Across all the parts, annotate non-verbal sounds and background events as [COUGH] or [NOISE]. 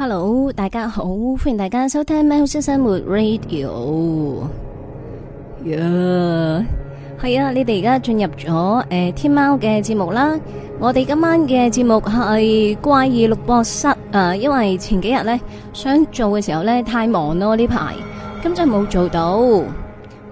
Hello，大家好，歡迎大家收聽喵式生活 Radio。呀，係啊，你哋而家進入咗誒天喵嘅節目啦。我哋今晚嘅節目係怪異錄播室啊，因為前幾日呢想做嘅時候呢太忙咯，呢排咁真係冇做到。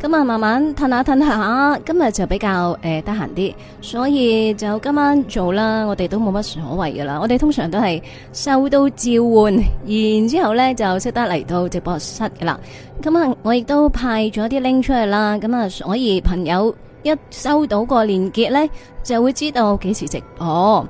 咁啊，慢慢褪下褪下，今日就比較誒得閒啲，所以就今晚做啦。我哋都冇乜所謂噶啦。我哋通常都係收到召喚，然之後呢就識得嚟到直播室噶啦。咁啊，我亦都派咗啲 link 出去啦。咁啊，所以朋友一收到個鏈接呢，就會知道幾時直播。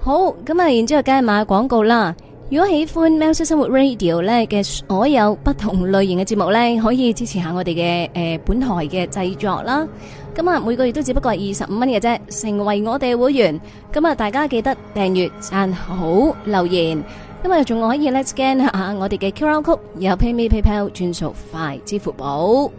好，咁啊，然之後梗係買廣告啦。如果喜歡喵式生活 Radio 咧嘅所有不同類型嘅節目咧，可以支持下我哋嘅誒本台嘅製作啦。咁啊，每個月都只不過係二十五蚊嘅啫，成為我哋會員。咁啊，大家記得訂閱、贊好、留言。咁啊，仲可以 scan 下我哋嘅 QR Code，然後 PayMe PayPal 轉數快，支付寶。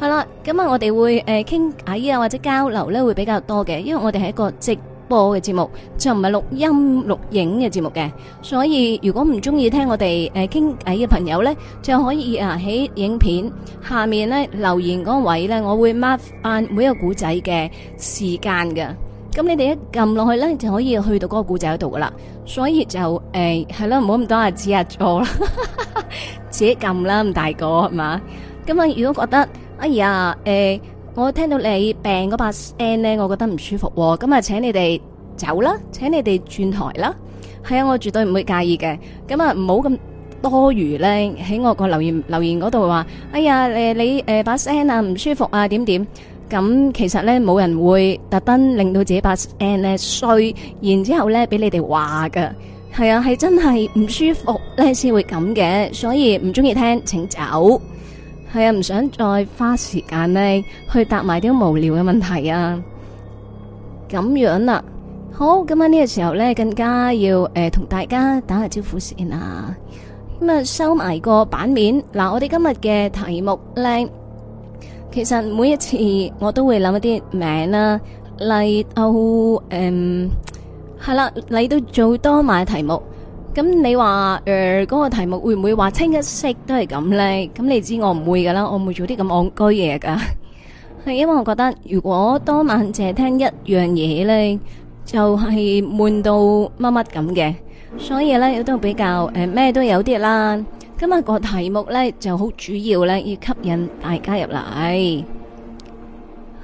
係啦，咁啊，我哋會誒傾偈啊或者交流咧會比較多嘅，因為我哋係一個直。播嘅節目就唔係錄音錄影嘅節目嘅，所以如果唔中意聽我哋誒傾偈嘅朋友咧，就可以啊喺影片下面咧留言嗰位咧，我會 mark 翻每一個古仔嘅時間噶，咁你哋一撳落去咧就可以去到嗰個古仔嗰度噶啦，所以就誒係咯，唔好咁多日，子啊錯啦，自己撳啦咁大個係嘛，咁啊如果覺得哎呀誒。哎呀哎我聽到你病嗰把聲咧，我覺得唔舒服喎。咁啊，請你哋走啦，請你哋轉台啦。係啊，我絕對唔會介意嘅。咁啊，唔好咁多餘咧，喺我個留言留言嗰度話，哎呀，誒你誒把聲啊唔舒服啊點點。咁其實咧冇人會特登令到自己把聲咧衰，然之後咧俾你哋話噶。係啊，係真係唔舒服咧先會咁嘅，所以唔中意聽請走。係啊，唔想再花時間咧去答埋啲無聊嘅問題啊！咁樣啦，好，咁喺呢個時候咧，更加要誒同大家打下招呼先啊！咁咪收埋個版面，嗱，我哋今日嘅題目咧，其實每一次我都會諗一啲名啦，例如誒，係啦，嚟到做多埋題目。咁你話誒嗰個題目會唔會話清一色都係咁咧？咁你知我唔會噶啦，我唔會做啲咁戇居嘢噶。係因為我覺得如果當晚淨係聽一樣嘢咧，就係悶到乜乜咁嘅。所以咧亦都比較誒咩都有啲啦。今日個題目咧就好主要咧，要吸引大家入嚟。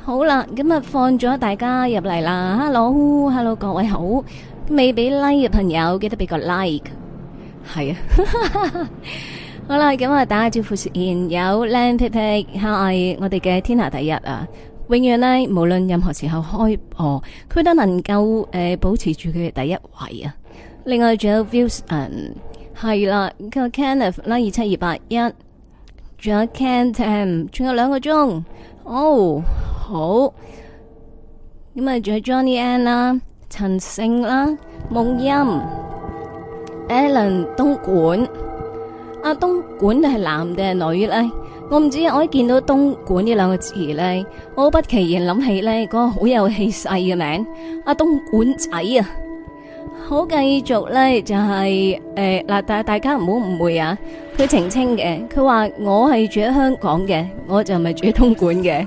好啦，今日放咗大家入嚟！啦！Hello，Hello，各位好。未俾 like 嘅朋友，記得俾個 like。係 [LAUGHS] 是啊， [LAUGHS] 好啦，咁啊打下招呼先。有靚皮皮，係我哋嘅天下第一啊！永遠呢，無論任何時候開播，佢都能夠誒、呃、保持住佢嘅第一位啊！另外仲有 views 誒，係、嗯、啦，叫、啊啊、個 Kenneth 啦二七二八一，仲有 Can Tam 仲有兩個鐘。哦，好，咁啊，仲有 Johnny N 啦。陳勝啦，夢音，Allen，東莞，阿東莞係男定係女咧？我唔知，我一見到東莞呢兩個字咧，我不期然諗起咧個好有氣勢嘅名字，阿東莞仔啊！好、就是，繼續咧就係誒嗱，大大家唔好誤會啊，佢澄清嘅，佢話我係住喺香港嘅，我就唔係住喺東莞嘅。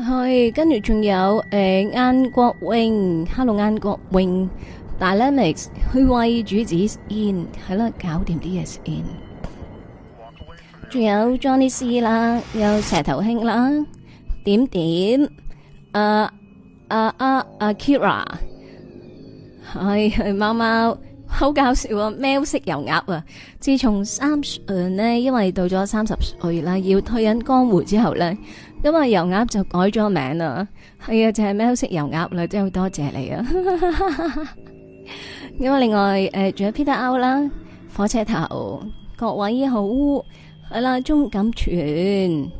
係，跟住仲有誒，晏國榮，Hello，晏國榮，Dynamics 去為主子 in，係啦，搞掂啲嘢 in。仲有 Johnny C 啦，有石頭兄啦，點點，誒誒誒誒 Kira，係，貓貓好搞笑啊，喵式油鴨啊，自從三十呢，因為到咗三十歲啦，要退隱江湖之後咧。因為油鴨就改咗名啦，係、哎、啊，就係、是、喵式油鴨啦，真係好多謝你啊！咁啊，另外誒，仲、呃、有 Peter 歐啦，火車頭，各位好，係啦，鍾錦全，誒、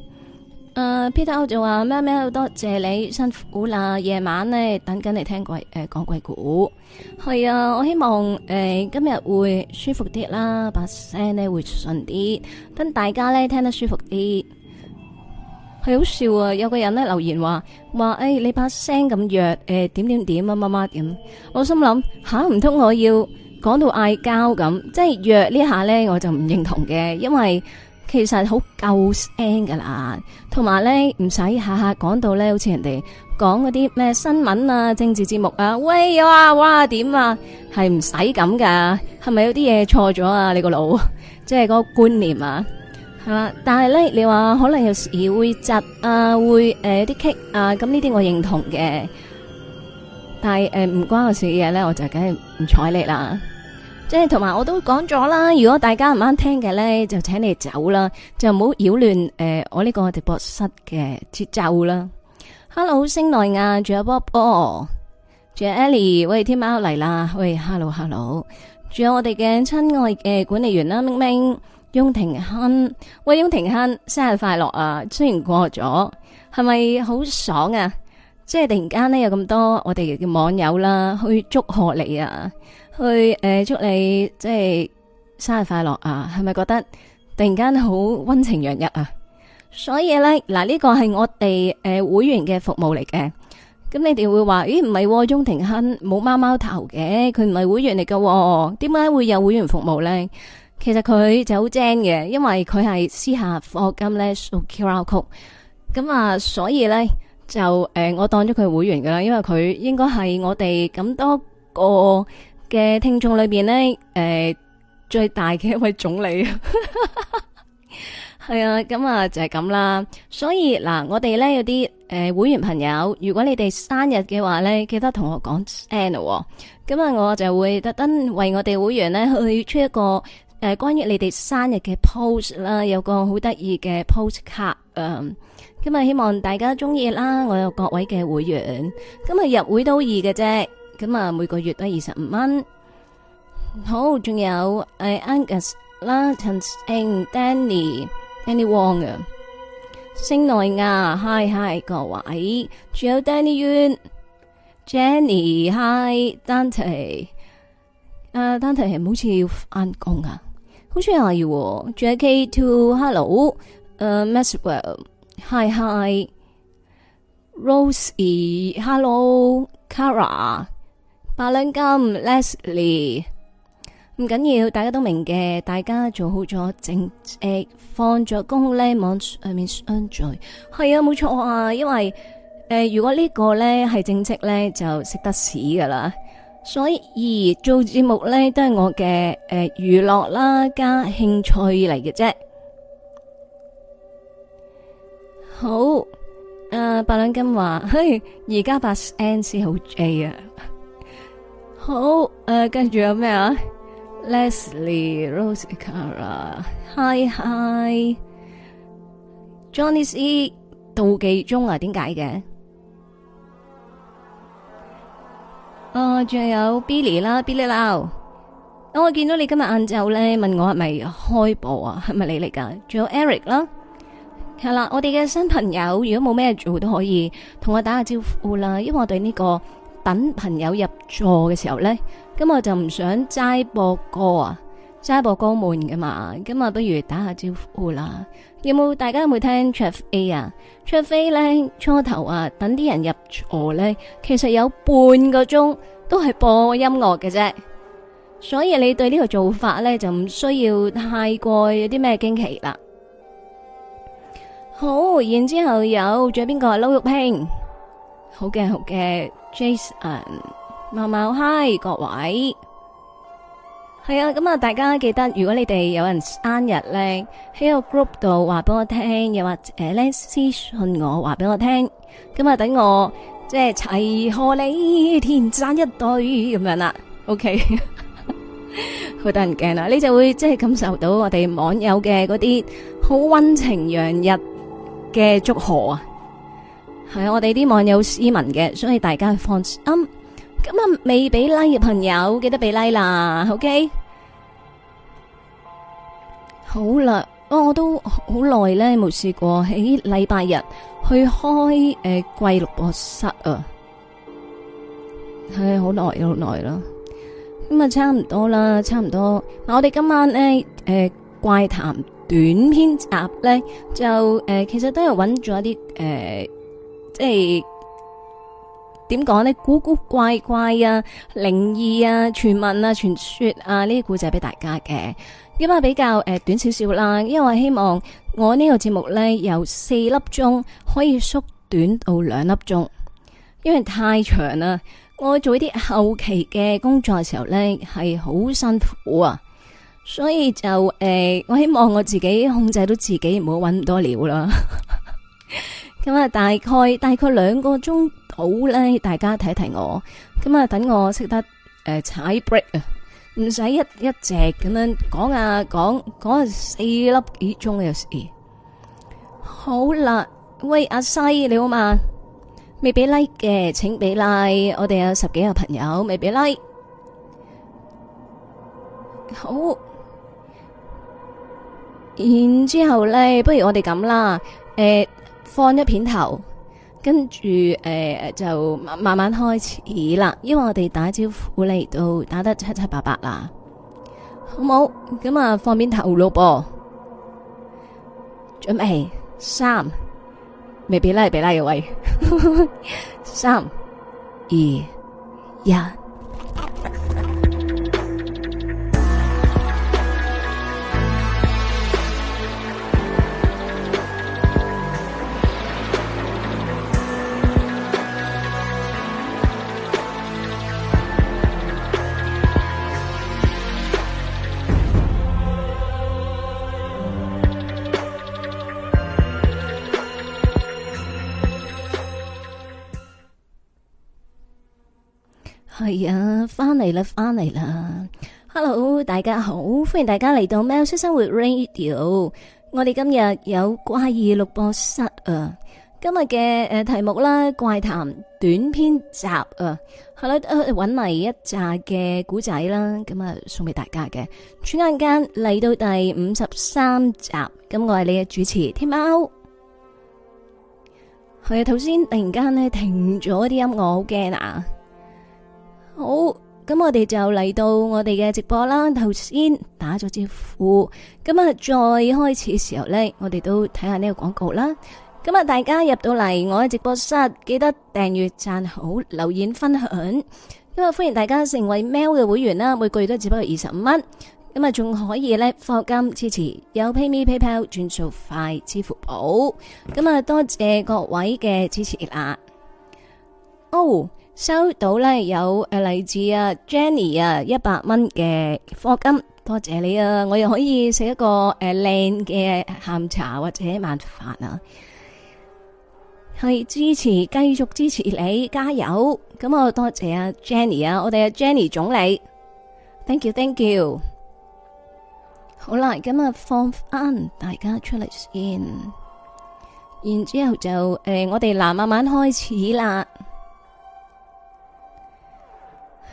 uh,，Peter 歐就話喵喵，好、mm -hmm. 多謝你辛苦啦，夜晚咧等緊你聽鬼誒講、呃、鬼故，係啊，我希望誒、呃、今日會舒服啲啦，把聲咧會順啲，等大家咧聽得舒服啲。係好笑啊！有個人咧留言話：話誒、哎，你把聲咁弱誒，點點點乜乜乜咁。我心諗吓，啊，唔通我要講到嗌交咁？即係弱呢下咧，我就唔認同嘅。因為其實好夠聲噶啦，同埋咧唔使下下講到咧，好似人哋講嗰啲咩新聞啊、政治節目啊，喂啊哇點啊，係唔使咁噶？係咪有啲嘢錯咗啊？你個腦 [LAUGHS] 即係嗰個觀念啊？啊、但係咧，你話可能有時會窒啊，會誒、呃、有啲棘啊，咁呢啲我認同嘅。但係誒唔關我事嘅嘢咧，我就梗係唔睬你啦。即係同埋我都講咗啦，如果大家唔啱聽嘅咧，就請你走啦，就唔好擾亂誒我呢個直播室嘅節奏啦。Hello，星奈亞，仲有 Bob，仲有 Ellie，喂，天喵嚟啦，喂，Hello，Hello，仲有我哋嘅親愛嘅管理員啦，明唔明？雍庭亨，喂，雍庭亨，生日快樂啊！雖然過咗，係咪好爽啊？即係突然間咧，有咁多我哋嘅網友啦，去祝賀你啊，去誒祝你即係生日快樂啊！係咪覺得突然間好溫情洋溢啊？所以咧，嗱呢個係我哋誒會員嘅服務嚟嘅。咁你哋會話，咦唔係喎，雍庭亨冇貓貓頭嘅，佢唔係會員嚟㗎，點解會有會員服務咧？其實佢就好正嘅，因為佢係私下課金咧 show karaoke 咁啊，所以咧就誒、呃，我當咗佢會員噶啦，因為佢應該係我哋咁多個嘅聽眾裏邊咧誒最大嘅一位總理，係 [LAUGHS] 啊，咁、嗯、啊就係、是、咁啦。所以嗱、呃，我哋咧有啲誒、呃、會員朋友，如果你哋生日嘅話咧，記得同我講 send 咯。咁啊，我就會特登為我哋會員咧去出一個。誒，關於你哋生日嘅 post 啦，有個好得意嘅 post 卡啊！今、嗯、日希望大家中意啦，我有各位嘅會員，今日入會都易嘅啫，咁啊每個月都二十五蚊。好，仲有誒 Angus 啦、啊、Trent and Danny，Danny Wong 啊，星奈亞，Hi Hi 各位，仲有 Danny Yun，Jenny Hi，Dante，啊 Dante 好似要返工㗎！好衰要喎 Jackie, to, hello 呃、uh, Maxwell, hi, hi, Rosie, hello, Kara 八兩金，Leslie，唔緊要，大家都明嘅，大家做好咗正職、呃、放咗工咧，網上面相聚，係、呃、啊，冇錯啊，因為、呃、如果個呢個咧係正職咧，就食得屎噶啦。所以做節目咧都係我嘅誒娛樂啦加興趣嚟嘅啫。好，誒白朗金話，嘿而家八 N C 好 J 啊。好，誒跟住有咩啊？Leslie Rose Cara Hi Hi，Johnny C 妒忌中啊？點解嘅？啊、哦，仲有 Billy 啦，Billy 啦。咁、哦、我見到你今日晏晝咧，問我係咪開播啊，係咪你嚟噶？仲有 Eric 啦，係啦。我哋嘅新朋友，如果冇咩做都可以同我打下招呼啦。因為我對呢個等朋友入座嘅時候咧，咁我就唔想齋播歌啊，齋播歌悶噶嘛。咁啊，不如打下招呼啦。有冇大家有冇聽 Chief A 啊？Chief A 呢初頭啊，等啲人入座呢，其實有半個鐘都係播音樂嘅啫，所以你對呢個做法呢就唔需要太過有啲咩驚奇啦。好，然之後有仲有邊個？係撈玉平，好嘅好嘅，Jason，茂茂，嗨各位。係啊，咁啊，大家記得，如果你哋有人生日咧，喺個 group 度話俾我聽，又或誒咧私信我話俾我聽，咁啊等我即係齊賀你，天生一對咁樣啦。OK，好得人驚啊，你就會即係感受到我哋網友嘅嗰啲好溫情洋溢嘅祝賀啊！係啊，我哋啲網友斯文嘅，所以大家放心。咁啊，未俾拉嘅朋友記得俾拉啦。OK。好啦，我、哦、我都好耐咧，冇試過喺禮拜日去開誒怪異錄播室啊，係好耐，好耐啦。咁啊，差唔多啦，差唔多。我哋今晚咧，誒、呃、怪談短篇集咧，就誒、呃、其實都係揾咗一啲誒、呃，即係點講呢？古古怪怪啊、靈異啊、傳聞啊、傳說啊呢啲故仔俾大家嘅。今日比較誒短少少啦，因為我希望我呢個節目呢，由四粒鐘可以縮短到兩粒鐘，因為太長啦。我做啲後期嘅工作嘅時候呢係好辛苦啊，所以就誒、呃，我希望我自己控制到自己，唔好搵咁多料啦。咁 [LAUGHS] 啊，大概大概兩個鐘好呢，大家睇睇我。咁啊，等我識得踩 break 啊！唔使一直咁樣講啊，講講四粒幾鐘嘅事。好啦，喂阿西你好嘛？未俾 like 嘅，請俾 like。我哋有十幾個朋友未俾 like，好。然之後咧，不如我哋咁啦，誒，放一片頭。跟住誒、呃、就慢慢開始啦，因為我哋打招呼嚟到打得七七八八啦，好冇？咁啊放邊頭咯噃，準備三，未俾拉？俾拉嘅位，呵呵三二一。係啊，翻嚟啦，翻嚟啦！Hello，大家好，歡迎大家嚟到喵式生活 Radio。我哋今日有怪異錄播室啊。今日嘅誒題目啦，怪談短篇集啊，係啦，搵嚟一集嘅古仔啦，咁啊送俾大家嘅。轉眼間嚟到第五十三集，咁我係你嘅主持天喵。係啊，頭先突然間呢停咗啲音樂，好驚啊！好，咁我哋就嚟到我哋嘅直播啦。頭先打咗招呼，咁啊再開始嘅時候呢，我哋都睇下呢個廣告啦。咁啊，大家入到嚟我嘅直播室，記得訂閱、讚好、留言、分享。咁啊，歡迎大家成為喵嘅會員啦，每個月都只不過二十五蚊。咁啊，仲可以呢課金支持有 PayMe、PayPal 轉數快、支付寶。咁啊，多謝各位嘅支持啦。哦。收到呢，有誒、啊，嚟自啊 Jenny 啊一百蚊嘅課金，多謝你啊！我又可以食一個誒靚嘅下午茶或者晚飯啊，係支持，繼續支持你，加油！咁啊，多謝啊 Jenny 啊，我哋啊 Jenny 總理，thank you，thank you。好啦，咁啊放返大家出嚟先，然之後就誒、呃，我哋嗱慢慢開始啦。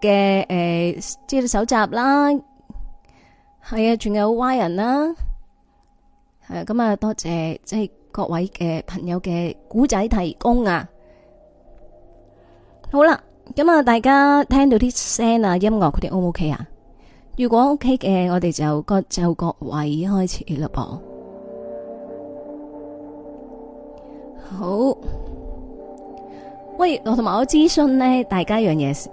嘅誒，即係手集啦，係啊，仲有歪人啦，係咁啊，多謝即係各位嘅朋友嘅古仔提供啊。好啦，咁啊，大家聽到啲聲啊，音樂嗰啲 O 唔 O K 啊？如果 O K 嘅，我哋就各就各位開始咯噃。好，喂，我同埋我諮詢呢，大家一樣嘢先。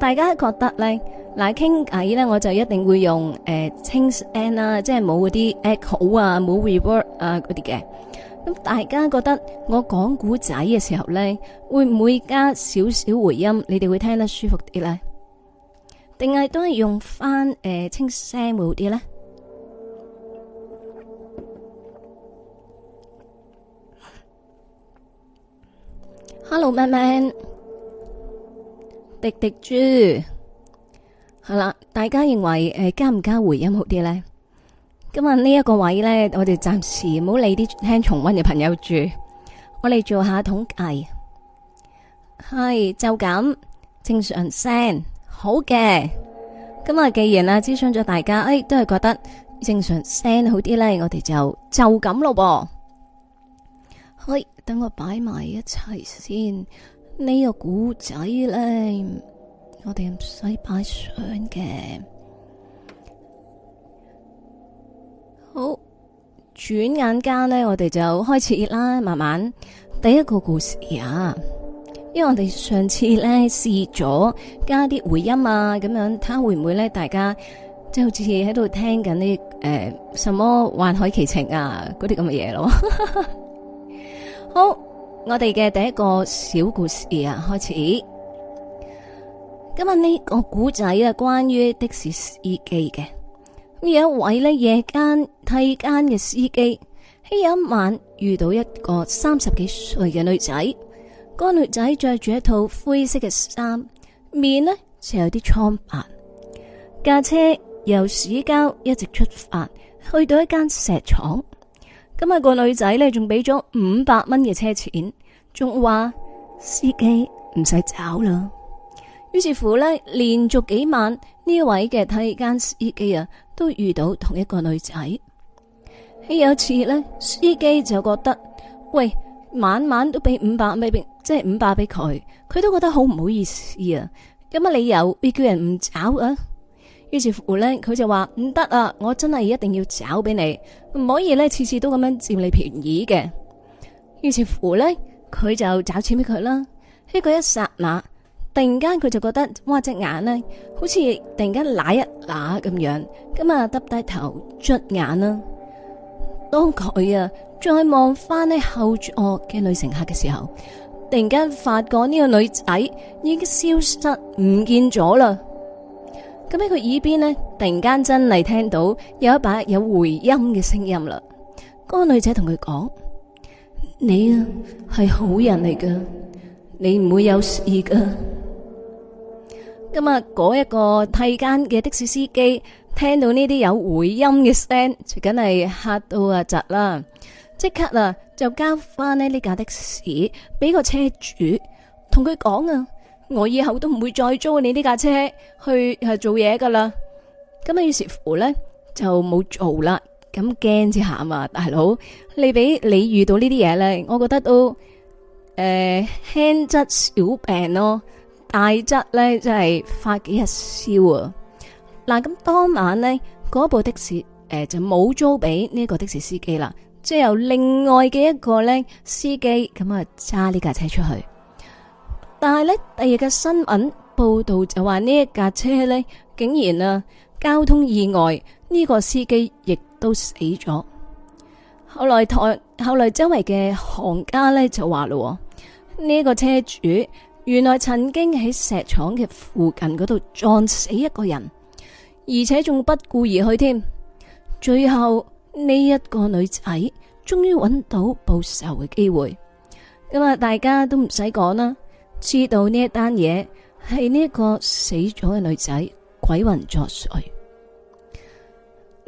大家覺得咧，嗱傾偈咧，我就一定會用誒、呃、清聲啦，即係冇嗰啲 echo 啊，冇 reverb 啊嗰啲嘅。咁大家覺得我講古仔嘅時候咧，會唔會加少少回音，你哋會聽得舒服啲咧？定係都係用返誒、呃、清聲會好啲咧？Hello，咩咩？滴滴豬，係啦！大家認為誒、呃、加唔加回音好啲呢？今日呢一個位呢，我哋暫時唔好理啲聽重溫嘅朋友住，我哋做下統計。係就咁正常聲，好嘅。今日既然啦諮詢咗大家，誒、哎、都係覺得正常聲好啲呢，我哋就就咁咯噃。係，等我擺埋一齊先。這個、呢個古仔咧，我哋唔使擺相嘅。好，轉眼間咧，我哋就開始啦。慢慢，第一個故事啊，因為我哋上次咧試咗加啲回音啊，咁樣睇下會唔會咧，大家即係好似喺度聽緊啲誒，什麼幻海奇情啊，嗰啲咁嘅嘢咯。 [LAUGHS] 好。我哋嘅第一個小故事啊，開始。今日呢個古仔啊，關於的士司機嘅。有一位呢夜間替更嘅司機，喺有一晚遇到一個三十幾歲嘅女仔。嗰、那個、女仔着住一套灰色嘅衫，面呢就有啲蒼白。駕車由市郊一直出發，去到一間石廠。今、日個女仔咧，仲俾咗五百蚊嘅車錢，仲話司機唔使找啦。於是乎咧，連續幾晚呢位嘅替更司機啊，都遇到同一個女仔。有一次咧，司機就覺得喂，晚晚都俾五百，未必即係五百俾佢，佢都覺得好唔好意思啊！有乜理由要叫人唔找啊？於是乎咧，佢就話唔得啊！我真係一定要找俾你，唔可以咧次次都咁樣佔你便宜嘅。於是乎咧，佢就找錢俾佢啦。呢個一剎那，突然間佢就覺得，哇！隻眼咧好似突然間乸一乸咁樣，咁啊耷低頭捽眼啦。當佢啊再望翻呢後座嘅女乘客嘅時候，突然間發覺呢個女仔已經消失唔見咗啦。咁喺佢耳邊呢，突然間真係聽到有一把有回音嘅聲音啦。嗰、嗰個女仔同佢講：你啊係好人嚟噶，你唔會有事噶。咁啊，嗰一個替更嘅的，的士司機聽到呢啲有回音嘅聲，就梗係吓到阿窒啦，即刻啊就交翻呢架的士俾個車主，同佢講啊。我以後都唔會再租你呢架車去誒做嘢噶啦，咁啊於是乎咧就冇做啦。咁驚之下嘛，大佬你俾你遇到呢啲嘢咧，我覺得都誒輕則小病咯，大則咧真係發幾日燒啊。嗱，咁當晚咧，嗰部的士誒就冇租俾呢個的士司機啦，即係由另外嘅一個咧司機咁啊，揸呢架車出去。但係呢，第二日嘅新聞報道就話呢，一架車呢竟然啊，交通意外呢個司機亦都死咗。後來台後來周圍嘅行家呢就話喎，呢個車主原來曾經喺石廠嘅附近嗰度撞死一個人，而且仲不顧而去添。最後呢一個女仔終於揾到報仇嘅機會，咁啊，大家都唔使講啦。知道呢一單嘢係呢一個死咗嘅女仔鬼魂作祟。呢、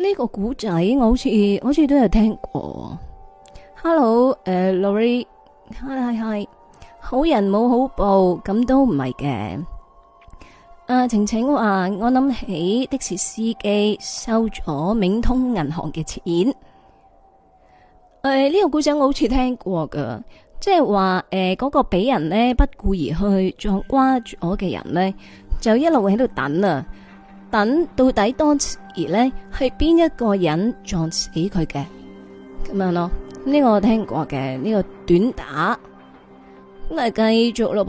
呢個古仔我好似好似都有聽過。Hello，誒、uh,，Lori，hi hi, hi 好人冇好報，咁都唔係嘅。阿、uh, 晴晴話我諗起的士司機收咗冥通銀行嘅錢。誒，呢個古仔我好似聽過噶。即係話誒，嗰、呃那個俾人呢，不顧而去撞瓜住我嘅人呢，就一路喺度等啊，等到底當時呢，係邊一個人撞死佢嘅咁樣咯？呢、這個我聽過嘅呢、這個短打咁咪繼續咯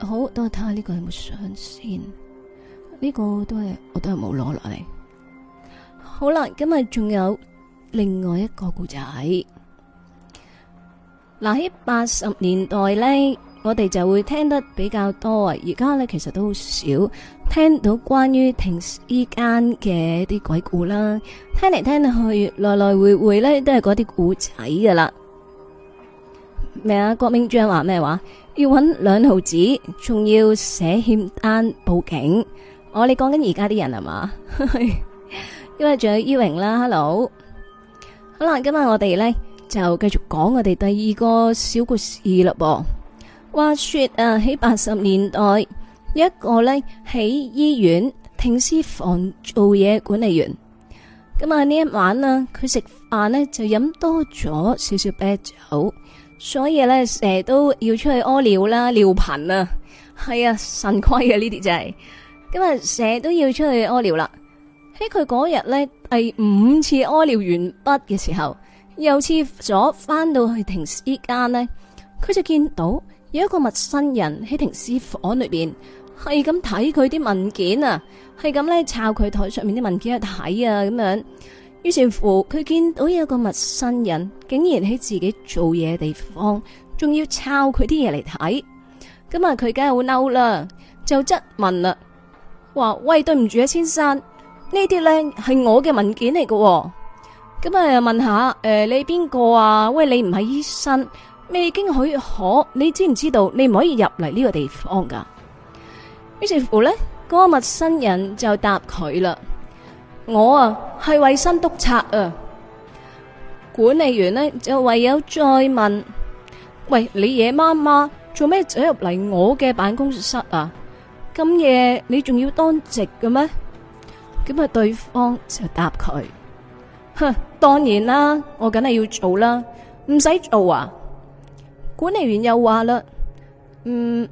噃。好，等我睇下呢個有冇上先？呢、這個都係我都係冇攞落嚟。好啦，今日仲有另外一個故仔。嗱喺八十年代呢，我哋就會聽得比較多啊！而家呢，其實都好少聽到關於停屍間嘅一啲鬼故啦，聽嚟聽去，來來回回呢，都係嗰啲故仔噶啦。咩啊？郭明章話咩話？要揾兩毫子，仲要寫欠單報警。我哋講緊而家啲人係嘛？嗎 [LAUGHS] 因為仲有依榮啦，Hello。好啦，今日我哋呢。就繼續講我哋第二個小故事嘞。噃。話說啊，啊喺八十年代，一個呢喺醫院停屍房做嘢管理員。咁啊呢一晚啊，佢食飯呢就飲多咗少少啤酒，所以呢成日都要出去屙尿啦、尿頻啊，係啊腎虧啊呢啲就係、是。咁啊成日都要出去屙尿啦。喺佢嗰日呢，第五次屙尿完畢嘅時候。又次咗翻到去停屍間呢，佢就見到有一個陌生人喺停屍房裏邊，係咁睇佢啲文件啊，係咁咧抄佢台上面啲文件去睇啊咁樣。於是乎，佢見到有一個陌生人竟然喺自己做嘢嘅地方，仲要抄佢啲嘢嚟睇，咁啊佢梗係好嬲啦，就質問啦，話喂，對唔住啊，先生，呢啲咧係我嘅文件嚟喎。」咁啊！問下誒，你邊個啊？喂，你唔係醫生，未經許可，你知唔知道你唔可以入嚟呢個地方噶？於是乎呢，嗰個陌生人就答佢啦：我啊係衛生督察啊！管理員呢，就唯有再問：喂，你夜媽媽做咩走入嚟我嘅辦公室啊？咁夜你仲要當值嘅咩？咁啊，對方就答佢：哼！當然啦，我梗係要做啦，唔使做啊！管理員又話啦：嗯，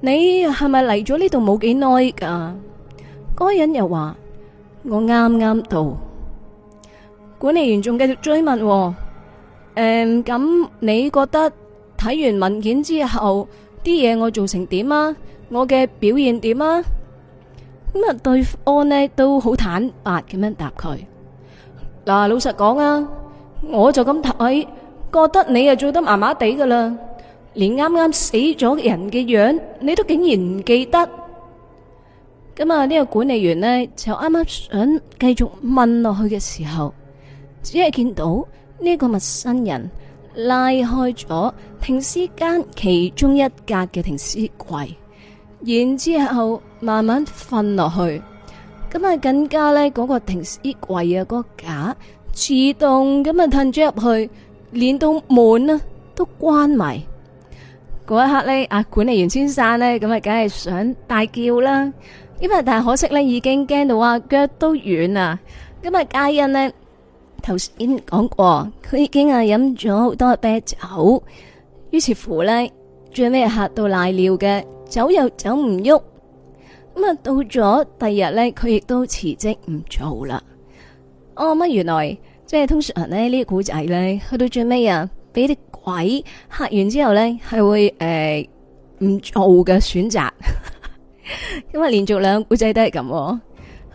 你係咪嚟咗呢度冇幾耐噶？嗰人又話：我啱啱到。管理員仲繼續追問：誒，咁你覺得睇完文件之後啲嘢我做成點啊？我嘅表現點啊？咁啊，對方呢都好坦白咁樣答佢。嗱，老實講啊，我就咁睇，覺得你就做得麻麻地噶啦，連啱啱死咗人嘅樣，你都竟然唔記得。咁啊，呢個管理員呢，就啱啱想繼續問落去嘅時候，只係見到呢個陌生人拉開咗停屍間其中一格嘅停屍櫃，然之後慢慢瞓落去。咁啊，更加咧，嗰、那個停屍櫃啊，嗰、那個架自動咁啊，褪咗入去，連到門啊都關埋。嗰一刻咧，阿管理員先生咧，咁啊，梗係想大叫啦，因為但係可惜咧，已經驚到啊腳都軟啦。咁啊，皆因呢，頭先講過，佢已經啊飲咗好多啤酒，於是乎咧，最尾嚇到賴尿嘅，走又走唔喐。咁啊，到咗第二日咧，佢亦都辭職唔做啦。哦，乜原來即係通常咧呢啲古仔咧，去到最尾啊，俾啲鬼嚇完之後咧，係會誒唔、呃、做嘅選擇。咁啊，連續兩古仔都係咁。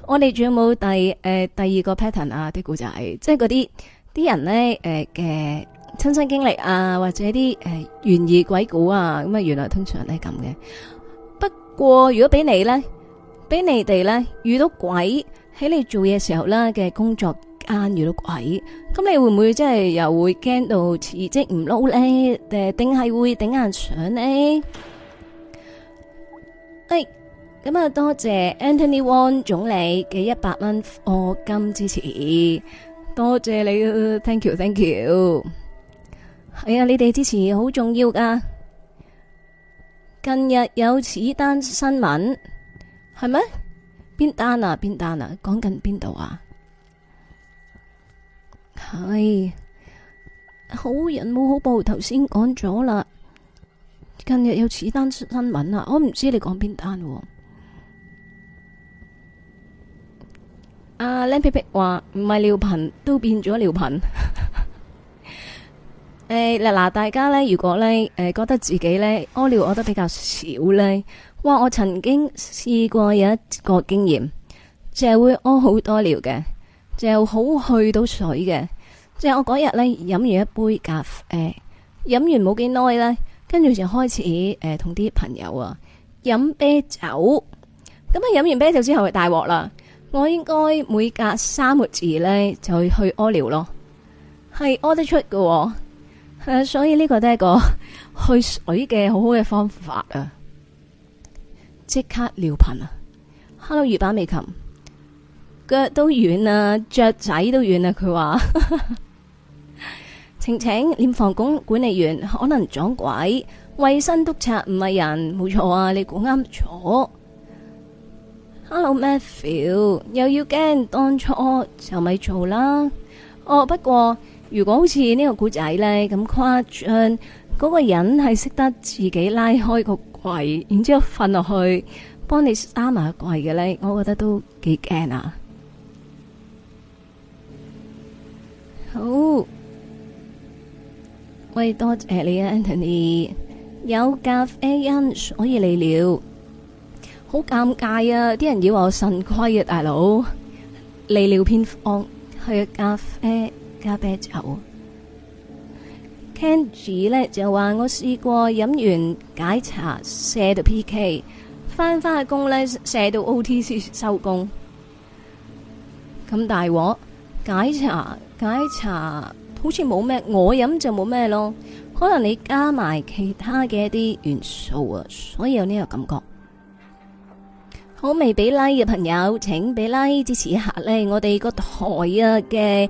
我哋仲有冇第誒、呃、第二個 pattern 啊？啲古仔，即係嗰啲啲人咧誒嘅親身經歷啊，或者啲誒懸疑鬼故啊，咁啊，原來通常都係咁嘅。過如果俾你咧，俾你哋咧遇到鬼喺你做嘢時候啦嘅工作間遇到鬼，咁你會唔會真係又會驚到辭職唔落咧，唔撈？誒，定係會頂硬上咧？誒，咁啊多謝 Anthony Wong 總理嘅一百蚊貨金支持，多謝你，thank you，thank you，係啊，你哋支持好重要噶。近日有此單新聞，係咩？邊單啊？邊單啊？講緊邊度啊？係好人冇好報，頭先講咗啦。近日有此單新聞啊，我唔知你講邊單、啊。阿靚、 [MUSIC] 啊、皮皮話唔係尿頻都變咗尿頻。 [LAUGHS] 誒，嗱嗱，大家咧，如果咧，誒，覺得自己咧屙尿屙得比較少咧，哇！我曾經試過有一個經驗，就係、是、會屙好多尿嘅，就好去到水嘅。就是、我嗰日咧飲完一杯咖啡、呃，飲完冇幾耐咧，跟住就開始誒同啲朋友啊飲啤酒，咁啊飲完啤酒之後咪大鑊啦。我應該每隔三個字咧就去屙尿咯，係屙得出嘅、啊。誒、uh，所以呢個都係一個去水嘅好好嘅方法啊！即刻尿頻啊！Hello，月板未琴，腳都軟啦、啊，雀仔都軟啦、啊，佢話 [LAUGHS] 晴晴，殮房管管理員可能撞鬼，衛生督察唔係人，冇錯啊！你估啱咗。Hello，Matthew，又要驚當初就咪做啦。哦，不過。如果好似呢個古仔咧，咁誇張，嗰個人係識得自己拉開個櫃，然之後瞓落去，幫你閂埋櫃嘅咧，我覺得都幾驚啊！好，喂，多謝你啊，Anthony，有咖啡因所以嚟尿，好尷尬啊！啲人以為我腎虧啊，大佬，嚟尿偏方係咖啡。加啤酒，Candy 咧就話我試過飲完解茶卸到 P K，翻翻下工咧卸到 O T C 收工，咁大鑊。解茶解茶好似冇咩，我飲就冇咩咯，可能你加埋其他嘅一啲元素啊，所以有呢個感覺。好，未俾 like 嘅朋友，請俾 like 支持一下咧，我哋個台啊嘅。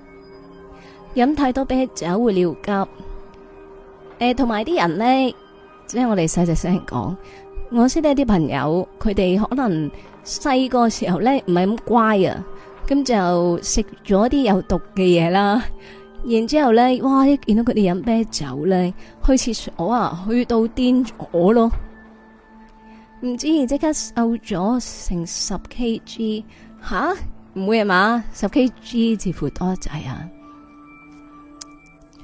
飲太多啤酒會尿急，誒、呃，同埋啲人呢，即係我哋細細聲講，我識得啲朋友，佢哋可能細個時候呢，唔係咁乖啊，咁就食咗啲有毒嘅嘢啦，然之後呢哇！一見到佢哋飲啤酒呢，去廁所啊，去到癲咗咯，唔知即刻瘦咗成十 K G，吓，唔、啊、會啊嘛，十 K G 似乎多咗啊。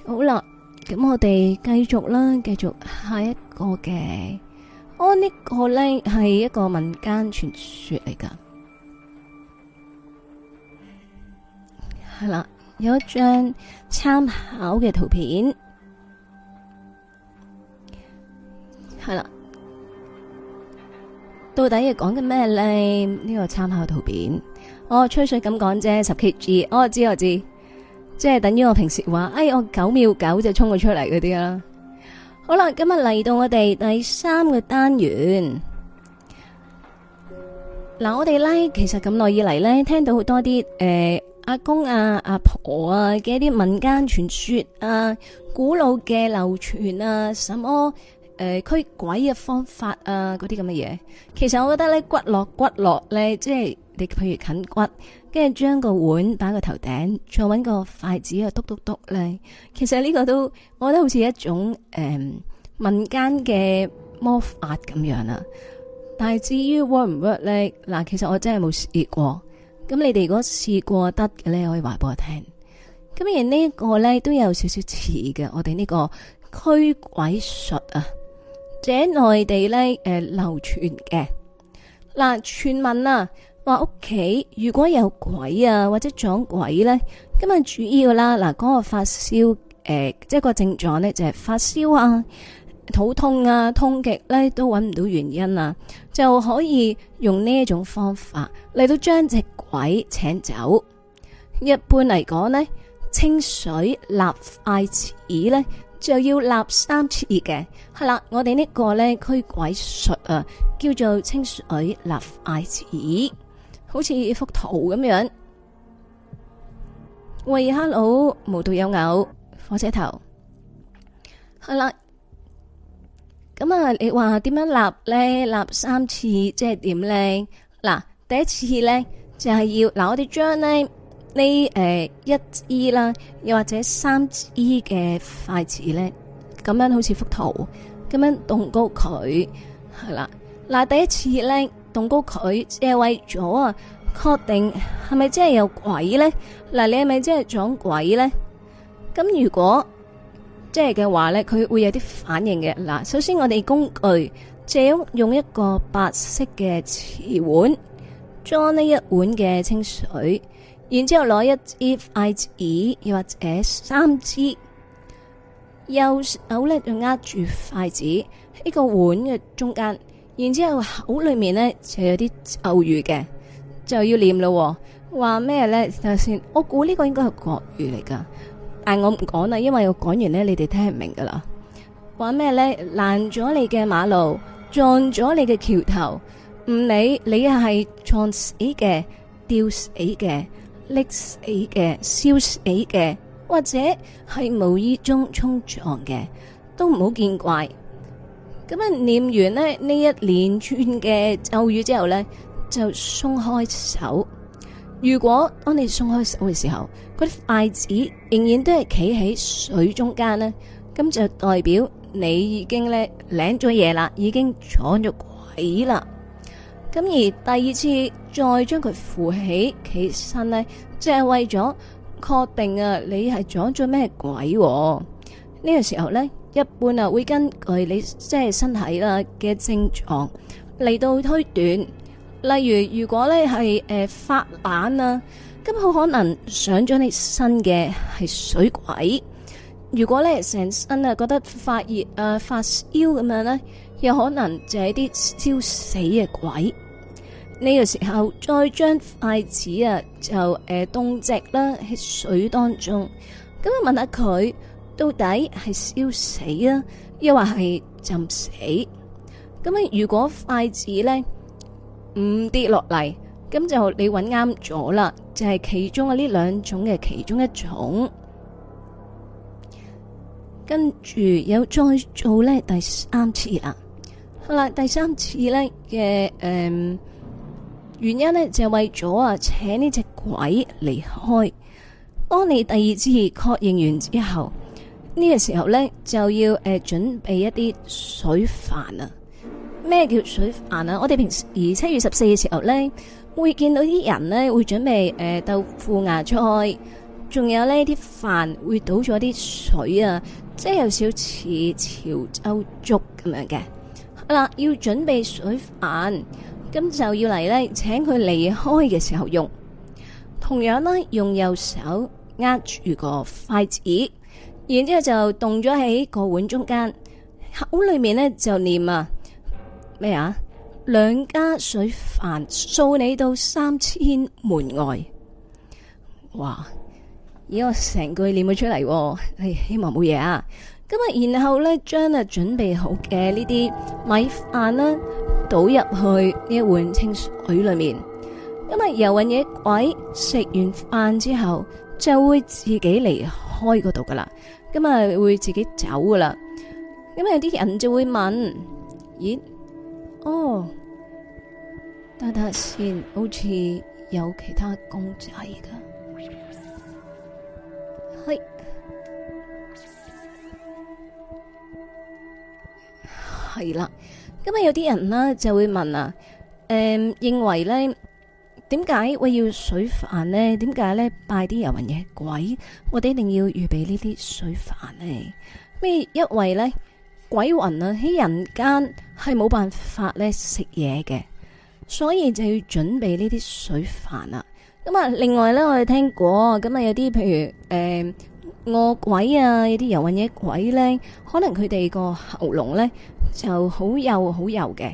好啦，咁我哋繼續啦，繼續下一個嘅。哦，這個、呢個咧係一個民間傳說嚟㗎，係啦，有一張參考嘅圖片，係啦。到底係講嘅講緊咩咧？呢、這個參考圖片，我、哦、吹水咁講啫，十 K G，哦、我知我知。即係等於我平時話，哎，我九秒九就衝咗出嚟嗰啲啦。好啦，今日嚟到我哋第三個單元。嗱，我哋呢，其實咁耐以嚟呢，聽到好多啲誒、呃、阿公啊、阿婆啊嘅一啲民間傳說啊、古老嘅流傳啊、什麼誒驅、呃、鬼嘅方法啊嗰啲咁嘅嘢。其實我覺得呢，骨落骨落呢，即係。譬如啃骨，跟住將個碗擺個頭頂，再搵個筷子啊，篤篤篤咧。其實呢個都，我覺得好似一種誒、呃、民間嘅魔法咁樣啊。但係至於 work 唔 work 咧，嗱，其實我真係冇試過。咁你哋如果試過得嘅咧，可以話俾我聽。咁而呢個咧都有少少似嘅，我哋呢個驅鬼術啊，喺內地咧誒、呃、流傳嘅嗱、啊，傳聞啊。話屋企如果有鬼啊，或者撞鬼咧，今日主要啦嗱，嗰個發燒誒、呃，即係個症狀咧就係、是、發燒啊、肚痛啊、痛極咧都揾唔到原因啊，就可以用呢一種方法嚟到將這隻鬼請走。一般嚟講呢，清水立筷子咧就要立三次嘅。係啦，我哋呢個咧驅鬼術啊叫做清水立筷子。好似幅圖咁樣，喂，hello，無獨有偶火車頭，係啦。咁啊，你話點樣立咧？立三次即係點咧？嗱，第一次咧就係要嗱，我哋將咧呢誒一支啦，又或者三支嘅筷子咧，咁樣好似幅圖，咁樣凍高佢，係啦。嗱，第一次咧。用高佢借位咗啊，確定係咪真係有鬼呢？嗱，你係咪真係撞鬼呢？咁如果即係嘅話呢，佢會有啲反應嘅。嗱，首先我哋工具，借用一個白色嘅瓷碗，裝呢一碗嘅清水，然之後攞一支筷子，又或者三支，右手咧就握住筷子呢個碗嘅中間。然之後口裏面呢就有啲咒語嘅，就要念咯。話咩呢？睇下先，我估呢個應該係國語嚟噶，但係我唔講啦，因為我講完呢，你哋聽唔明噶啦。話咩呢？爛咗你嘅馬路，撞咗你嘅橋頭，唔理你係撞死嘅、吊死嘅、溺死嘅、燒死嘅，或者係無意中衝撞嘅，都唔好見怪。咁啊！念完呢一連串嘅咒語之後呢，就鬆開手。如果當你鬆開手嘅時候，啲筷子仍然都係企喺水中間呢，咁就代表你已經咧領咗嘢啦，已經撞咗鬼啦。咁而第二次再將佢扶起起身呢，就係、是、為咗確定啊、哦，你係撞咗咩鬼？呢個時候呢。一般啊，會根據你即係身體啦嘅症狀嚟到推斷。例如，如果咧係誒發冷啊，咁好可能上咗你身嘅係水鬼。如果咧成身啊覺得發熱啊、呃、發燒咁樣咧，有可能就係啲燒死嘅鬼。呢、呢個時候再將筷子啊就誒戙直啦喺水當中，咁啊問一下佢。到底係燒死啊，抑或係浸死？咁如果筷子呢唔跌落嚟，咁就你揾啱咗啦，就係其中嘅呢兩種嘅其中一種。跟住又再做呢第三次啦，好啦，第三次呢嘅原因呢，就係為咗啊，請呢隻鬼離開。當你第二次確認完之後。呢、這個時候呢，就要誒、呃、準備一啲水飯啊！咩叫水飯啊？我哋平時七月十四嘅時候呢，會見到啲人呢會準備誒、呃、豆腐芽菜，仲有呢啲飯會倒咗啲水啊，即係有少少似潮州粥咁樣嘅。好啦，要準備水飯，咁就要嚟，呢請佢離開嘅時候用。同樣呢，用右手握住個筷子。然之後就凍咗喺個碗中間，口裏面呢就念啊咩啊，兩家水飯掃你到三千門外，哇！依我成句念咗出嚟，喎、哎，希望冇嘢啊。咁啊，然後呢，將啊準備好嘅呢啲米飯啦，倒入去呢一碗清水裏面。咁為遊魂野鬼食完飯之後，就會自己離開嗰度噶啦。咁啊，會自己走噶啦。咁啊，有啲人就會問：咦，哦，但係前好似有其他公仔噶係係啦。咁啊，有啲人咧就會問啊，誒，認為咧。點解我要水飯呢？點解呢？拜啲遊魂嘢鬼，我哋一定要預備呢啲水飯呢咩？因為呢鬼魂啊，喺人間係冇辦法咧食嘢嘅，所以就要準備呢啲水飯啦。咁啊，另外呢，我哋聽過，咁啊有啲譬如誒、呃、餓鬼啊，有啲遊魂嘢鬼呢，可能佢哋個喉嚨呢就好幼好幼嘅，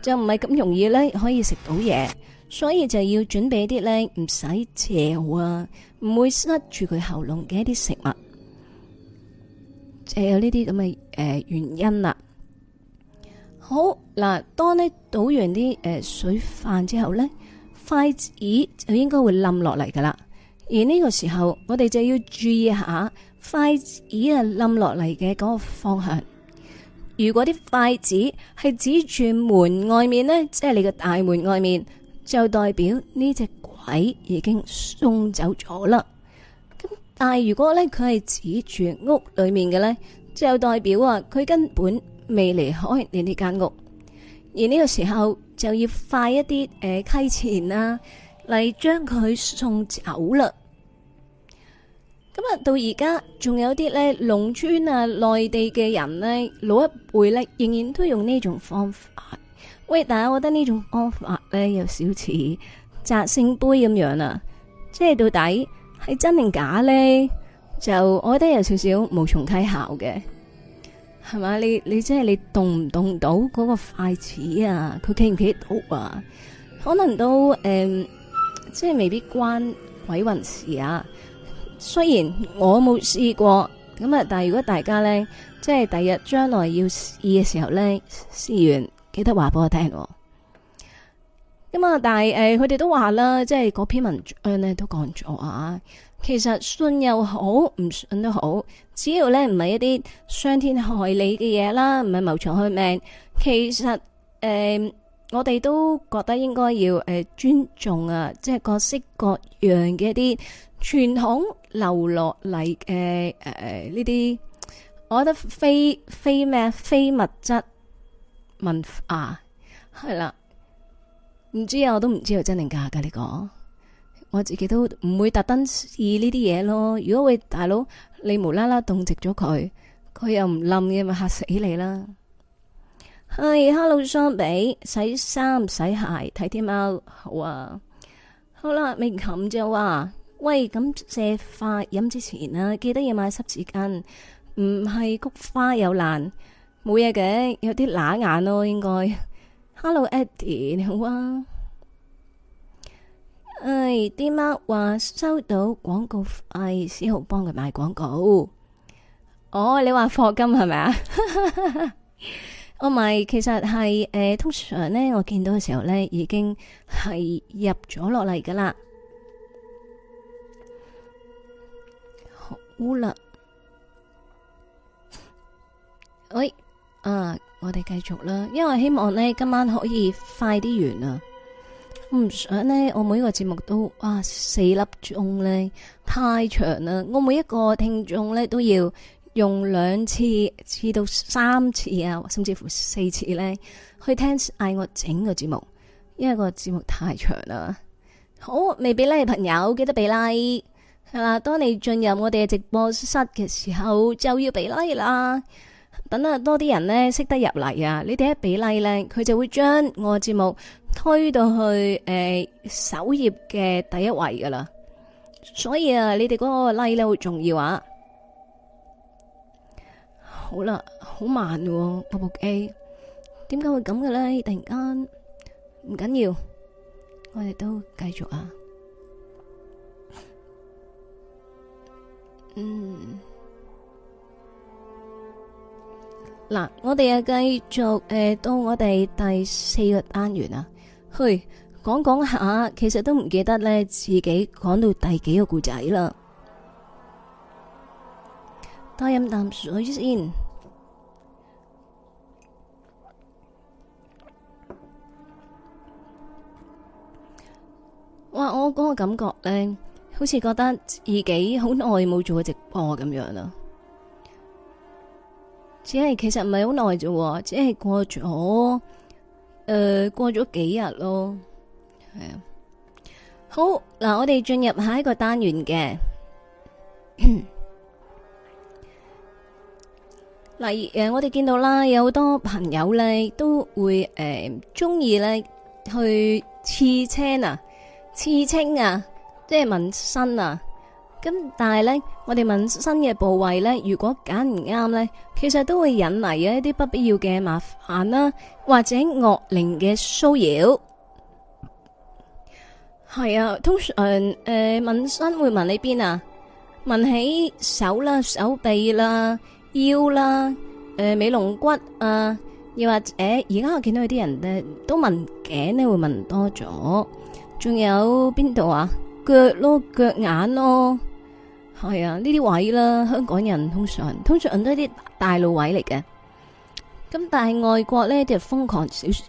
就唔係咁容易呢可以食到嘢。所以就要準備啲咧，唔使嚼啊，唔會塞住佢喉嚨嘅一啲食物，就有呢啲咁嘅誒原因啦。好嗱，當你倒完啲誒水飯之後咧，筷子就應該會冧落嚟噶啦。而呢個時候，我哋就要注意下筷子啊冧落嚟嘅嗰個方向。如果啲筷子係指住門外面呢，即係你嘅大門外面。就代表呢隻鬼已經送走咗啦。咁但係如果咧佢係指住屋裏面嘅咧，就代表啊佢根本未離開你呢間屋。而呢個時候就要快一啲誒、呃，溪錢，啦嚟將佢送走啦。咁啊到而家仲有啲咧農村啊內地嘅人咧老一輩咧仍然都用呢種方法。喂，但係我覺得呢種方法咧，有少似砸聖杯咁樣啦、啊，即係到底係真定假咧？就我覺得有少少無從稽考嘅，係嘛？你你即係你，你動唔動到嗰個筷子啊？佢企唔企到啊？可能都誒、嗯，即係未必關鬼魂事啊。雖然我冇試過咁啊，但係如果大家咧，即係第日將來要試嘅時候咧，試完。記得話俾我聽、哦，咁、嗯、啊！但係誒，佢、呃、哋都話啦，即係嗰篇文章咧都講咗啊。其實信又好，唔信都好，只要咧唔係一啲傷天害理嘅嘢啦，唔係謀財害命。其實誒、呃，我哋都覺得應該要誒、呃、尊重啊，即係各式各樣嘅一啲傳統流落嚟誒誒呢啲，我覺得非非咩非物質。問啊，係啦，唔知啊，我都唔知啊，真定假噶呢個，我自己都唔會特登試呢啲嘢咯。如果喂大佬，你無啦啦凍植咗佢，佢又唔冧嘅，咪嚇死你啦。係、hey,，Hello 雙比，洗衫洗鞋睇天貓好啊。好啦、啊，未冚就話，喂，咁借花飲之前啊，記得要買濕紙巾，唔係菊花又爛。冇嘢嘅，有啲乸眼咯，應該。Hello，Eddie，你好啊。唉、哎，啲貓話收到廣告費，先好幫佢買廣告。哦，你話課金係咪啊？哦，唔、 [LAUGHS] oh、其實係誒、呃，通常呢，我見到嘅時候呢，已經係入咗落嚟噶啦。好烏啦。喂、哎。啊！我哋繼續啦，因為希望呢今晚可以快啲完啊！唔想呢，我每一個節目都哇四粒鐘呢太長啦！我每一個聽眾呢都要用兩次至到三次啊，甚至乎四次呢去聽嗌我整個節目，因為個節目太長啦。好，未俾禮朋友記得俾禮係啦！當你進入我哋嘅直播室嘅時候，就要俾禮啦。等啊多啲人呢識得入嚟！啊！你哋一俾 like 呢，佢就會將我嘅節目推到去誒首頁嘅第一位噶啦。所以啊，你哋嗰個 like 呢好重要啊！好啦，好慢喎，部機點解會咁嘅呢？突然間唔緊要，我哋都繼續啊。嗯。嗱，我哋啊繼續誒、呃，到我哋第四個單元啊，去講講下，其實都唔記得咧自己講到第幾個故仔啦。多飲啖水先。哇，我嗰個感覺咧，好似覺得自己好耐冇做過直播咁樣啦。只係其實唔係好耐啫，只係過咗誒、呃、過咗幾日咯，係啊。好嗱，我哋進入下一個單元嘅。嗱 [COUGHS] 誒，我哋見到啦，有好多朋友咧都會誒中意咧去刺青啊，刺青啊，即係紋身啊。咁但係咧，我哋紋身嘅部位咧，如果揀唔啱咧，其實都會引嚟一啲不必要嘅麻煩啦、啊，或者惡靈嘅騷擾。係啊，通常誒紋、呃、身會紋呢邊啊，紋起手啦、手臂啦、腰啦，誒、呃、尾龍骨啊，又或者而家我見到些有啲人咧都紋頸咧會紋多咗，仲有邊度啊？腳咯、腳眼咯。係啊，呢啲位啦，香港人通常通常都係啲大路位嚟嘅。咁但係外國呢，就瘋狂少少，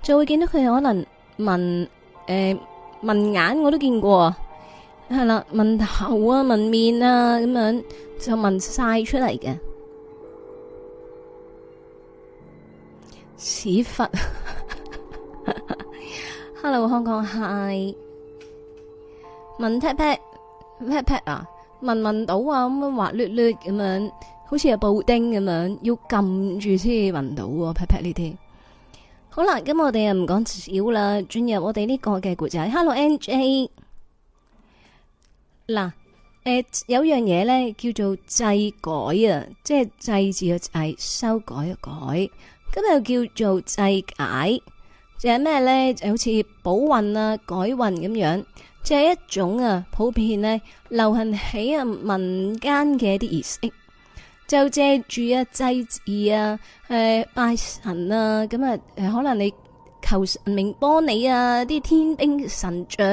就會見到佢可能紋誒、呃、紋眼我都見過，係啦紋頭啊紋面啊咁樣就紋晒出嚟嘅屎忽。 [MUSIC] [LAUGHS] Hello 香港 Hi 紋 pat pat pat pat 啊！聞聞到啊，咁樣滑捋捋咁樣，好似有布丁咁樣，要撳住先至聞到啊！pat pat 呢啲，好啦，咁我哋又唔講少啦，轉入我哋呢個嘅故事。Hello N J，嗱，誒，有樣嘢咧叫做制改啊，即係制字嘅制，修改嘅改，咁又叫做制解，就係咩咧？就好似補運啊，改運咁樣。就係、一種啊，普遍咧流行起啊民間嘅一啲儀式，就借住啊祭祀啊，誒、呃、拜神啊，咁啊誒可能你求神明幫你啊啲天兵神將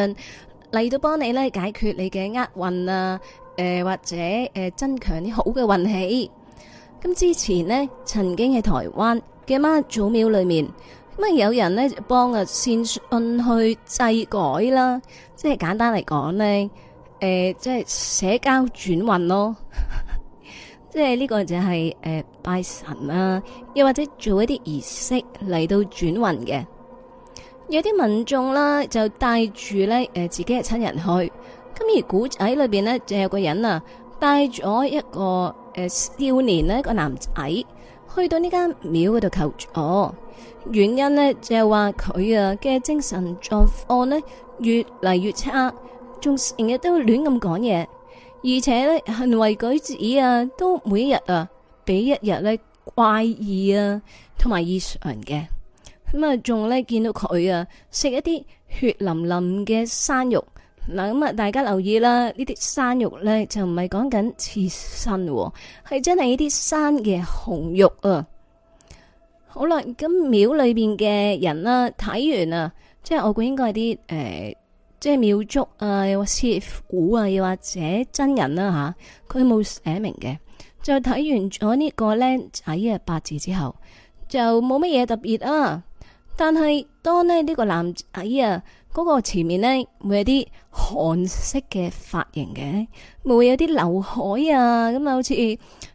嚟到幫你咧解決你嘅厄運啊，誒、呃、或者誒、呃、增強啲好嘅運氣。咁、呃、之前咧曾經喺台灣嘅媽祖廟裏面。有人咧幫啊，善信去祭改啦，即係簡單嚟講咧，誒，即係社交轉運咯，即係呢個就係誒拜神啦，又或者做一啲儀式嚟到轉運嘅。有啲民眾啦，就帶住咧，誒，自己嘅親人去。咁而古仔裏邊呢，就有個人啊，帶咗一個誒少年呢，一個男仔去到呢間廟嗰度求助。原因呢就係話佢啊嘅精神狀況咧越嚟越差，仲成日都亂咁講嘢，而且咧行為舉止啊都每一日啊比一日咧怪異啊同埋異常嘅，咁啊仲咧見到佢啊食一啲血淋淋嘅生肉，嗱，咁啊大家留意啦，呢啲生肉呢就唔係講緊刺身，係真係呢啲生嘅紅肉啊。好啦，咁廟裏邊嘅人啦，睇完啊，即係我估應該係啲誒，即係廟、呃、祝啊，又或師傅啊，又或者真人啦、啊、吓，佢冇寫明嘅。就睇完咗呢個靚仔嘅八字之後，就冇乜嘢特別啊。但係當咧呢個男仔啊，嗰、那個前面咧，會有啲韓式嘅髮型嘅，會有啲劉海啊，咁、嗯、啊，好似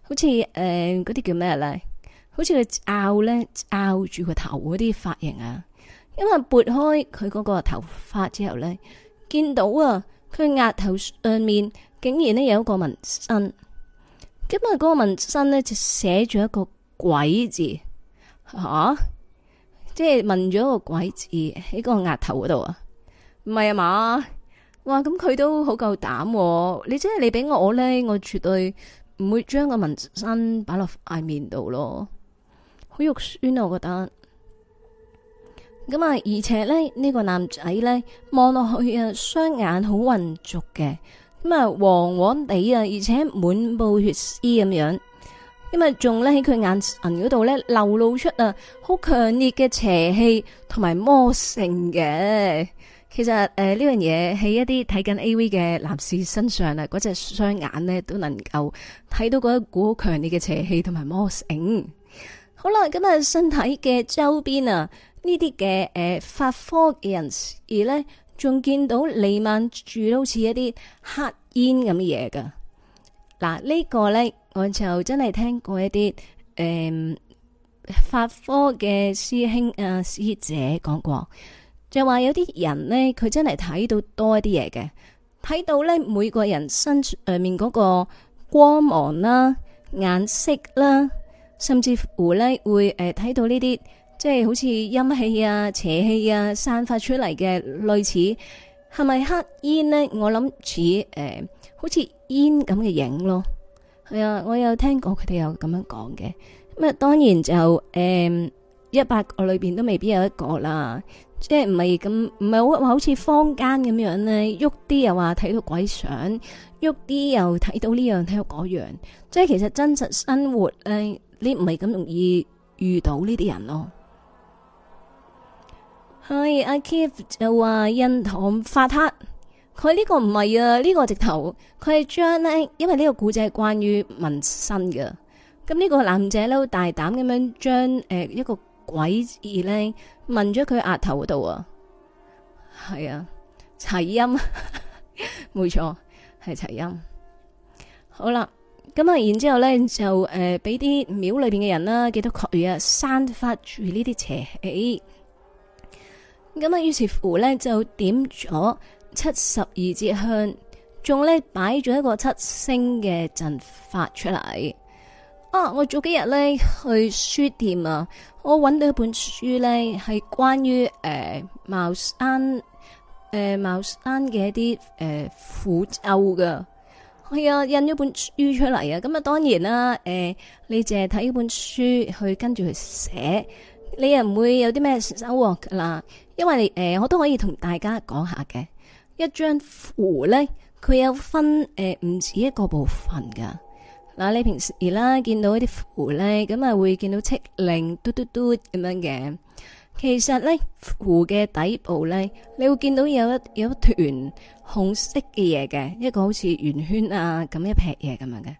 好似誒，嗰、呃、啲叫咩咧？好似佢拗咧拗住個頭嗰啲髮型啊，因為撥開佢嗰個頭髮之後咧，見到啊，佢額頭上面竟然咧有一個紋身。咁啊，嗰個紋身咧就寫住一個鬼字吓，即係紋咗個鬼字喺個額頭嗰度啊，唔係啊嘛？哇，咁佢都好夠膽。你即係你俾我咧，我絕對唔會將個紋身擺落塊面度咯。好肉酸啊！我覺得咁啊，而且咧呢個男仔咧望落去啊，雙眼好渾濁嘅，咁啊黃黃地啊，而且滿佈血絲咁樣，咁啊仲咧喺佢眼神嗰度咧流露出啊好強烈嘅邪氣同埋魔性嘅。其實誒呢樣嘢喺一啲睇緊 AV 嘅男士身上啊，嗰隻雙眼咧都能夠睇到嗰一股好強烈嘅邪氣同埋魔性。好啦，今日身體嘅周邊啊，呢啲嘅誒發科嘅人士而咧，仲見到離曼住都似一啲黑煙咁嘅嘢噶。嗱，這個、呢個咧我就真係聽過一啲誒發科嘅師兄啊師姐講過，就話有啲人咧，佢真係睇到多一啲嘢嘅，睇到咧每個人身上面嗰個光芒啦、顏色啦。甚至乎咧會誒睇、呃、到呢啲即係好似陰氣啊邪氣啊散發出嚟嘅類似係咪黑煙呢？我諗似誒好似煙咁嘅影咯。係啊，我有聽過佢哋有咁樣講嘅。咁啊，當然就誒一百個裏邊都未必有一個啦。即係唔係咁唔係好話好似坊間咁樣咧，喐啲又話睇到鬼相，喐啲又睇到呢、這個、樣睇到嗰樣。即係其實真實生活咧。呃啲唔係咁容易遇到呢啲人咯。係阿 K 就話印堂發黑，佢呢個唔係啊，呢、呢個直頭佢係將呢，因為呢個古仔係關於紋身嘅，咁呢個男仔咧好大膽咁樣將誒一個鬼字咧紋咗佢額頭度啊。係啊，齊音，冇 [LAUGHS] 錯，係齊音。好啦。咁啊，然之後咧就誒，俾、呃、啲廟裏邊嘅人啦，幾多鬼啊，散發住呢啲邪氣。咁啊，於是乎咧就點咗七十二支香，仲咧擺咗一個七星嘅陣法出嚟。啊，我早幾日咧去書店啊，我揾到一本書咧係關於誒、呃、茅山誒、呃、茅山嘅一啲誒符咒噶。係啊，印咗本書出嚟啊，咁啊，當然啦，誒、呃，你淨係睇一本書去跟住去寫，你又唔會有啲咩收穫噶啦，因為誒、呃，我都可以同大家講下嘅，一張符咧，佢有分誒唔、呃、止一個部分噶，嗱、呃，你平時啦，見到一啲符咧，咁啊會見到敕令嘟嘟嘟咁樣嘅。其實咧，符嘅底部咧，你會見到有一有一團紅色嘅嘢嘅，一個好似圓圈啊咁一撇嘢咁樣嘅。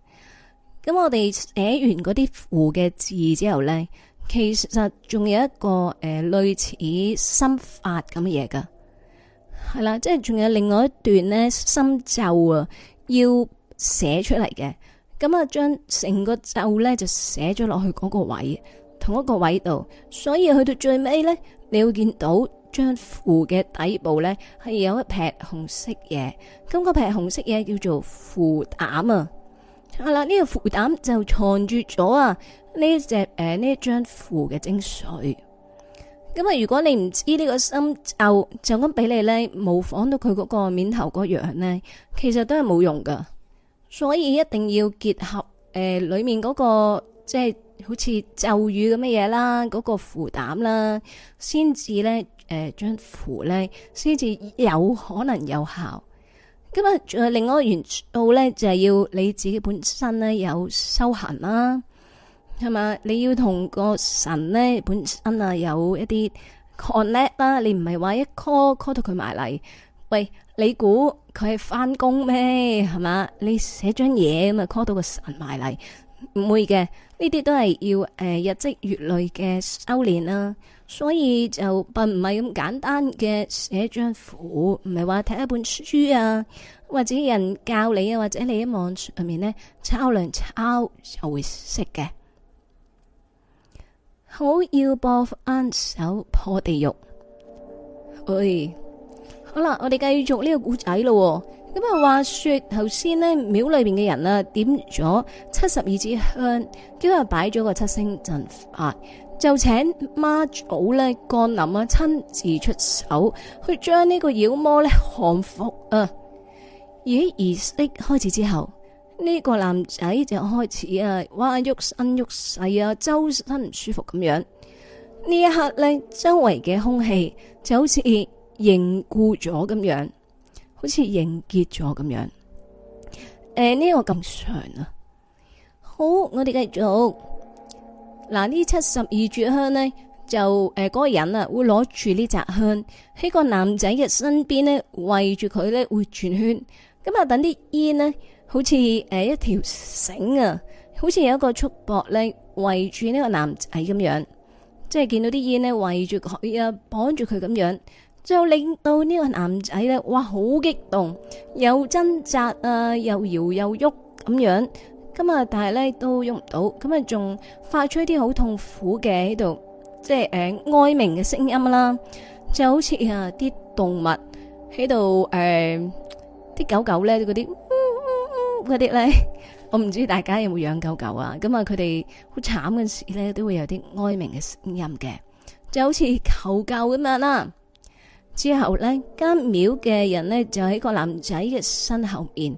咁我哋寫完嗰啲符嘅字之後咧，其實仲有一個誒、呃、類似心法咁嘅嘢噶，係啦，即係仲有另外一段咧心咒啊，要寫出嚟嘅。咁啊，將成個咒咧就寫咗落去嗰個位。同一個位度，所以去到最尾呢，你會見到張符嘅底部呢，係有一撇紅色嘢，咁、那個撇紅色嘢叫做符膽啊，係、啊、啦，呢、這個符膽就藏住咗啊呢隻誒呢、呃、一張符嘅精髓，咁、呃、啊如果你唔知呢個心咒，就咁俾你呢模仿到佢嗰個面頭嗰樣呢，其實都係冇用噶，所以一定要結合誒、呃、裏面嗰、那個即係。好似咒語咁嘅嘢啦，嗰、那個符膽啦，先至咧，誒、呃，張符咧，先至有可能有效。咁啊，仲有另外一個元素咧，就係要你自己本身咧有修行啦，係嘛？你要同個神咧本身啊，有一啲 connect 啦。你唔係話一 call call 到佢埋嚟，喂，你估佢係返工咩？係嘛？你寫張嘢咁啊，call 到個神埋嚟。唔會嘅，呢啲都係要誒、呃、日積月累嘅修煉啦、啊，所以就並唔係咁簡單嘅寫一張符，唔係話睇一本書啊，或者人教你啊，或者你喺網上面呢，抄兩抄就會識嘅。好，要播一首破地獄，喂、哎，好啦，我哋繼續呢個故仔啦喎。咁啊！話說頭先呢廟裏邊嘅人啦，點咗七十二支香，之後擺咗個七星陣法，就請媽祖呢乾林啊親自出手去將呢個妖魔呢降服啊！而喺儀式開始之後，呢、呢個男仔就開始啊，哇！喐身喐勢啊，周身唔舒服咁樣。呢一刻呢，周圍嘅空氣就好似凝固咗咁樣。好似凝結咗咁樣，誒、呃、呢、這個咁長啊！好，我哋繼續。嗱，呢七十二炷香呢，就誒嗰、呃那個人啊會攞住呢紮香喺個男仔嘅身邊呢圍住佢呢，會轉圈，咁啊等啲煙呢，好似誒一條繩啊，好似有一個束縛呢圍住呢個男仔咁樣，即係見到啲煙呢圍住佢啊綁住佢咁樣。就令到呢個男仔咧，哇，好激動，又掙扎啊，又搖又喐咁樣。咁啊，但係咧都喐唔到，咁啊，仲發出一啲好痛苦嘅喺度，即係誒、呃、哀鳴嘅聲音啦。就好似啊啲動物喺度，誒、呃、啲狗狗咧，嗰啲嗰啲咧，我唔知大家有冇養狗狗啊？咁、嗯、啊，佢哋好慘嘅時咧，都會有啲哀鳴嘅聲音嘅，就好似求救咁樣啦。之後咧，間廟嘅人咧就喺個男仔嘅身後邊，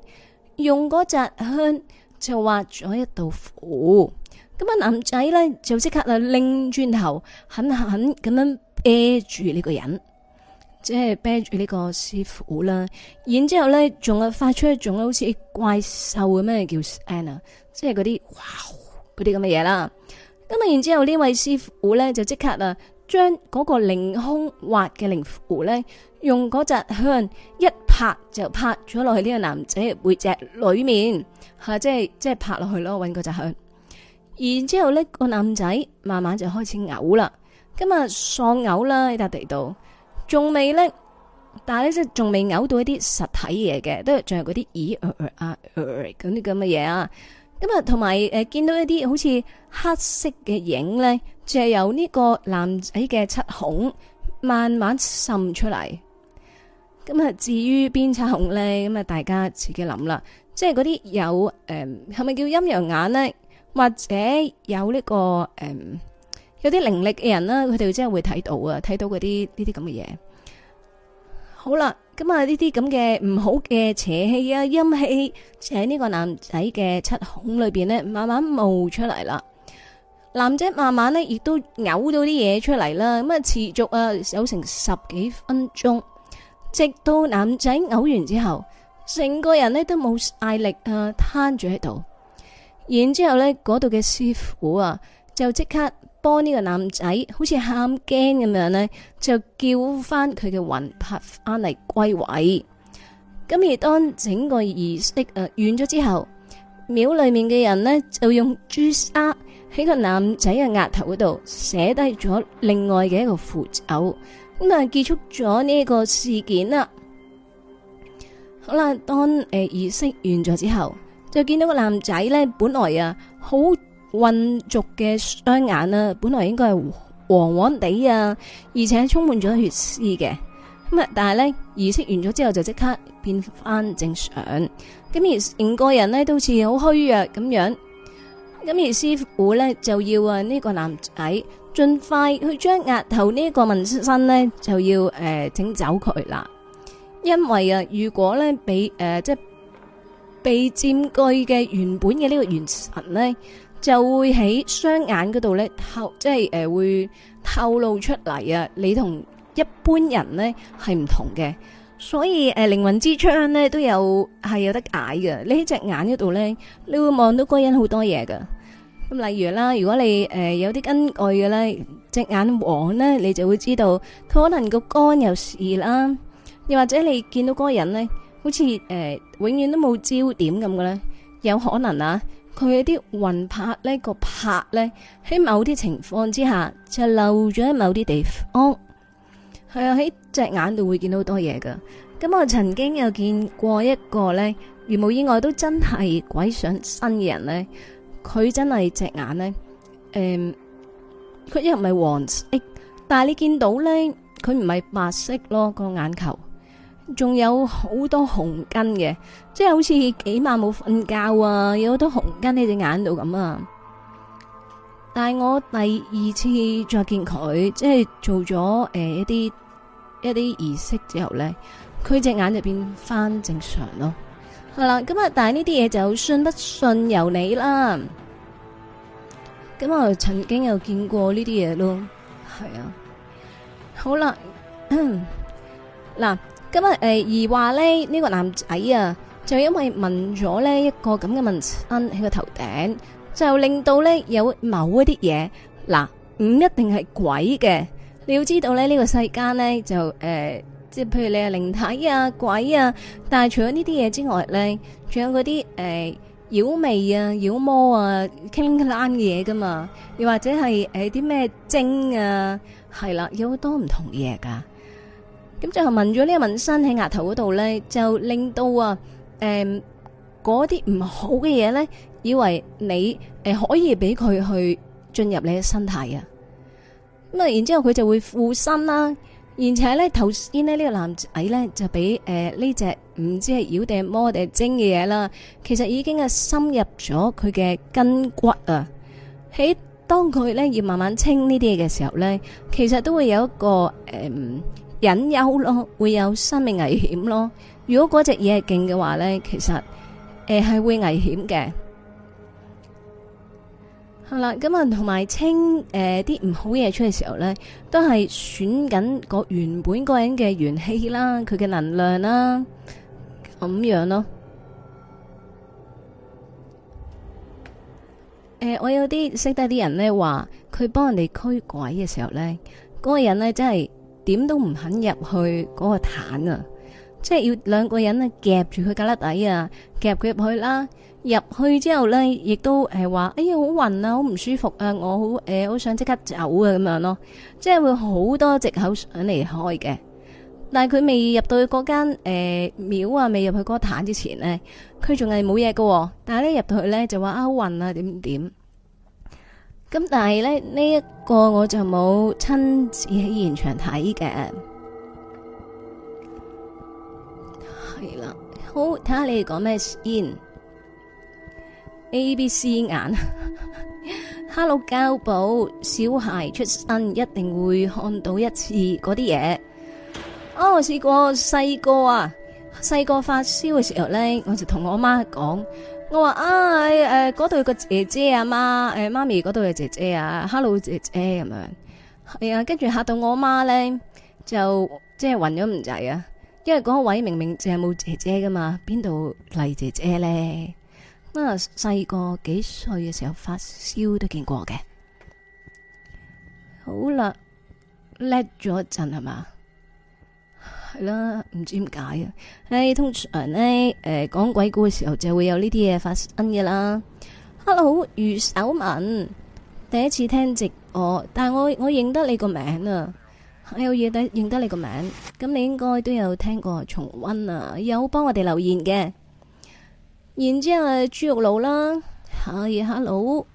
用嗰紮香就劃咗一道符。咁啊，個男仔咧就即刻啊擰轉頭，狠狠咁樣啤住呢個人，即係啤住呢個師傅啦。然之後咧，仲啊發出一種好似怪獸咁咩叫 Anna，即係嗰啲哇嗰啲咁嘅嘢啦。咁啊，然之後呢位師傅咧就即刻啊～將嗰個凌空滑嘅靈符咧，用嗰隻香一拍就拍咗落去呢個男仔背脊裏面，吓、啊、即係即係拍落去咯，搵嗰隻香，然之後呢個男仔慢慢就開始嘔啦，今日喪嘔啦呢笪地度，仲未呢？但係咧即係仲未嘔到一啲實體嘢嘅，都仲有嗰啲咦啊咁啲咁嘅嘢啊。咁啊，同埋誒見到一啲好似黑色嘅影咧。就係由呢個男仔嘅七孔慢慢滲出嚟。咁啊至於邊七孔咧，咁啊大家自己諗啦。即係嗰啲有誒，係咪叫陰陽眼呢？或者有呢個誒，有啲靈力嘅人啦，佢哋真係會睇到啊，睇到嗰啲呢啲咁嘅嘢。好啦，咁啊呢啲咁嘅唔好嘅邪氣啊陰氣，就喺呢個男仔嘅七孔裏邊咧，慢慢冒出嚟啦。男仔慢慢咧，亦都嘔到啲嘢出嚟啦。咁啊，持續啊，有成十幾分鐘，直到男仔嘔完之後，成個人咧都冇嗌力啊，攤住喺度。然之後咧，嗰度嘅師傅啊，就即刻幫呢個男仔，好似喊驚咁樣咧，就叫翻佢嘅魂魄翻嚟歸位。咁而當整個儀式誒完咗之後，廟裏面嘅人呢，就用硃砂。喺個男仔嘅額頭嗰度寫低咗另外嘅一個符咒，咁啊結束咗呢個事件啦。好啦，當誒儀、呃、式完咗之後，就見到個男仔咧，本來啊好混濁嘅雙眼啦，啊，本來應該係黃黃地啊，而且充滿咗血絲嘅，咁啊，但係咧儀式完咗之後就即刻變翻正常，咁而五個人咧都似好虛弱咁樣。咁而師傅咧就要啊呢個男仔盡快去將額頭紋呢一個紋身咧就要誒整、呃、走佢啦，因為啊如果咧被誒、呃、即係被佔據嘅原本嘅呢個元神咧，就會喺雙眼嗰度咧透即係誒、呃、會透露出嚟啊，你同一般人咧係唔同嘅，所以誒靈、呃、魂之窗咧都有係有得解嘅，呢隻眼嗰度咧你會望到嗰人好多嘢嘅。咁例如啦，如果你誒、呃、有啲根據嘅咧，隻眼黃咧，你就會知道佢可能個肝有事啦。又或者你見到嗰個人咧，好似誒、呃、永遠都冇焦點咁嘅咧，有可能啊，佢有啲魂魄呢個魄咧，喺某啲情況之下就漏咗喺某啲地方。係、哦、啊，喺隻眼度會見到好多嘢噶。咁我曾經又見過一個咧，如無意外都真係鬼上身嘅人咧。佢真係隻眼呢，誒、嗯，佢一唔係黃色，但係你見到呢，佢唔係白色咯，個眼球仲有好多紅筋嘅，即係好似幾晚冇瞓覺啊，有好多紅筋喺隻眼度咁啊。但係我第二次再見佢，即係做咗誒、呃、一啲一啲儀式之後呢，佢隻眼就變返正常咯。係啦，咁啊，但係呢啲嘢，就信不信由你啦。咁啊，我曾經又見過呢啲嘢咯，係啊。好啦，嗱，咁啊，誒，而話咧，呢個男仔啊，就因為紋咗呢一個咁嘅紋身喺個頭頂，就令到呢有某一啲嘢，嗱，唔一定係鬼嘅。你要知道呢，呢個世間呢就誒。即係譬如你係靈體啊鬼啊，但係除咗呢啲嘢之外咧，仲有嗰啲誒妖魅啊妖魔啊傾爛嘢噶嘛，又、啊、或者係誒啲咩精啊，係啦，有好多唔同嘢噶、啊。咁最後紋咗呢個紋身喺額頭嗰度咧，就令到啊誒嗰啲唔好嘅嘢咧，以為你誒、呃、可以俾佢去進入你嘅身體啊。咁啊，然之後佢就會附身啦、啊。而且呢頭先呢呢、呢個男仔呢，就俾誒呢隻唔知係妖定魔定精嘅嘢啦，其實已經係深入咗佢嘅筋骨啊！喺當佢呢要慢慢清呢啲嘢嘅時候呢，其實都會有一個誒隱憂咯，會有生命危險咯。如果嗰隻嘢係勁嘅話呢，其實誒係、呃、會危險嘅。係、嗯呃、啦，咁啊，同埋清誒啲唔好嘢出嘅時候咧，都係損緊個原本個人嘅元氣啦，佢嘅能量啦，咁樣咯。誒、呃，我有啲識得啲人咧，話佢幫人哋驅鬼嘅時候咧，嗰、那個人咧真係點都唔肯入去嗰個壇啊，即係要兩個人咧夾住佢架肋底啊，夾佢入去啦。入去之後呢，亦都係話：哎呀，好暈啊，好唔舒服啊，我好好、呃、想即刻走啊咁樣咯，即係會好多藉口想離開嘅。但係佢未入到去嗰間、呃、廟啊，未入去嗰個壇之前呢，佢仲係冇嘢喎。但係呢，入到去、啊啊、點點點呢，就話啊好暈啊點點。咁但係呢，呢一個我就冇親自喺現場睇嘅，係啦。好睇下你哋講咩先。A B C 眼 [LAUGHS] ，Hello 膠寶，小孩出生一定會看到一次嗰啲嘢。我試過細個啊，細個發燒嘅時候咧，我就同我阿媽講，我話啊誒嗰度有個姐姐啊，媽誒媽咪嗰度有姐姐啊，Hello 姐姐咁樣，係啊，跟住吓到我阿媽咧就即係暈咗唔滯啊，因為嗰位明明淨係冇姐姐噶嘛，邊度嚟姐姐咧？啊！細個幾歲嘅時候發燒都見過嘅，好啦，叻咗一陣係嘛，係啦，唔知點解啊！誒、欸，通常呢誒講、呃、鬼故嘅時候就會有呢啲嘢發生嘅啦。Hello，余守文，第一次聽直播，但係我我認得你個名啊，有嘢抵認得你個名，咁你應該都有聽過重温啊，有幫我哋留言嘅。然之後係豬肉佬啦，下嘢 hello，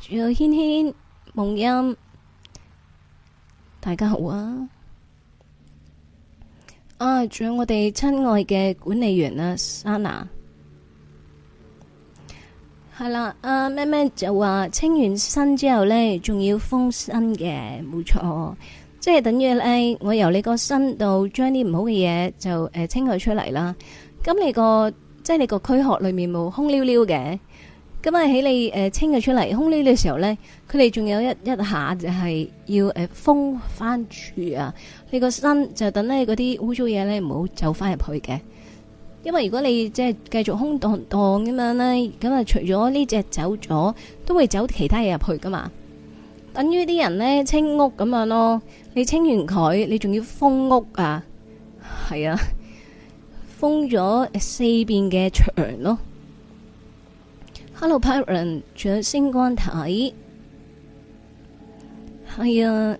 仲有軒軒、夢音，大家好啊！啊，仲有我哋親愛嘅管理員、Sana、啊 a n a 係啦，阿咩咩就話清完身之後呢，仲要封身嘅，冇錯，即係等於咧，我由你個身度將啲唔好嘅嘢就誒、呃、清佢出嚟啦。咁你個即係、就是、你個軀殼裏面冇空溜溜嘅，咁啊喺你誒、呃、清咗出嚟空溜溜嘅時候咧，佢哋仲有一一下就係要誒、呃、封翻住啊，你個身就等咧嗰啲污糟嘢咧唔好走翻入去嘅。因為如果你即係繼續空蕩蕩咁樣咧，咁啊除咗呢隻走咗，都會走其他嘢入去㗎嘛。等於啲人咧清屋咁樣咯，你清完佢，你仲要封屋啊？係啊。封咗四邊嘅牆咯。Hello，pirate，仲有星光體，係啊，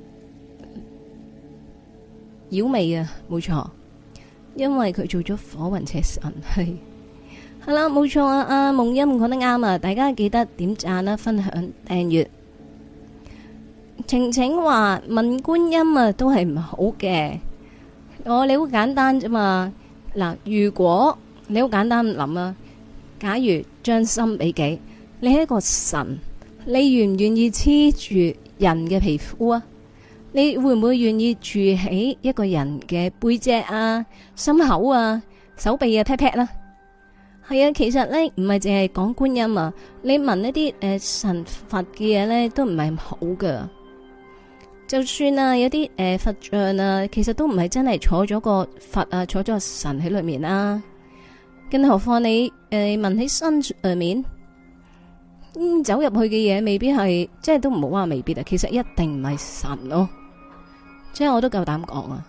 妖媚啊，冇錯，因為佢做咗火雲邪神。係，係啦，冇錯啊，阿夢音講得啱啊，大家記得點讚啦、分享、訂閱。晴晴話問觀音啊，都係唔好嘅。我你好簡單啫嘛。嗱，如果你好簡單諗啊，假如將心比己，你係一個神，你願唔願意黐住人嘅皮膚啊？你會唔會願意住喺一個人嘅背脊啊、心口啊、手臂啊、pat pat 啦？係啊，其實呢唔係淨係講觀音啊，你聞一啲誒、呃、神佛嘅嘢呢，都唔係好噶。就算啊，有啲、呃、佛像啊，其實都唔係真係坐咗個佛啊，坐咗個神喺裏面啦、啊。更何況你誒紋起身上面、嗯、走入去嘅嘢，未必係，即係都唔好話未必啊。其實一定唔係神咯，即係我都夠膽講啊，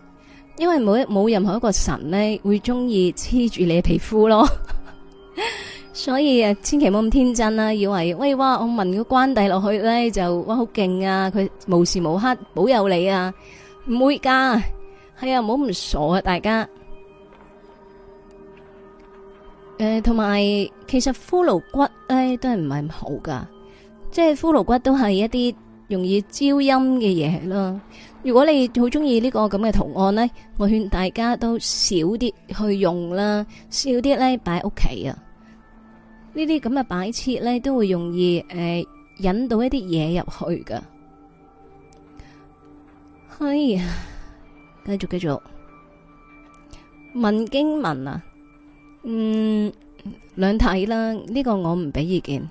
因為冇一冇任何一個神呢會中意黐住你嘅皮膚咯。 [LAUGHS] 所以千祈唔好咁天真啦，以為喂，哇，我紋個關帝落去呢，就哇好勁啊！佢無時無刻保佑你啊，唔會噶係啊，唔好咁傻啊，大家誒，同、呃、埋其實骷髏骨呢都係唔係咁好噶，即係骷髏骨都係一啲容易招陰嘅嘢啦。如果你好中意呢個咁嘅圖案呢，我勸大家都少啲去用啦，少啲呢擺喺屋企啊。呢啲咁嘅擺設呢，都會容易誒、呃、引到一啲嘢入去噶。係啊，繼續繼續。問經文啊，嗯，兩睇啦。呢、這個我唔俾意見，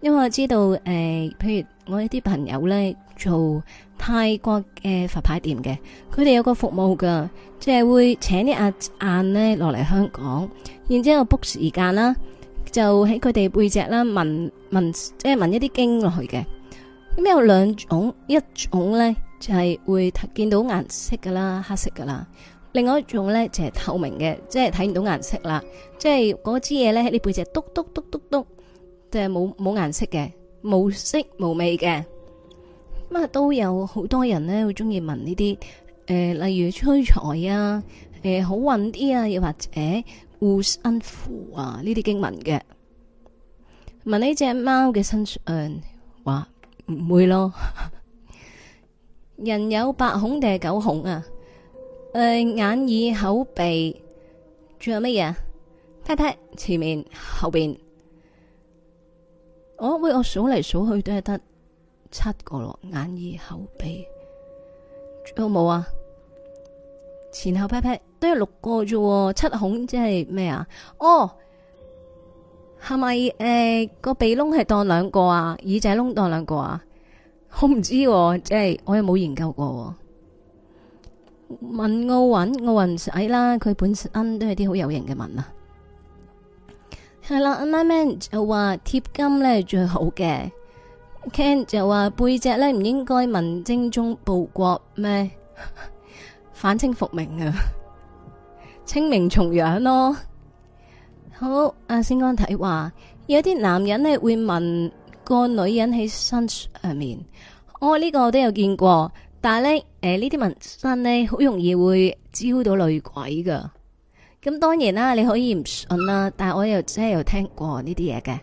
因為我知道誒、呃，譬如我一啲朋友呢，做泰國嘅佛牌店嘅，佢哋有個服務噶，即、就、係、是、會請啲阿晏呢落嚟香港，然之後 book 時間啦。就喺佢哋背脊啦，紋紋即係紋一啲經落去嘅。咁有兩種，一種咧就係會見到顏色噶啦，黑色噶啦。另外一種咧就係透明嘅，即係睇唔到顏色啦，即係嗰支嘢咧喺你背脊篤篤篤篤篤，就係冇冇顏色嘅，無色無味嘅。咁啊都有好多人咧會中意紋呢啲，誒例如催財啊，誒好運啲啊，又或者。護身符啊！呢啲經文嘅，問呢隻貓嘅身上，誒話唔會咯。人有八孔定係九孔啊？誒、呃，眼耳口鼻，仲有乜嘢啊？pat pat 前面後邊、哦，我喂我數嚟數去都係得七個咯。眼耳口鼻，仲有冇啊？前後 pat pat。都有六個啫，七孔即係咩啊？哦，係咪誒個鼻窿係當兩個啊？耳仔窿當兩個啊？我唔知、啊，即係我又冇研究過、啊。問奧運，奧運使啦，佢本身都係啲好有型嘅文啊。係啦，阿 Man 就話貼金咧最好嘅，Ken 就話背脊咧唔應該文精忠報國咩 [LAUGHS] 反清復明啊。清明重陽咯。好，好，阿星剛睇話有啲男人咧會紋個女人喺身上面，我呢個都有見過，但係咧誒，呢啲紋、呃、身咧好容易會招到女鬼噶，咁當然啦，你可以唔信啦，但係我又真係有聽過呢啲嘢嘅。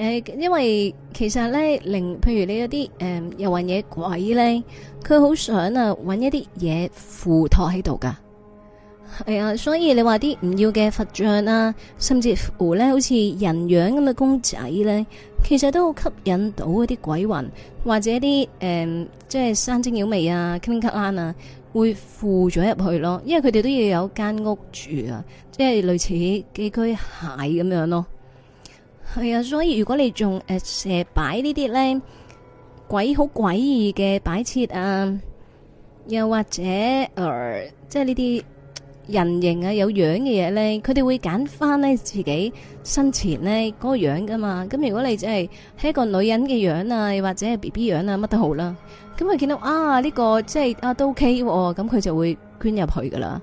誒，因為其實咧，另譬如你有啲誒，遊魂野鬼咧，佢好想啊，揾一啲嘢附託喺度噶，係啊，所以你話啲唔要嘅佛像啊，甚至乎咧，好似人樣咁嘅公仔咧，其實都好吸引到一啲鬼魂或者啲誒、嗯，即係山精妖魅啊、clean cut 啊，會附咗入去咯，因為佢哋都要有間屋住啊，即係類似寄居蟹咁樣咯。係啊，所以如果你仲誒成日擺呢啲咧，鬼好詭異嘅擺設啊，又或者誒、呃，即係呢啲人形啊，有樣嘅嘢咧，佢哋會揀翻咧自己生前咧嗰、那個樣噶嘛。咁如果你真係係一個女人嘅樣啊，又或者 B B 樣啊，乜都好啦、啊。咁佢見到啊呢、呢個即係啊都 OK 喎、啊，咁佢就會捐入去噶啦。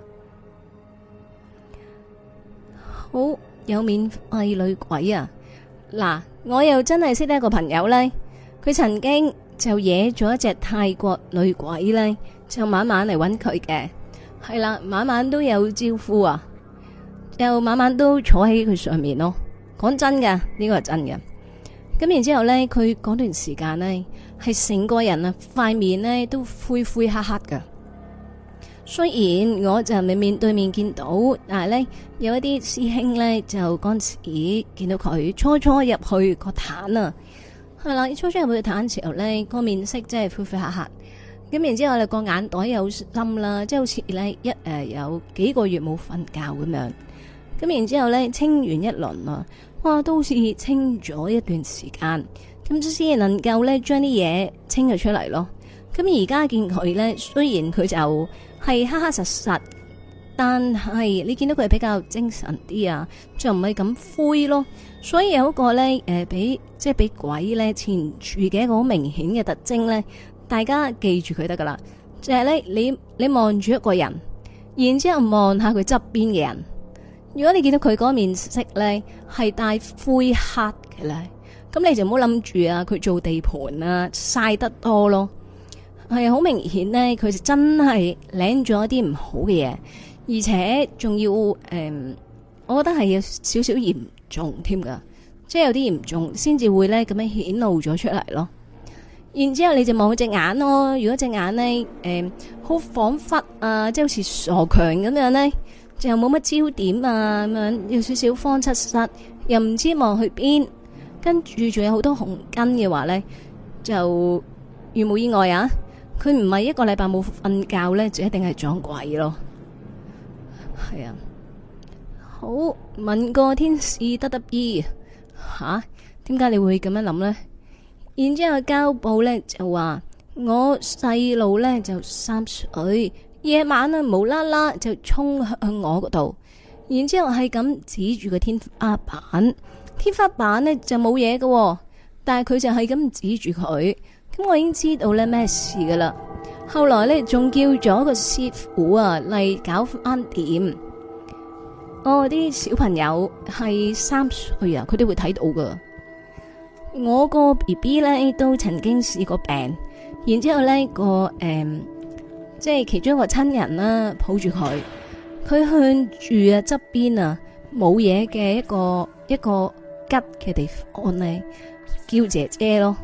好，有免費女鬼啊！嗱，我又真係識得一個朋友呢。佢曾經就惹咗一隻泰國女鬼呢，就晚晚嚟搵佢嘅，係啦，晚晚都有招呼啊，又晚晚都坐喺佢上面咯。講真嘅，呢個係真嘅。咁然之後呢，佢嗰段時間呢，係成個人啊，塊面呢都灰灰黑黑㗎。雖然我就唔係面對面見到，但係呢，有一啲師兄呢，就嗰陣時見到佢初初入去個壇啊，係啦。初初入去個壇時候呢，個面色即係灰灰黑黑，咁然之後呢，個眼袋又深啦，即係好似呢，一誒有幾個月冇瞓覺咁樣。咁然之後呢，清完一輪啊，哇，都好似清咗一段時間，咁先能夠呢，將啲嘢清咗出嚟咯。咁而家見佢呢，雖然佢就～係黑黑實實，但係你見到佢比較精神啲啊，就唔係咁灰咯。所以有一個咧，誒、呃，俾即係俾鬼咧纏住嘅一個好明顯嘅特徵咧，大家記住佢得噶啦。就係、是、咧，你你望住一個人，然之後望下佢側邊嘅人，如果你見到佢嗰面色咧係帶灰黑嘅咧，咁你就唔好諗住啊，佢做地盤啊，晒得多咯。係好明顯呢，佢就真係領咗一啲唔好嘅嘢，而且仲要誒、嗯，我覺得係有少少嚴重添噶，即係有啲嚴重，先至會呢，咁樣顯露咗出嚟咯。然之後你就望佢隻眼咯，如果隻眼呢，誒、嗯，好恍惚啊，即係好似傻強咁樣呢，就冇乜焦點啊咁樣，有少少慌失失，又唔知望去邊，跟住仲有好多紅筋嘅話呢，就如冇意外啊！佢唔係一個禮拜冇瞓覺呢，就一定係撞鬼咯、啊。係啊，好問個天使得得意吓，點解你會咁樣諗呢？然之後交報呢就話我細路呢就三歲夜晚啊無啦啦就衝向我嗰度，然之後係咁指住個天花板，天花板呢就冇嘢嘅，但係佢就係咁指住佢。咁我已經知道咧咩事噶啦，後來咧仲叫咗個師傅啊嚟搞翻點，我、哦、啲小朋友係三歲啊，佢哋會睇到噶。我個 B B 咧都曾經試過病，然之後咧個誒、嗯，即係其中一個親人啦、啊，抱住佢，佢向住啊側邊啊冇嘢嘅一個一個吉嘅地方咧，叫姐姐咯。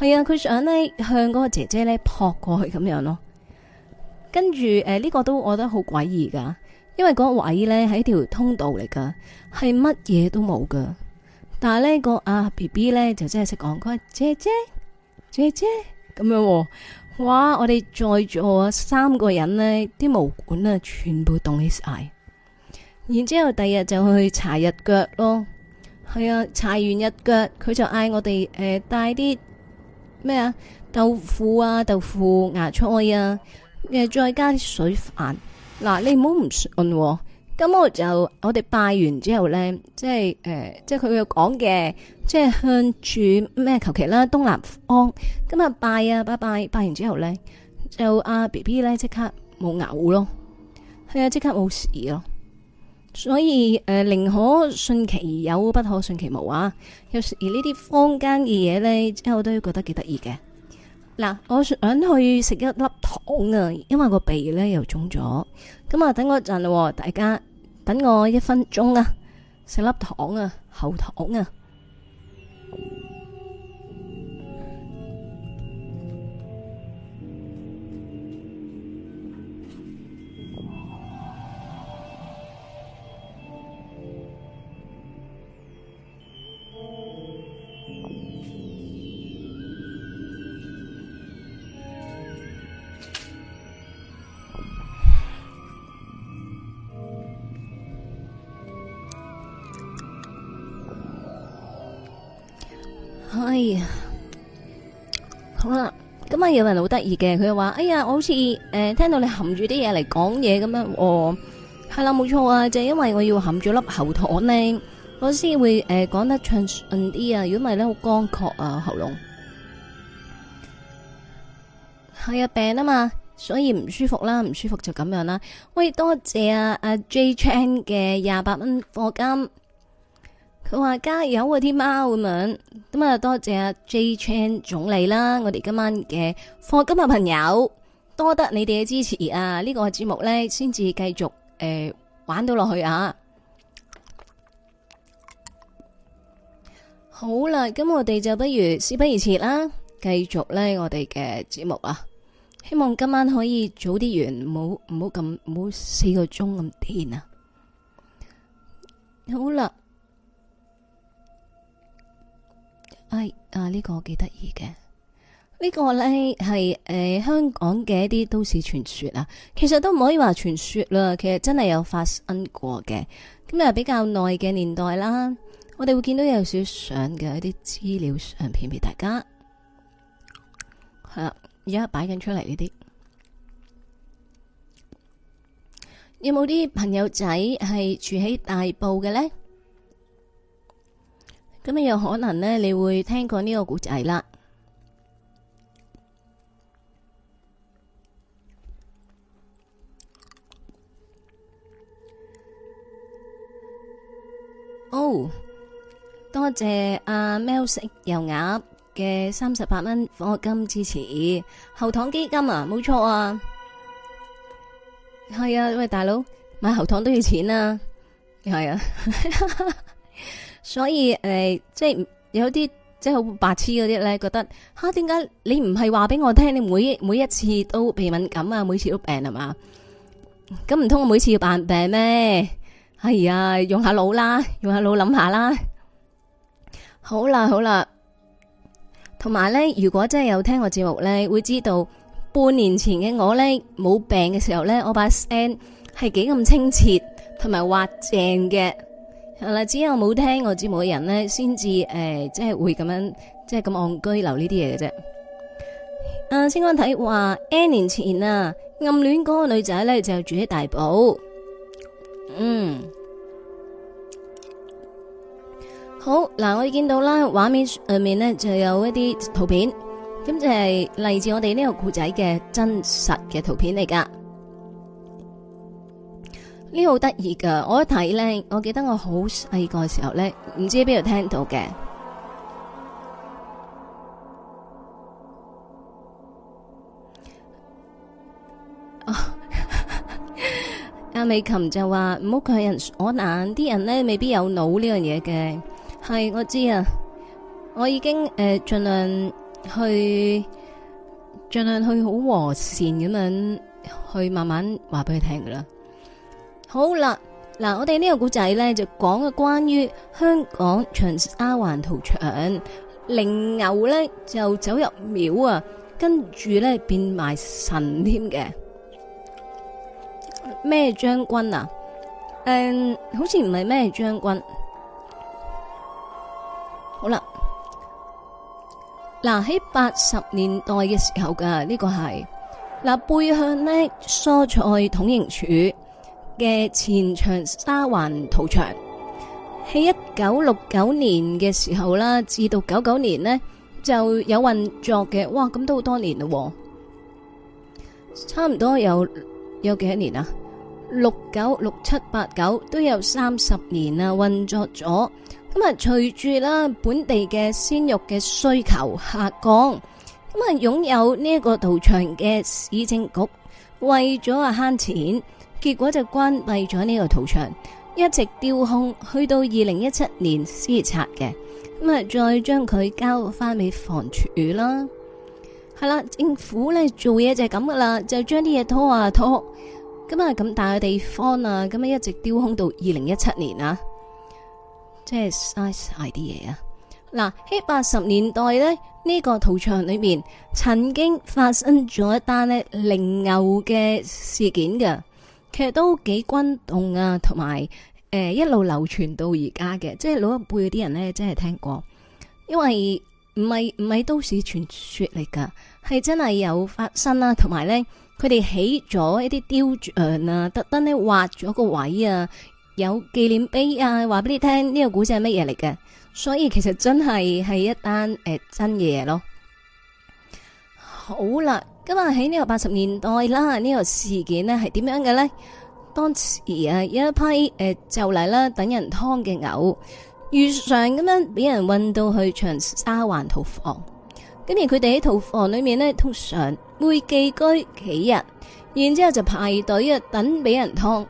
係啊，佢想咧向嗰個姐姐咧撲過去咁樣咯，跟住誒呢個都我覺得好詭異噶，因為嗰個位咧係一條通道嚟噶，係乜嘢都冇噶。但係呢個阿 B B 咧就真係識講，佢話姐姐姐姐咁樣。哇，我哋在座三個人呢啲毛管啊，全部凍起晒。然之後第二日就去查日腳咯，係啊，查完日腳佢就嗌我哋誒、呃、帶啲。咩啊？豆腐啊，豆腐芽菜啊，誒，再加啲水飯。嗱、啊，你唔好唔信，啊。咁我就我哋拜完之後咧，即係誒、呃，即係佢又講嘅，即係向住咩？求其啦，東南方。咁啊拜啊，拜拜拜完之後咧，就阿 BB 咧即刻冇嘔咯，係啊，即刻冇事咯。所以誒，呃，寧可信其有，不可信其無啊！有而呢啲坊間嘅嘢咧，之後我都覺得幾得意嘅。嗱，我想去食一粒糖啊，因為個鼻咧又腫咗。咁啊，等我一陣喎，大家等我一分鐘啊，食粒糖啊，喉糖啊。哎呀，好啦，今日有人好得意嘅，佢又話：哎呀，我好似誒、呃、聽到你含住啲嘢嚟講嘢咁樣，係、哦、啦，冇錯啊，就係、因為我要含住粒喉糖、呃、呢，我先會誒講得暢順啲啊，如果唔係咧好乾咳啊喉嚨。我啊，病啊嘛，所以唔舒服啦，唔舒服就咁樣啦。喂，多謝啊，阿 Jay Chan 嘅廿八蚊課金。佢話加油啊！啲貓咁樣咁啊，多謝阿 J Chan 總理啦。我哋今晚嘅課金嘅朋友多得你哋嘅支持啊！這個、節呢個節目咧先至繼續誒、欸、玩到落去啊！好啦，咁我哋就不如事不宜遲啦，繼續咧我哋嘅節目啊！希望今晚可以早啲完，唔好唔好咁唔好四個鐘咁癲啊！好啦。係、哎、啊，這個這個、呢個幾得意嘅，呢個咧係誒香港嘅一啲都市傳說啊，其實都唔可以話傳說啦，其實真係有發生過嘅，咁、嗯、又比較耐嘅年代啦。我哋會見到有少少相嘅一啲資料相片俾大家，係、嗯、啦，而家擺緊出嚟呢啲，有冇啲朋友仔係住喺大埔嘅咧？咁啊，有可能咧，你會聽過呢個古仔啦。哦，多謝阿 Mel 食油鴨嘅三十八蚊課金支持，喉糖基金啊，冇錯啊，係啊，喂大佬，買喉糖都要錢啊，係啊。所以誒、呃，即係有啲即係好白痴嗰啲咧，覺得吓點解你唔係話俾我聽？你每一每一次都鼻敏感啊，每次都病啊嘛？咁唔通我每次要扮病咩？係、哎、啊，用下腦啦，用下腦諗下啦。好啦好啦，同埋咧，如果真係有聽我節目咧，會知道半年前嘅我咧冇病嘅時候咧，我把聲係幾咁清澈同埋滑正嘅。係啦，只有冇聽我節目嘅人呢先至誒，即係會咁樣，即係咁按居留呢啲嘢嘅啫。阿清安睇話 N 年前啊，暗戀嗰個女仔呢就住喺大埔。嗯，好嗱，我哋見到啦，畫面上面呢就有一啲圖片，咁就係嚟自我哋呢個故仔嘅真實嘅圖片嚟噶。啲好得意噶，我一睇咧，我記得我好細個嘅時候咧，唔知喺邊度聽到嘅。阿、啊 [LAUGHS] 啊、美琴就話唔好強人所難，啲人咧未必有腦呢樣嘢嘅。係我知啊，我已經誒盡、呃、量去盡量去好和善咁樣去慢慢話俾佢聽噶啦。好啦，嗱，我哋呢個古仔呢，就講嘅關於香港長沙灣屠場靈牛呢，就走入廟啊，跟住呢變埋神添嘅。咩將軍啊？誒、嗯，好似唔係咩將軍。好啦，嗱喺八十年代嘅時候噶，呢、這個係嗱背向呢蔬菜統營處。嘅前長沙灣屠場喺一九六九年嘅時候啦，至到九九年呢，就有運作嘅，哇咁都好多年咯，差唔多有有幾多年啊？六九六七八九都有三十年啦，運作咗。咁啊，隨住啦本地嘅鮮肉嘅需求下降，咁啊擁有呢一個屠場嘅市政局為咗啊慳錢。結果就關閉咗呢個屠場，一直丟空，去到二零一七年先拆嘅。咁啊,再將佢交翻俾房署啦。係啦,政府咧做嘢就係咁噶啦,就將啲嘢拖啊拖。咁啊,咁大嘅地方啊,咁啊一直丟空到二零一七年啊,即係嘥晒啲嘢啊。嗱,喺八十年代呢,呢、呢個屠場裏邊曾經發生咗一單呢靈牛嘅事件噶。其實都幾轟動啊，同埋誒一路流傳到而家嘅，即係老一輩嗰啲人咧，真係聽過，因為唔係唔係都市傳說嚟噶，係真係有發生啦，啊，同埋咧佢哋起咗一啲雕像啊，特登咧挖咗個位啊，有紀念碑啊，話俾你聽呢個古仔係乜嘢嚟嘅，所以其實真係係一單誒、呃、真嘢咯，好啦。咁啊喺呢個八十年代啦，呢、這個事件呢係點樣嘅呢？當時啊，有一批誒、呃、就嚟啦等人湯嘅牛，如常咁樣俾人運到去長沙灣屠房。咁而佢哋喺屠房裏面呢，通常會寄居幾日，然之後就排隊啊等俾人湯。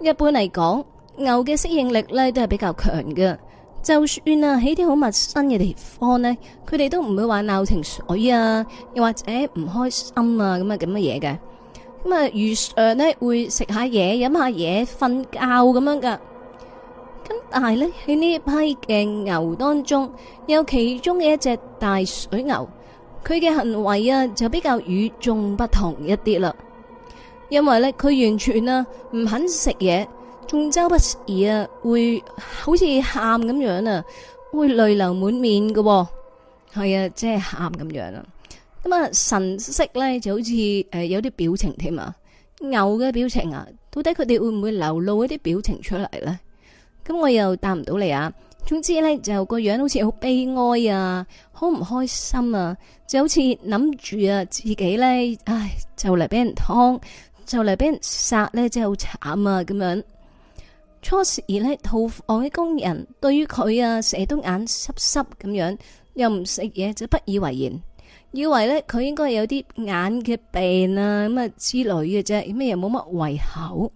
一般嚟講，牛嘅適應力呢都係比較強嘅。就算啊，喺啲好陌生嘅地方咧，佢哋都唔會話鬧情緒啊，又或者唔開心啊，咁啊咁乜嘢嘅。咁啊，如常咧會食下嘢、飲下嘢、瞓覺咁樣噶。咁但係咧喺呢一批嘅牛當中，有其中嘅一隻大水牛，佢嘅行為啊就比較與眾不同一啲啦。因為咧，佢完全啊唔肯食嘢。仲周不時啊，會好似喊咁樣啊，會淚流滿面嘅。啊，係啊，即係喊咁樣啊。咁啊，神色咧就好似誒、呃、有啲表情添啊，牛嘅表情啊，到底佢哋會唔會流露一啲表情出嚟咧？咁我又答唔到你啊。總之咧，就個樣好似好悲哀啊，好唔開心啊，就好似諗住啊自己咧，唉，就嚟俾人劏，就嚟俾人殺咧，真係好慘啊，咁樣。初時呢，屠房嘅工人對於佢啊，成日都眼濕濕咁樣，又唔食嘢就不以為然，以為呢，佢應該有啲眼嘅病啊咁啊之類嘅啫，咩又冇乜胃口。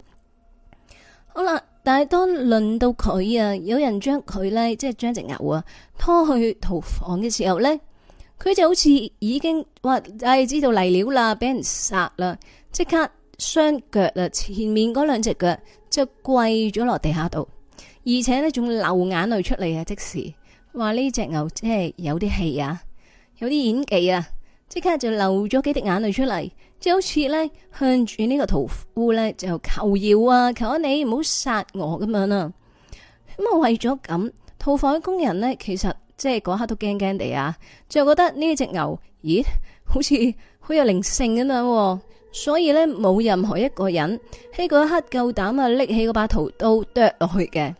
好啦，但係當輪到佢啊，有人將佢呢，即係將隻牛啊拖去屠房嘅時候呢，佢就好似已經話唉，哎，知道嚟了啦，俾人殺啦，即刻雙腳啦，前面嗰兩隻腳，就跪咗落地下度，而且呢仲流眼淚出嚟啊！即時，話呢隻牛即係有啲戲啊，有啲演技啊，即刻就流咗幾滴眼淚出嚟，即係好似呢，向住呢個屠夫呢，就求饒啊，求你唔好殺我咁樣啊！咁啊為咗咁，屠房嘅工人呢，其實即係嗰刻都驚驚地啊，就覺得呢隻牛咦，好似好有靈性咁樣喎、啊。所以呢，冇任何一個人喺嗰一刻夠膽啊拎起嗰把屠刀剁落去嘅。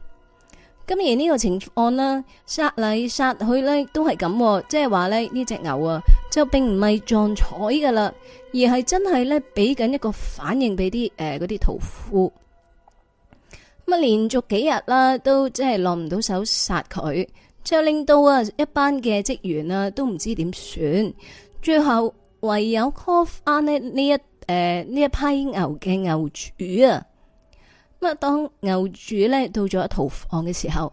咁而呢個情況啦、啊，殺嚟殺去呢，都係咁、啊，即係話呢呢隻牛啊，就並唔係撞彩噶啦，而係真係呢，俾緊一個反應俾啲誒嗰啲屠夫。咁、嗯、啊，連續幾日啦、啊，都即係落唔到手殺佢，就令到啊一班嘅職員啦、啊、都唔知點算，最後唯有 call 呢呢一。誒、呃，呢一批牛嘅牛主啊，咁啊，當牛主咧到咗一屠房嘅時候，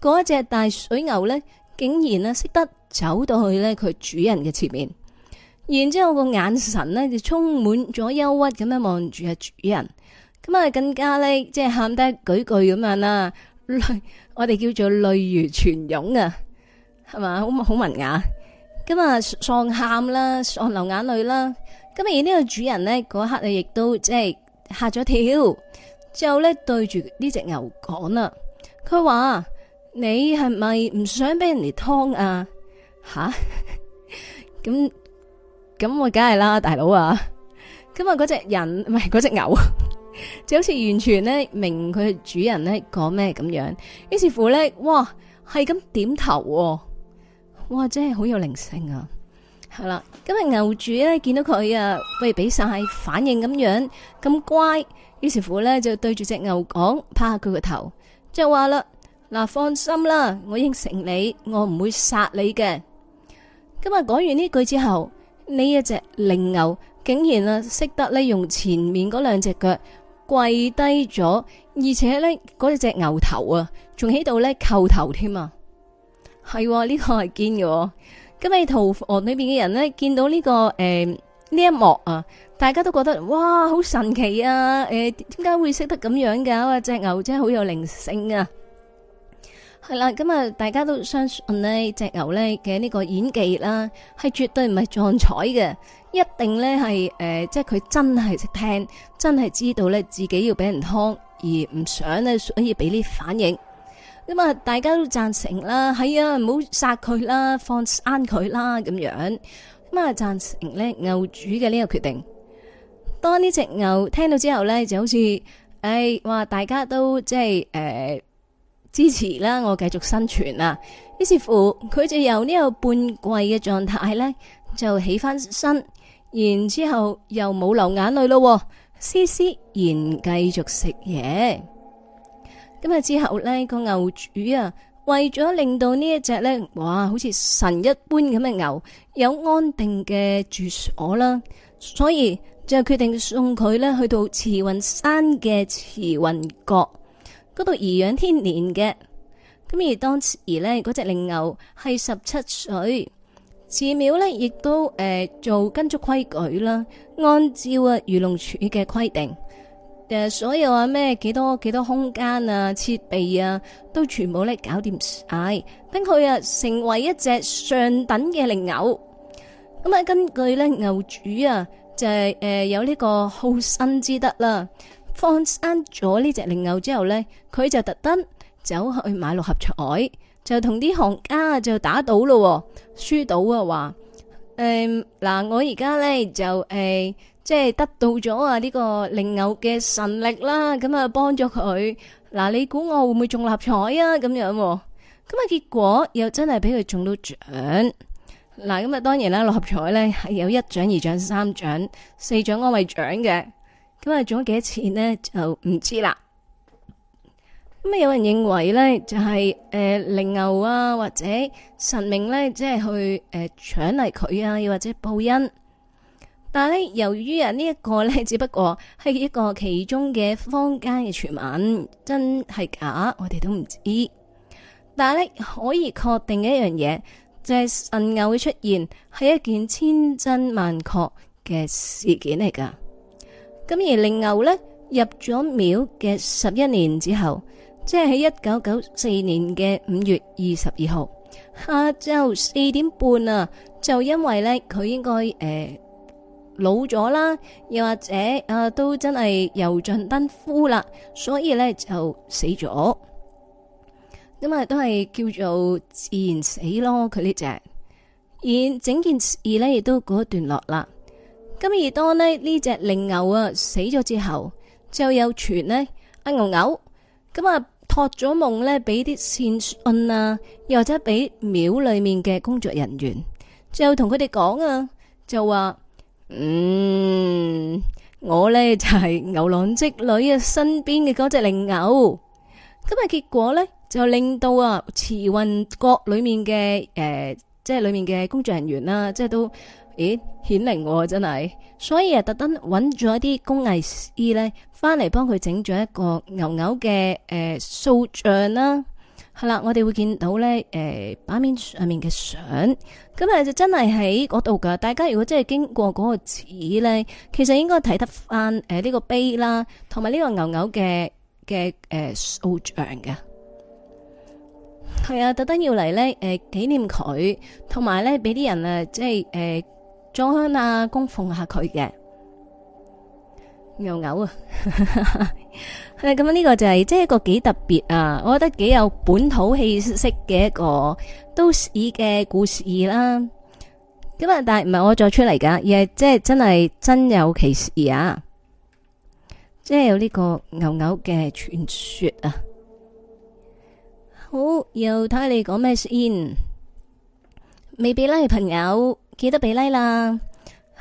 嗰隻大水牛咧竟然呢識得走到去咧佢主人嘅前面，然之後個眼神呢就充滿咗憂鬱咁樣望住阿主人，咁啊更加咧即係喊得幾句咁樣啦，淚我哋叫做淚如泉湧啊，係嘛，好好文雅，咁啊喪喊啦，喪流眼淚啦。咁而呢個主人咧，嗰一刻啊，亦都即係嚇咗跳，之後咧對住呢隻牛講啦，佢話：你係咪唔想俾人哋劏啊？吓、那個，咁咁我梗係啦，大佬啊！咁啊嗰隻人唔係嗰隻牛， [LAUGHS] 就好似完全咧明佢主人咧講咩咁樣，於是乎咧，哇，係咁點頭、啊，哇，真係好有靈性啊！係、嗯、啦，今日牛主咧見到佢啊，喂，俾晒反應咁樣咁乖，於是乎咧就對住隻牛講，拍下佢個頭，就話啦，嗱、啊，放心啦，我應承你，我唔會殺你嘅。今日講完呢句之後，呢一隻靈牛竟然啊識得咧用前面嗰兩隻腳跪低咗，而且咧嗰隻牛頭啊仲喺度咧叩頭添啊，係、這、呢個係堅嘅。咁你屠房裏邊嘅人呢，見到呢、這個誒呢、呃、一幕啊，大家都覺得哇好神奇啊！誒、呃，點解會識得咁樣噶、啊？隻、呃、牛真係好有靈性啊！係啦，咁啊，大家都相信呢隻牛呢嘅呢個演技啦，係絕對唔係裝彩嘅，一定呢係誒，即係佢真係識聽，真係知道呢自己要俾人劏，而唔想呢所以俾呢反應。咁啊，大家都贊成啦，係啊，唔好殺佢啦，放生佢啦，咁樣咁啊，贊成咧牛主嘅呢個決定。當呢隻牛聽到之後咧，就好似，誒、哎，話大家都即係誒支持啦，我繼續生存啊！於是乎，佢就由呢個半跪嘅狀態咧，就起返身，然之後又冇流眼淚咯，施施然繼續食嘢。咁啊之後呢個牛主啊，為咗令到呢一隻呢，哇，好似神一般咁嘅牛有安定嘅住所啦，所以就決定送佢呢去到慈雲山嘅慈雲閣嗰度頤養天年嘅。咁而當時呢，嗰隻靈牛係十七歲，寺廟呢亦都誒、呃、做跟足規矩啦，按照啊魚龍署嘅規定。誒，所有啊咩幾多幾多空間啊設備啊，都全部咧搞掂晒，等佢啊成為一隻上等嘅靈牛。咁、嗯、啊，根據咧牛主，啊，就係、是、誒、呃、有呢個好生之德啦、啊。放生咗呢隻靈牛之後咧，佢就特登走去買六合彩，就同啲行家、啊、就打賭咯、啊，輸到啊話，誒、呃、嗱，我而家咧就誒。呃即係得到咗啊呢個靈牛嘅神力啦，咁啊幫咗佢。嗱，你估我會唔會中六合彩啊？咁樣，咁啊結果又真係俾佢中到獎。嗱，咁啊當然啦，六合彩咧係有一獎、二獎、三獎、四獎安慰獎嘅。咁啊中咗幾多錢咧就唔知啦。咁啊有人認為咧就係誒靈牛啊或者神明咧，即係去誒獎勵佢啊，又或者報恩。但係由於啊，呢一個呢只不過係一個其中嘅坊間嘅傳聞，真係假，我哋都唔知。但係可以確定嘅一樣嘢就係、是、神牛嘅出現係一件千真萬確嘅事件嚟噶。咁而靈牛呢，入咗廟嘅十一年之後，即係喺一九九四年嘅五月二十二號下晝四點半啊，就因為呢，佢應該誒。老咗啦，又或者啊，都真係油盡燈枯啦，所以咧就死咗。咁、嗯、啊，都係叫做自然死咯。佢呢隻而整件事咧，亦都告一段落啦。咁而當呢呢隻靈牛啊死咗之後，就有傳呢阿牛牛咁啊托咗夢咧，俾啲善信啊，又或者俾廟裏面嘅工作人員，就同佢哋講啊，就話。嗯，我呢就係、是、牛郎織女啊身邊嘅嗰隻靈牛，咁啊結果呢，就令到啊慈雲閣裏面嘅誒、呃，即係裏面嘅工作人員啦、啊，即係都咦顯靈、啊、真係，所以啊特登揾咗啲工藝師呢翻嚟幫佢整咗一個牛牛嘅誒塑像啦、啊。係啦，我哋會見到咧，誒、呃，版面上面嘅相，咁啊就真係喺嗰度噶。大家如果真係經過嗰個寺咧，其實應該睇得翻誒呢個碑啦，同埋呢個牛牛嘅嘅誒塑像嘅。係、呃、啊，特登要嚟咧，誒、呃，紀念佢，同埋咧俾啲人啊，即係誒，裝、呃、香啊，供奉下佢嘅牛牛啊。 [LAUGHS] 係咁呢個就係即係一個幾特別啊，我覺得幾有本土氣息嘅一個都市嘅故事啦。咁啊，嗯，但係唔係我作出嚟噶，而係即係真係真有其事啊！即係有呢個牛牛嘅傳說啊。好，又睇下你講咩先？未俾拉嘅朋友記得俾拉啦。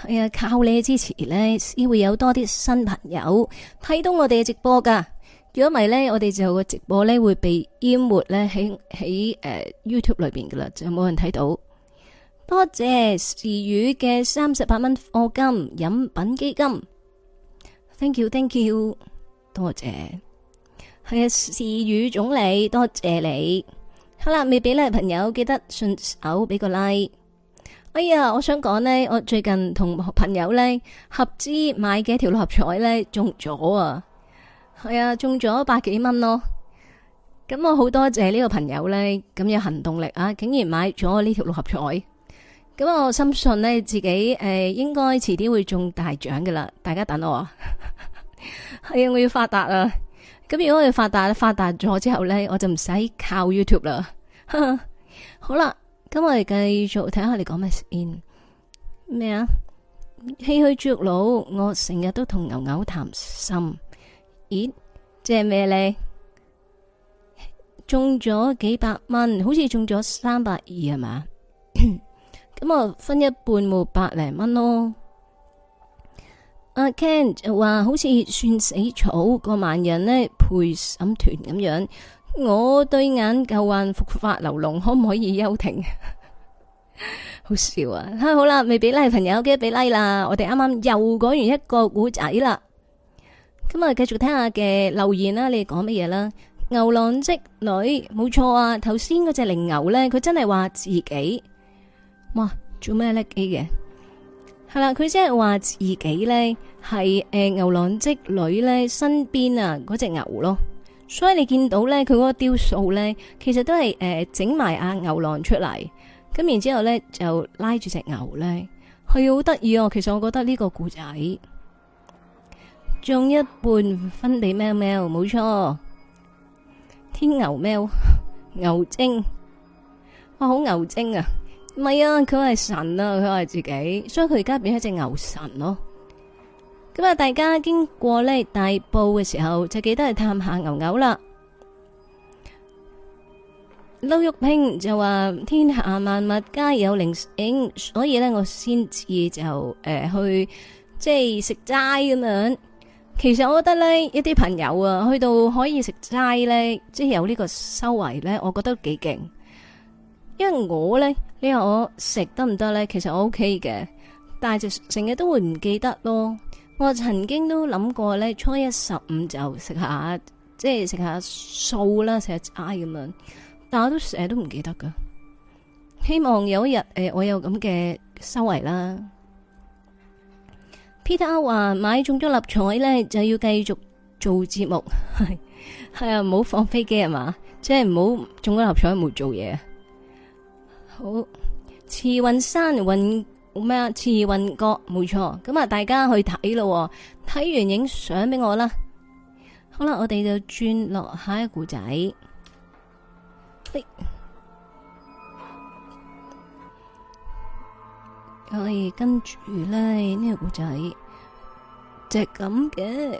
係啊，靠你嘅支持咧，先會有多啲新朋友睇到我哋嘅直播噶。如果唔係咧，我哋就個直播咧會被淹沒咧喺喺誒 YouTube 裏邊噶啦，就冇人睇到。多謝時雨嘅三十八蚊課金飲品基金，thank you thank you，多謝。係啊，時雨總理，多謝你。好啦，未俾咧朋友記得順手俾個 like。哎呀，我想講呢，我最近同朋友呢，合資買嘅條六合彩呢，中咗啊！係、哎、啊，中咗百幾蚊咯。咁我好多謝呢個朋友呢，咁有行動力啊，竟然買咗呢條六合彩。咁我深信呢，自己誒、呃，應該遲啲會中大獎噶啦。大家等我、啊，係 [LAUGHS] 啊、哎，我要發達啊！咁如果我要發達，發達咗之後呢，我就唔使靠 YouTube 啦。 [LAUGHS] 好啦。咁我哋繼續睇下你講咩先？咩啊？唏噓着老，我成日都同牛牛談心。咦？即係咩咧？中咗幾百蚊，好似中咗三百二係嘛？咁啊，分一半冇百零蚊咯。阿 Ken 話好似算死草個萬人咧陪審團咁樣。我對眼舊患復發流，流膿可唔可以休停？ [LAUGHS] 好笑啊！吓、啊，好啦，未俾 like 朋友記得俾 like 啦。我哋啱啱又講完一個古仔啦。今日繼續聽下嘅留言啦，你哋講乜嘢啦？牛郎織女，冇錯啊。頭先嗰隻靈牛咧，佢真係話自己，哇，做咩叻機嘅？係啦，佢真係話自己咧，係誒、呃、牛郎織女咧身邊啊嗰隻牛咯。所以你見到咧，佢嗰個雕塑咧，其實都係誒整埋阿牛郎出嚟，咁然之後咧就拉住隻牛咧，係好得意哦。其實我覺得呢個故仔，將一半分俾喵喵，冇錯，天牛喵牛精，哇好牛精啊！唔係啊，佢係神啊，佢係自己，所以佢而家變成一隻牛神咯。咁啊！大家經過呢大埔嘅時候，就記得去探下牛牛啦。劉玉卿就話：天下萬物皆有靈性，所以呢，我先至就誒去即係食齋咁樣。其實我覺得呢，一啲朋友啊，去到可以食齋呢，即係有呢個修為呢，我覺得幾勁。因為我呢，你話我食得唔得呢，其實我 OK 嘅，但係就成日都會唔記得咯。我曾經都諗過咧，初一十五就食下，即係食下素啦，食下齋咁樣，但我都成日都唔記得噶。希望有一日誒、呃，我有咁嘅修為啦。Peter 話買中咗六合彩咧，就要繼續做節目，係 [LAUGHS] 係啊，唔好放飛機係嘛，即係唔好中咗六合彩冇做嘢。好，慈雲山運咩啊？慈雲閣，沒錯。咁啊，大家去睇咯，睇完影相俾我啦。好啦，我哋就轉落下一個故仔。可以跟住咧呢個故仔，就係咁嘅。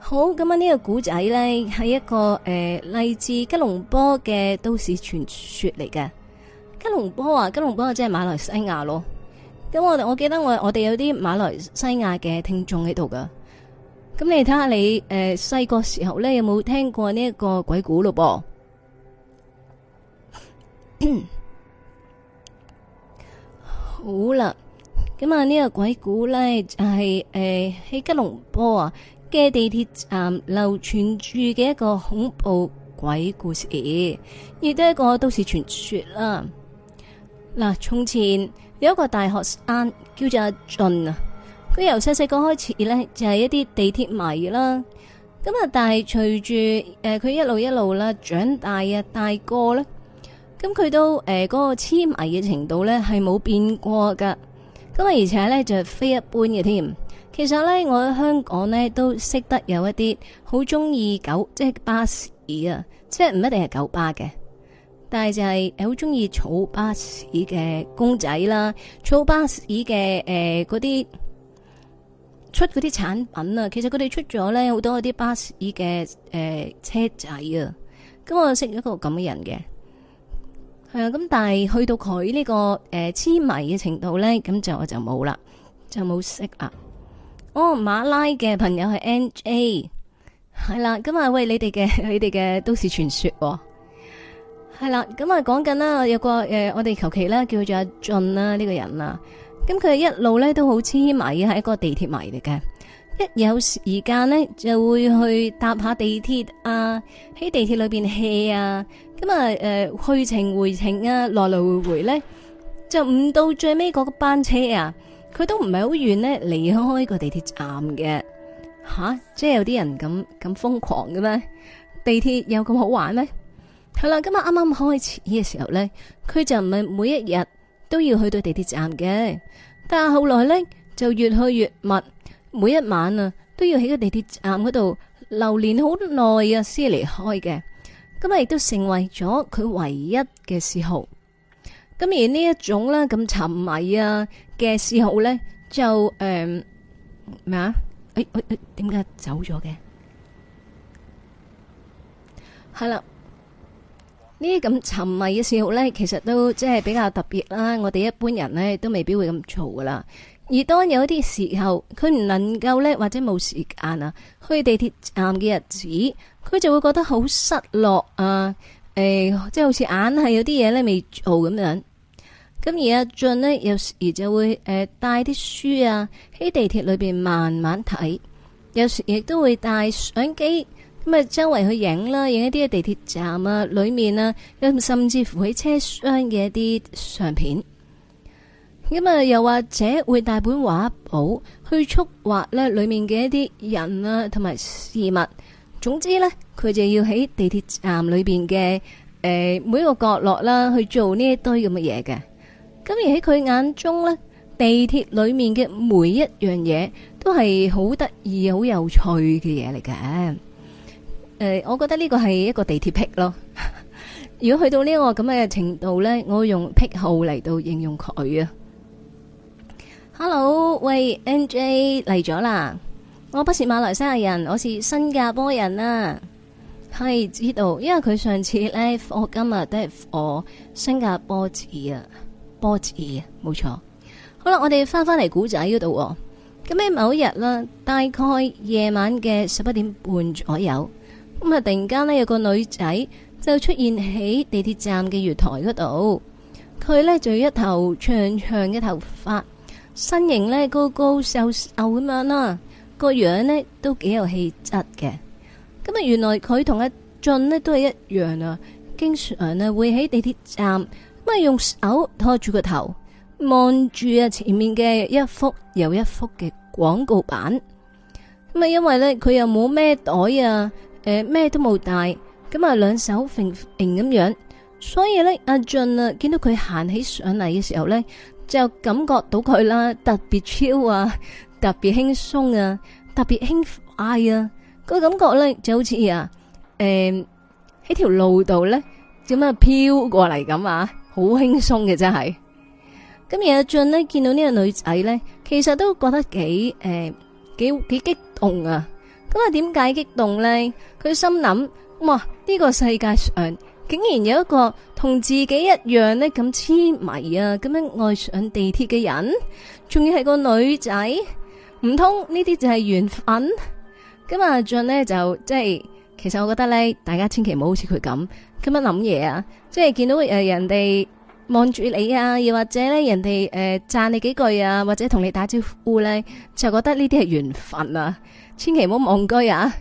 好，咁呢個古仔呢，係一個誒，來、呃、自吉隆坡嘅都市傳說嚟嘅。吉隆坡啊，吉隆坡、啊、即係馬來西亞咯。咁我我記得我哋我哋有啲馬來西亞嘅聽眾喺度噶。咁你睇下你誒，細、呃、個時候呢，有冇聽過呢一個鬼故咯？噃 [COUGHS] 好啦，咁啊呢個鬼故呢，就係誒喺吉隆坡啊。嘅地鐵站流傳住嘅一個恐怖鬼故事，亦都一個都市傳說啦。嗱，從前有一個大學生叫做阿俊啊，佢由細細個開始咧就係一啲地鐵迷啦。咁啊，但係隨住誒佢一路一路啦長大啊大個啦，咁佢都誒嗰個癡迷嘅程度咧係冇變過噶。咁啊，而且咧就係非一般嘅添。其實咧，我喺香港咧都識得有一啲好中意狗，即係巴士啊，即係唔一定係狗巴嘅，但係就係好中意儲巴士嘅公仔啦，儲巴士嘅誒嗰啲出嗰啲產品啊。其實佢哋出咗咧好多嗰啲巴士嘅誒、呃、車仔啊。咁我識咗一個咁嘅人嘅係啊，咁但係去到佢呢、這個誒痴、呃、迷嘅程度咧，咁就我就冇啦，就冇識啦。哦，馬拉嘅朋友係 N J，係啦，咁啊喂，你哋嘅你哋嘅都市傳說、哦，係啦，咁啊講緊啦，有個誒，我哋求其啦叫做阿俊啦呢個人啦咁佢一路咧都好痴迷，喺一個地鐵迷嚟嘅，一有時間咧就會去搭下地鐵啊，喺地鐵裏邊 hea 啊，咁、嗯呃、啊誒去程回程啊來來回回咧就唔到最尾嗰班車啊。.佢都唔係好遠呢離開個地鐵站嘅吓，即係有啲人咁咁瘋狂嘅咩？地鐵有咁好玩咩？係啦，今日啱啱開始嘅時候呢，佢就唔係每一日都要去到地鐵站嘅，但係後來呢就越去越密，每一晚啊都要喺個地鐵站嗰度流連好耐啊先離開嘅。咁啊亦都成為咗佢唯一嘅嗜好。咁而呢一種啦咁沉迷啊！嘅時候呢，就誒咩啊？誒點解走咗嘅？係啦，呢啲咁沉迷嘅時候呢，其實都即係比較特別啦。我哋一般人呢，都未必會咁嘈噶啦。而當有啲時候，佢唔能夠呢，或者冇時間啊，去地鐵站嘅日子，佢就會覺得好失落啊。誒、呃，即係好似硬係有啲嘢呢，未做咁樣。咁而阿俊呢，有時就會誒帶啲書啊喺地鐵裏邊慢慢睇，有時亦都會帶相機咁啊周圍去影啦，影一啲嘅地鐵站啊，裏面啊，甚至乎喺車廂嘅一啲相片。咁啊，又或者會帶本畫簿去速畫咧，裏面嘅一啲人啊，同埋事物。總之呢，佢就要喺地鐵站裏邊嘅誒每個角落啦，去做呢一堆咁嘅嘢嘅。咁而喺佢眼中呢地鐵裏面嘅每一樣嘢都係好得意、好有趣嘅嘢嚟嘅。誒、呃，我覺得呢個係一個地鐵癖咯。 [LAUGHS] 如果去到呢個咁嘅程度呢我會用癖號嚟到應用佢啊。Hello，喂，N J 嚟咗啦。我不是馬來西亞人，我是新加坡人啊。係知道，因為佢上次呢我今日都係我新加坡字啊。波子冇錯。好啦，我哋翻返嚟古仔嗰度。咁喺某日啦，大概夜晚嘅十一點半左右，咁啊突然間呢，有個女仔就出現喺地鐵站嘅月台嗰度。佢呢就有一頭長長嘅頭髮，身形呢高高瘦瘦咁樣啦，個樣呢都幾有氣質嘅。咁啊原來佢同阿俊呢都係一樣啊，經常呢會喺地鐵站。咪用手拖住個頭，望住啊前面嘅一幅又一幅嘅廣告板。咪因為咧佢又冇咩袋啊，誒咩都冇帶，咁啊兩手揈揈咁樣，所以咧阿俊啊見到佢行起上嚟嘅時候咧，就感覺到佢啦特別超啊，特別輕鬆啊，特別輕快啊，個感覺咧就好似啊誒喺條路度咧咁啊飄過嚟咁啊！好輕鬆嘅真係，咁而阿俊呢見到呢個女仔呢，其實都覺得幾誒幾幾激動啊！咁啊點解激動呢？佢心諗哇，呢個世界上竟然有一個同自己一樣呢咁痴迷啊咁樣愛上地鐵嘅人，仲要係個女仔，唔通呢啲就係緣分？咁啊俊呢就即係。其實我覺得咧，大家千祈唔好好似佢咁咁樣諗嘢啊！即係見到誒人哋望住你啊，又或者咧人哋誒讚你幾句啊，或者同你打招呼咧，就覺得呢啲係緣分啊！千祈唔好忘居啊！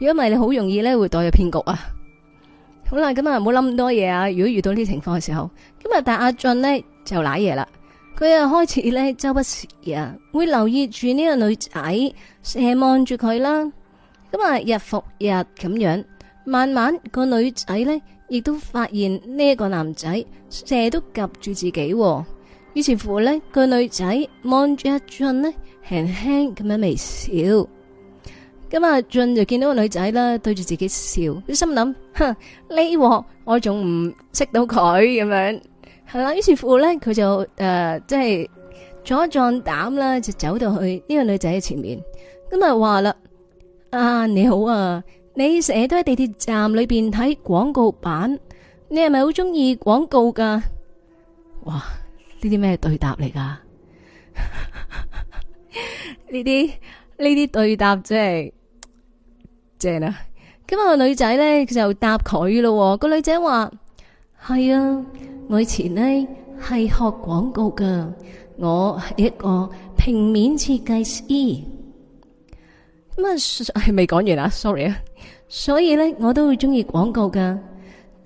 如果唔係，你好容易咧會墮入騙局啊！好啦，今日唔好諗咁多嘢啊！如果遇到呢啲情況嘅時候，今日大阿俊呢就瀨嘢啦，佢又開始咧周不時啊會留意住呢個女仔，成日望住佢啦。咁啊，日復日咁樣，慢慢個女仔咧，亦都發現呢個男仔成日都夾住自己。於是乎呢，個女仔望住阿俊呢，輕輕咁樣微笑。咁阿俊就見到個女仔啦，對住自己笑，心諗：哼，呢鑊、啊、我仲唔識到佢咁樣，係啦。於是乎咧，佢就誒，即係壯一壯膽啦，就走到去呢個女仔嘅前面，咁啊話啦。啊，你好啊！你成日都喺地鐵站裏邊睇廣告版，你係咪好中意廣告噶？哇！呢啲咩對答嚟噶？呢啲呢啲對答即係正啊！今日個女仔咧，佢就答佢咯。個女仔話：係啊，我以前呢，係學廣告噶，我係一個平面設計師。咁啊，係未講完啊，sorry 啊。所以咧，我都會中意廣告噶。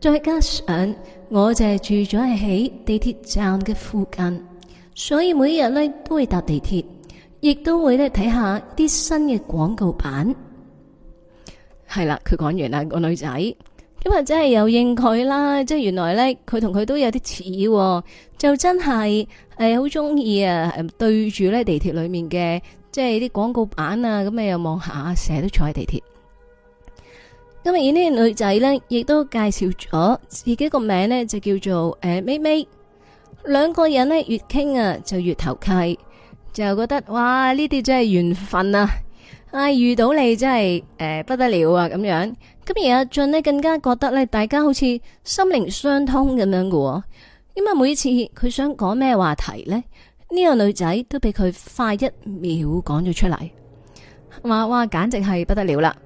再加上我就係住咗喺地鐵站嘅附近，所以每日咧都會搭地鐵，亦都會咧睇下啲新嘅廣告版。係啦，佢講完啦，個女仔，今日真係又應佢啦。即係原來咧，佢同佢都有啲似，就真係誒好中意啊！對住咧地鐵裏面嘅。即係啲廣告板啊，咁你又望下，成日都坐喺地鐵。咁而呢啲女仔呢，亦都介紹咗自己個名呢，就叫做誒、欸、美美。兩個人呢，越傾啊，就越投契，就覺得哇呢啲真係緣分啊！啊、哎、遇到你真係誒、欸、不得了啊咁樣。咁而阿俊呢，更加覺得咧，大家好似心靈相通咁樣噶。咁啊，每次佢想講咩話題呢，呢、這個女仔都俾佢快一秒講咗出嚟，話哇簡直係不得了啦！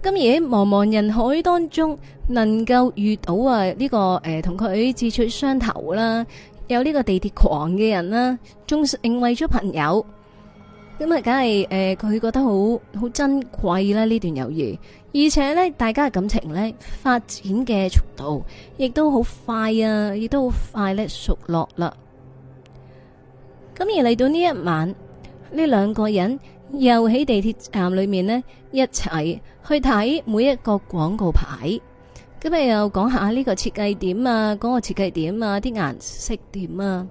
今夜茫茫人海當中，能夠遇到啊、這、呢個誒同佢志趣相投啦，有呢個地鐵狂嘅人啦，仲成為咗朋友，咁啊梗係誒佢覺得好好珍貴啦呢段友誼，而且呢大家嘅感情呢，發展嘅速度亦都好快啊，亦都好快咧熟落啦。咁而嚟到呢一晚，呢兩個人又喺地鐵站裏面呢一齊去睇每一個廣告牌，咁咪又講下呢個設計點啊，嗰個設計點啊，啲顏色點啊。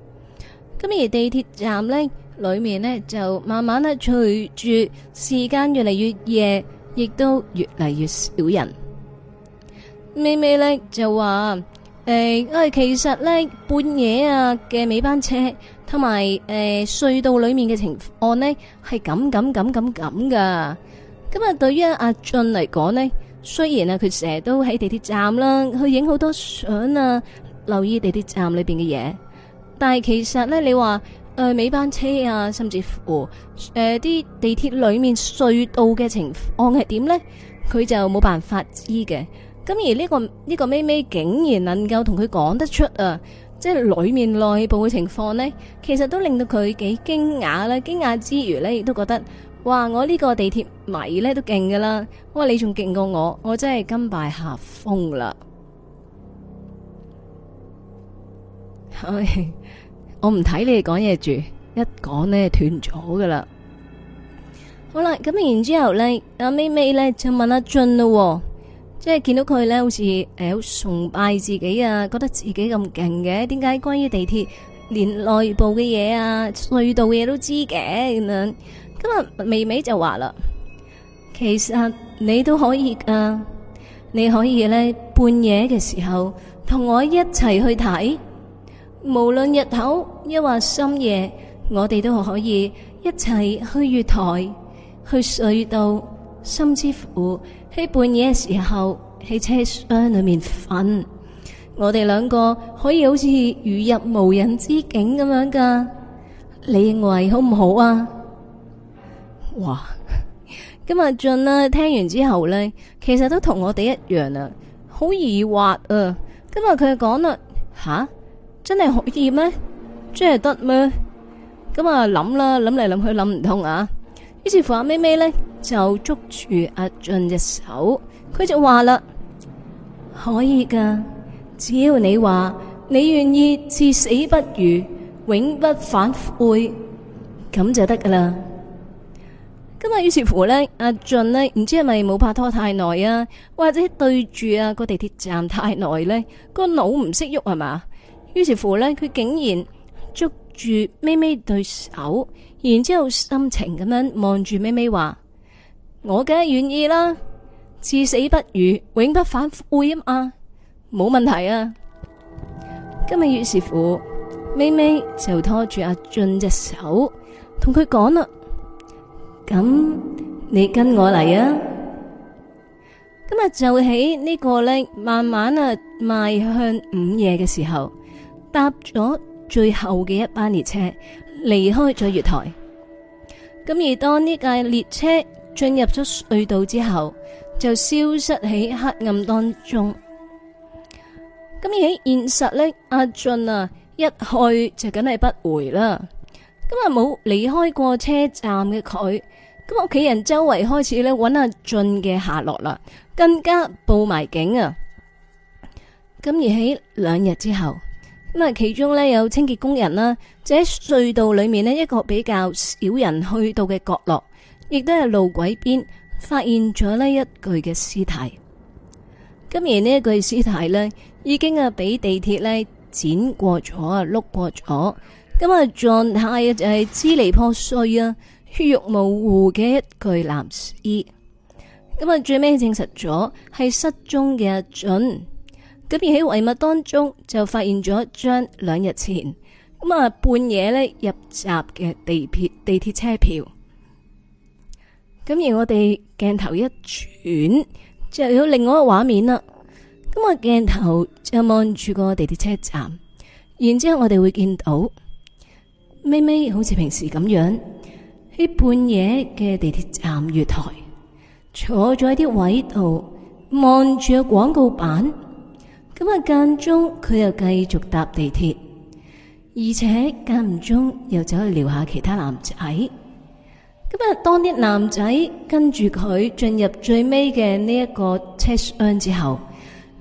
咁而地鐵站呢裏面呢，就慢慢呢隨住時間越嚟越夜，亦都越嚟越少人。微微呢就話。誒，因為其實呢，半夜啊嘅尾班車同埋誒隧道裏面嘅情況呢，係咁咁咁咁咁噶。咁啊，對於阿俊嚟講呢，雖然啊，佢成日都喺地鐵站啦，去影好多相啊，留意地鐵站裏邊嘅嘢，但係其實呢，你話誒、呃、尾班車啊，甚至乎誒啲、呃、地鐵裏面隧道嘅情況係點呢？佢就冇辦法知嘅。咁而呢、呢個呢、呢個妹妹竟然能夠同佢講得出啊，即係裏面內部嘅情況呢，其實都令到佢幾驚訝啦！驚訝之餘呢，亦都覺得，哇！我呢個地鐵迷呢都勁噶啦，哇！你仲勁過我，我真係甘拜下風啦！ [LAUGHS] 我唔睇你哋講嘢住，一講呢，斷咗噶啦。好啦，咁然之後呢，阿妹妹呢就問阿俊咯、啊。即係見到佢咧，好似誒好崇拜自己啊，覺得自己咁勁嘅。點解關於地鐵連內部嘅嘢啊、隧道嘅嘢都知嘅咁樣？咁妹妹就話啦，其實你都可以啊，你可以咧半夜嘅時候同我一齊去睇，無論日頭抑或深夜，我哋都可以一齊去月台、去隧道，甚至乎，喺半夜嘅時候喺車廂裏面瞓，我哋兩個可以好似如入無人之境咁樣噶，你認為好唔好啊？哇！今日進啦聽完之後咧，其實都同我哋一樣啊，好疑惑啊！今日佢就講啦，吓，真係可以咩？真係得咩？咁啊諗啦諗嚟諗去諗唔通啊！於是乎阿咩咩咧。就捉住阿俊隻手，佢就話啦，可以噶，只要你話你願意至死不渝，永不反悔，咁就得噶啦。今日於是乎呢，阿俊呢，唔知係咪冇拍拖太耐啊，或者對住啊個地鐵站太耐呢，個腦唔識喐係嘛？於是乎呢，佢竟然捉住咪咪對手，然之後深情咁樣望住咪咪話。我梗係願意啦，至死不渝，永不反悔啊嘛，冇問題啊！今日於是乎，咪咪就拖住阿俊隻手，同佢講啦：咁你跟我嚟啊！今日就喺呢個咧，慢慢啊，邁向午夜嘅時候，搭咗最後嘅一班列車，離開咗月台。咁而當呢架列車，進入咗隧道之後，就消失喺黑暗當中。咁而喺現實呢，阿俊啊一去就梗係不回啦。咁啊冇離開過車站嘅佢，咁屋企人周圍開始呢揾阿俊嘅下落啦，更加報埋警啊。咁而喺兩日之後，咁啊其中呢有清潔工人啦，就喺隧道裏面呢一個比較少人去到嘅角落。亦都係路軌邊發現咗呢一具嘅屍體。咁而呢一具屍體呢已經啊俾地鐵呢剪過咗啊碌過咗。咁啊狀態啊就係支離破碎啊血肉模糊嘅一具男屍。咁啊最尾證實咗係失蹤嘅阿俊。咁而喺遺物當中就發現咗一張兩日前咁啊半夜呢入閘嘅地鐵地鐵車票。咁而我哋鏡頭一轉，就有另外一個畫面啦。咁啊，鏡頭就望住個地鐵車站，然之後我哋會見到，咪咪好似平時咁樣喺半夜嘅地鐵站月台坐咗喺啲位度，望住個廣告板。咁啊，間中佢又繼續搭地鐵，而且間唔中又走去撩下其他男仔。今日當啲男仔跟住佢進入最尾嘅呢一個車廂之後，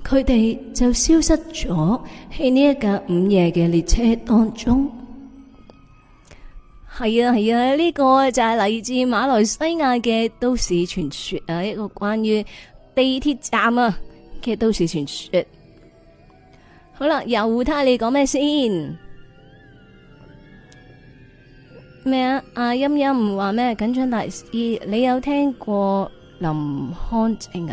佢哋就消失咗喺呢一架午夜嘅列車當中。係啊係啊，呢個就係嚟自馬來西亞嘅都市傳說啊，一個關於地鐵站啊嘅都市傳說。好啦，又睇下你講咩先？咩啊？阿音音唔話咩緊張大事？你有聽過林康靜？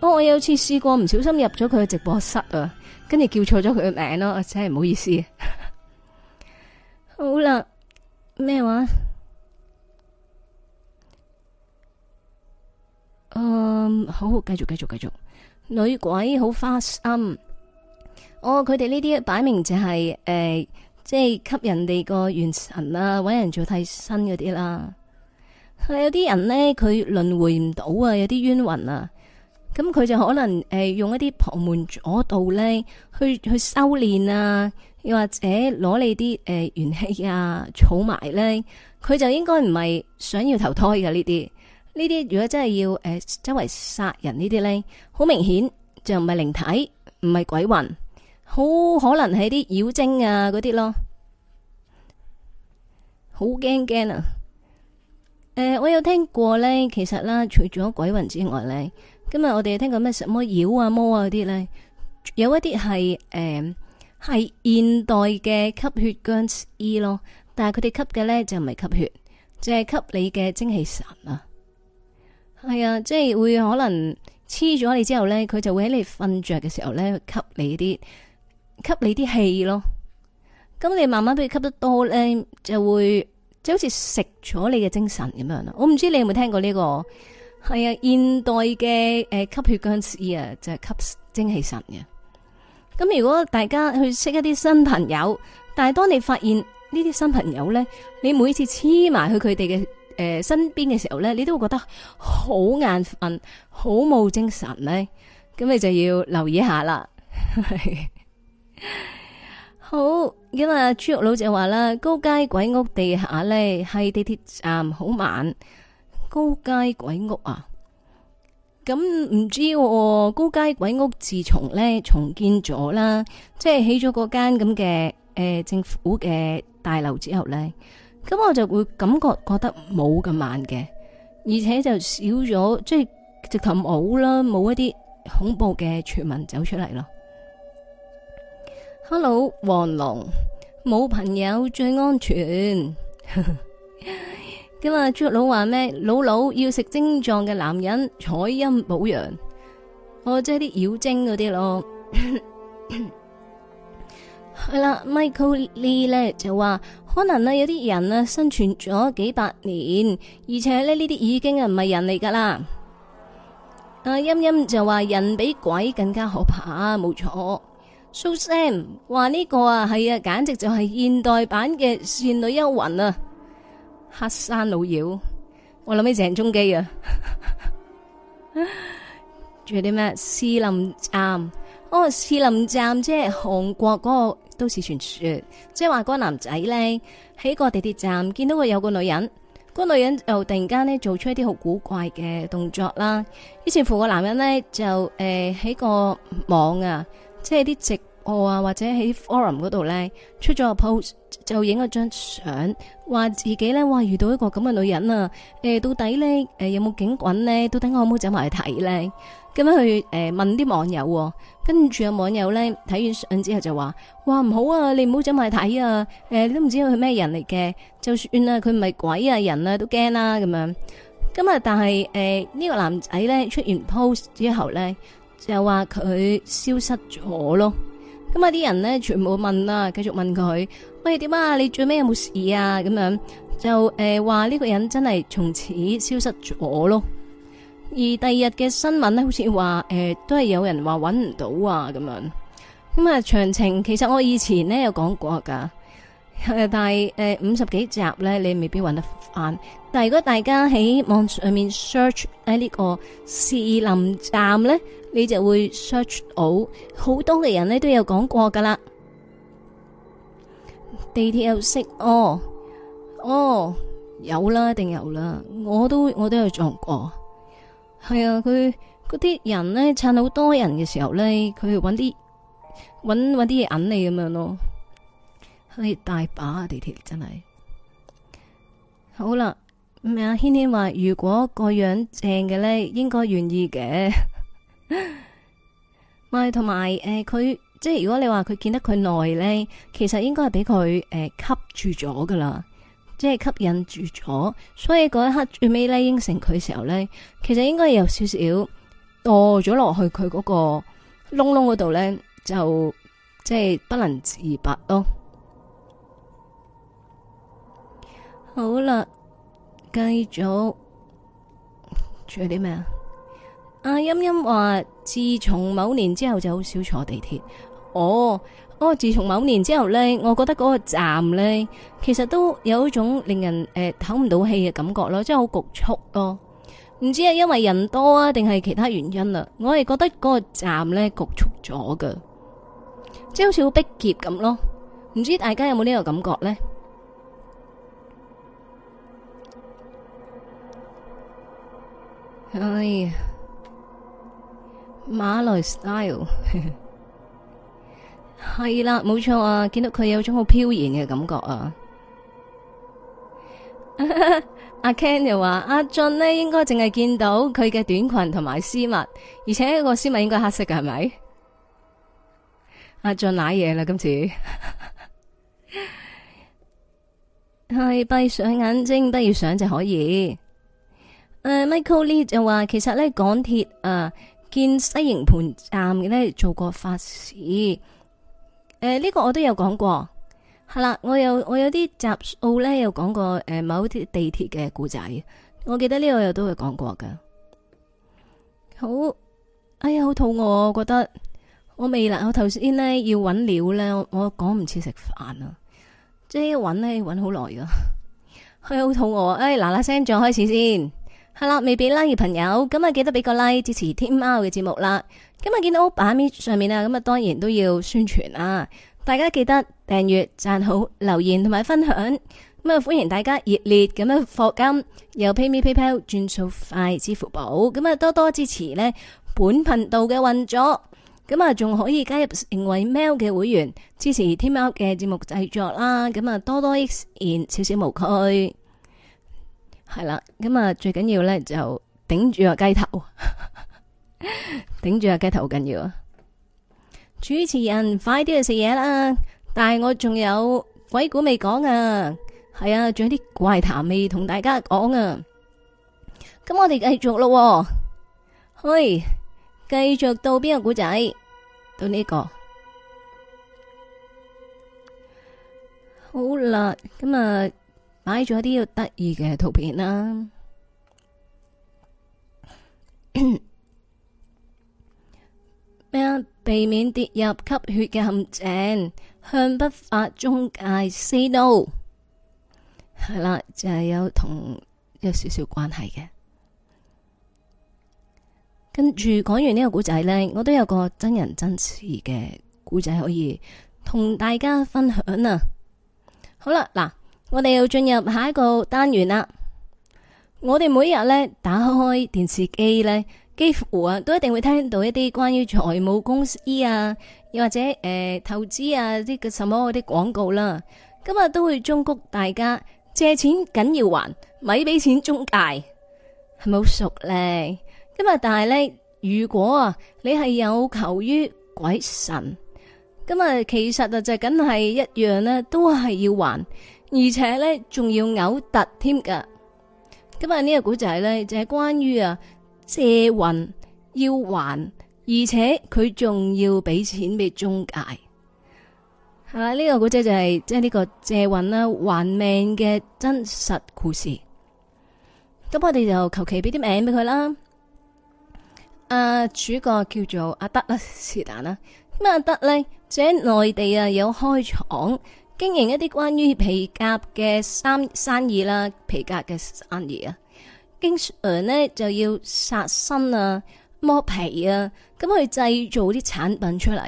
不過我我有次試過唔小心入咗佢嘅直播室啊，跟住叫錯咗佢嘅名咯，真係唔好意思。 [LAUGHS] 好啦，咩話？嗯，好，好，繼續，繼續，繼續。女鬼好花心，哦，佢哋呢啲擺明就係、是、誒。呃即係吸人哋個元神啊，搵人做替身嗰啲啦。係有啲人呢，佢輪回唔到啊，有啲冤魂啊。咁佢就可能誒、呃、用一啲旁門左道呢去去修煉啊，又或者攞你啲誒、呃、元氣啊，儲埋呢。佢就應該唔係想要投胎嘅呢啲。呢啲如果真係要誒、呃、周圍殺人呢啲呢，好明顯就唔係靈體，唔係鬼魂。好可能係啲妖精啊嗰啲咯，好驚驚啊！誒、呃，我有聽過咧，其實啦，除咗鬼魂之外咧，今日我哋聽過咩什麼妖啊魔啊嗰啲咧，有一啲係誒係現代嘅吸血僵屍咯，但係佢哋吸嘅咧就唔係吸血，就係、是、吸你嘅精氣神啊！係啊，即係會可能黐咗你之後咧，佢就會喺你瞓着嘅時候咧吸你啲。吸你啲氣咯，咁你慢慢俾佢吸得多咧，就會就好似食咗你嘅精神咁樣啦。我唔知你有冇聽過呢個係啊，現代嘅誒、呃、吸血僵屍啊，就係吸精氣神嘅。咁如果大家去識一啲新朋友，但係當你發現呢啲新朋友咧，你每次黐埋去佢哋嘅誒身邊嘅時候咧，你都會覺得好眼瞓，好冇精神咧，咁你就要留意一下啦。 [LAUGHS] 好，因為豬肉佬就話啦，高街鬼屋地下咧係地鐵站好慢，高街鬼屋啊，咁、嗯、唔知喎、哦，高街鬼屋自從咧重建咗啦，即係起咗嗰間咁嘅誒政府嘅大樓之後咧，咁我就會感覺覺得冇咁慢嘅，而且就少咗即係直頭冇啦，冇一啲恐怖嘅傳聞走出嚟咯。hello，黃龍冇朋友最安全。咁啊，豬佬話咩？老老要食精壯嘅男人，採陰補陽。我即係啲妖精嗰啲咯。係啦、 [COUGHS] [COUGHS] yeah,，Michael Lee 咧就話，可能咧有啲人啊生存咗幾百年，而且呢啲已經 [COUGHS] 啊唔係人嚟噶啦。阿陰陰就話人比鬼更加可怕，冇錯。蘇 sam 話呢個啊，係啊，簡直就係現代版嘅《倩女幽魂》啊。黑山老妖，我諗起鄭中基啊。仲 [LAUGHS] 有啲咩？士林站哦，士林站即係韓國嗰個都市傳說，即係話嗰個男仔咧喺個地鐵站見到佢有個女人，嗰、那個、女人又突然間咧做出一啲好古怪嘅動作啦。以前扶個男人咧就誒喺、呃、個網啊。即係啲直播啊，或者喺 forum 嗰度咧，出咗個 post 就影咗張相，話自己咧，話遇到一個咁嘅女人啊，誒到底咧，誒有冇警棍咧？到底、呃、有有到底我可唔可以走埋去睇咧？咁樣去誒、呃、問啲網友、啊，跟住有網友咧睇完相之後就話：哇唔好啊，你唔好走埋去睇啊，誒你都唔知佢係咩人嚟嘅，就算啊佢唔係鬼啊人啊都驚啦咁樣。咁啊但係誒呢個男仔咧出完 post 之後咧。就話佢消失咗咯，咁啊啲人呢全部問啦，繼續問佢，喂點啊，你做咩？有冇事啊？咁樣就誒話呢個人真係從此消失咗咯，而第二日嘅新聞呢，好似話誒都係有人話搵唔到啊咁樣，咁啊詳情其實我以前呢，有講過噶。但係誒、呃、五十幾集咧，你未必搵得翻。但係如果大家喺網上面 search 喺呢個士林站咧，你就會 search 到好多嘅人咧都有講過噶啦地鐵又識哦哦，有啦，一定有啦。我都我都有撞過。係啊，佢嗰啲人咧趁到好多人嘅時候咧，佢去搵啲搵啲嘢引你咁樣咯。可大把鐵啊，地鐵真係好啦。咪阿軒軒話，如果個樣正嘅咧，應該願意嘅。咪同埋誒，佢、呃、即係如果你話佢見得佢耐咧，其實應該係俾佢誒吸住咗噶啦，即係吸引住咗。所以嗰一刻最尾咧，應承佢嘅時候咧，其實應該有少少墮咗落去佢嗰個窿窿嗰度咧，就即係不能自拔咯、哦。好啦，繼續仲有啲咩啊？阿音音話自從某年之後就好少坐地鐵。哦，哦，自從某年之後呢，我覺得嗰個站呢，其實都有一種令人誒唞唔到氣嘅感覺咯，即係好局促咯。唔知係因為人多啊，定係其他原因啦、啊？我係覺得嗰個站呢局促咗㗎，即係好似好逼仄咁咯。唔知大家有冇呢個感覺呢？哎呀，馬來 style 係 [LAUGHS] 啦，冇錯啊！見到佢有一種好飄然嘅感覺啊！阿 [LAUGHS] Ken 又話阿俊呢應該淨係見到佢嘅短裙同埋絲襪，而且個絲襪應該黑色嘅係咪？阿俊瀨嘢啦，今次係閉、 [LAUGHS] 哎、上眼睛，不要想就可以。uh, Michael Lee 就話，其實咧港鐵啊，建西營盤站嘅咧做過法事。誒，呢個我都有講過，係啦，我有我有啲集數，咧有講過誒、呃，某啲地鐵嘅故仔，我記得呢個又都係講過噶。好，哎呀，好肚餓，我覺得我未啦，我頭先咧要揾料咧，我講唔切食飯啊，即係揾咧揾好耐噶，係好肚餓，哎嗱嗱聲，再開始先。係啦，未俾 like 嘅朋友，咁啊記得俾個 like 支持天喵嘅節目啦。咁啊見到版面上面啊，咁啊當然都要宣傳啦。大家記得訂閱、讚好、留言同埋分享。咁啊歡迎大家熱烈咁樣課金，又 PayMe PayPal 轉數快支付寶。咁啊多多支持呢本頻道嘅運作。咁啊仲可以加入成為喵嘅會員，支持天喵嘅節目製作啦。咁啊多多益善，少少無拘。係啦，咁啊，最緊要咧就頂住個雞頭，頂住個雞頭好緊要啊！主持人快啲去食嘢啦，但係我仲有鬼故未講啊，係啊，仲有啲怪談未同大家講啊，咁我哋繼續咯，嘿繼續到邊個古仔？到呢、這個好啦，咁、嗯、啊。買咗啲要得意嘅圖片啦，咩 [COUGHS] 避免跌入吸血嘅陷阱，向不法中介 say no，係啦， [COUGHS] 就係有同有少少關係嘅。跟住講完呢個古仔咧，我都有個真人真事嘅古仔可以同大家分享啊！好啦，嗱。我哋又進入下一個單元啦。我哋每日咧打開電視機咧，幾乎啊都一定會聽到一啲關於財務公司啊，又或者誒投資啊啲嘅什麼嗰啲廣告啦。今日都會忠告大家借錢緊要還，咪俾錢中介，係咪好熟咧？今日但係咧，如果啊你係有求於鬼神，今日其實啊就梗係一樣咧，都係要還。而且咧，仲要嘔突添噶。今日呢個古仔咧，就係關於啊借運要還，而且佢仲要俾錢俾中介。係啦，呢個古仔就係即係呢個借運啦，還命嘅真實故事。咁我哋就求其俾啲名俾佢啦。啊，主角叫做阿德啊，是但啦。咁阿德咧，喺內地啊有開廠。經營一啲關於皮革嘅生生意啦，皮革嘅生意啊，經常咧就要殺身啊，剝皮啊，咁去製造啲產品出嚟。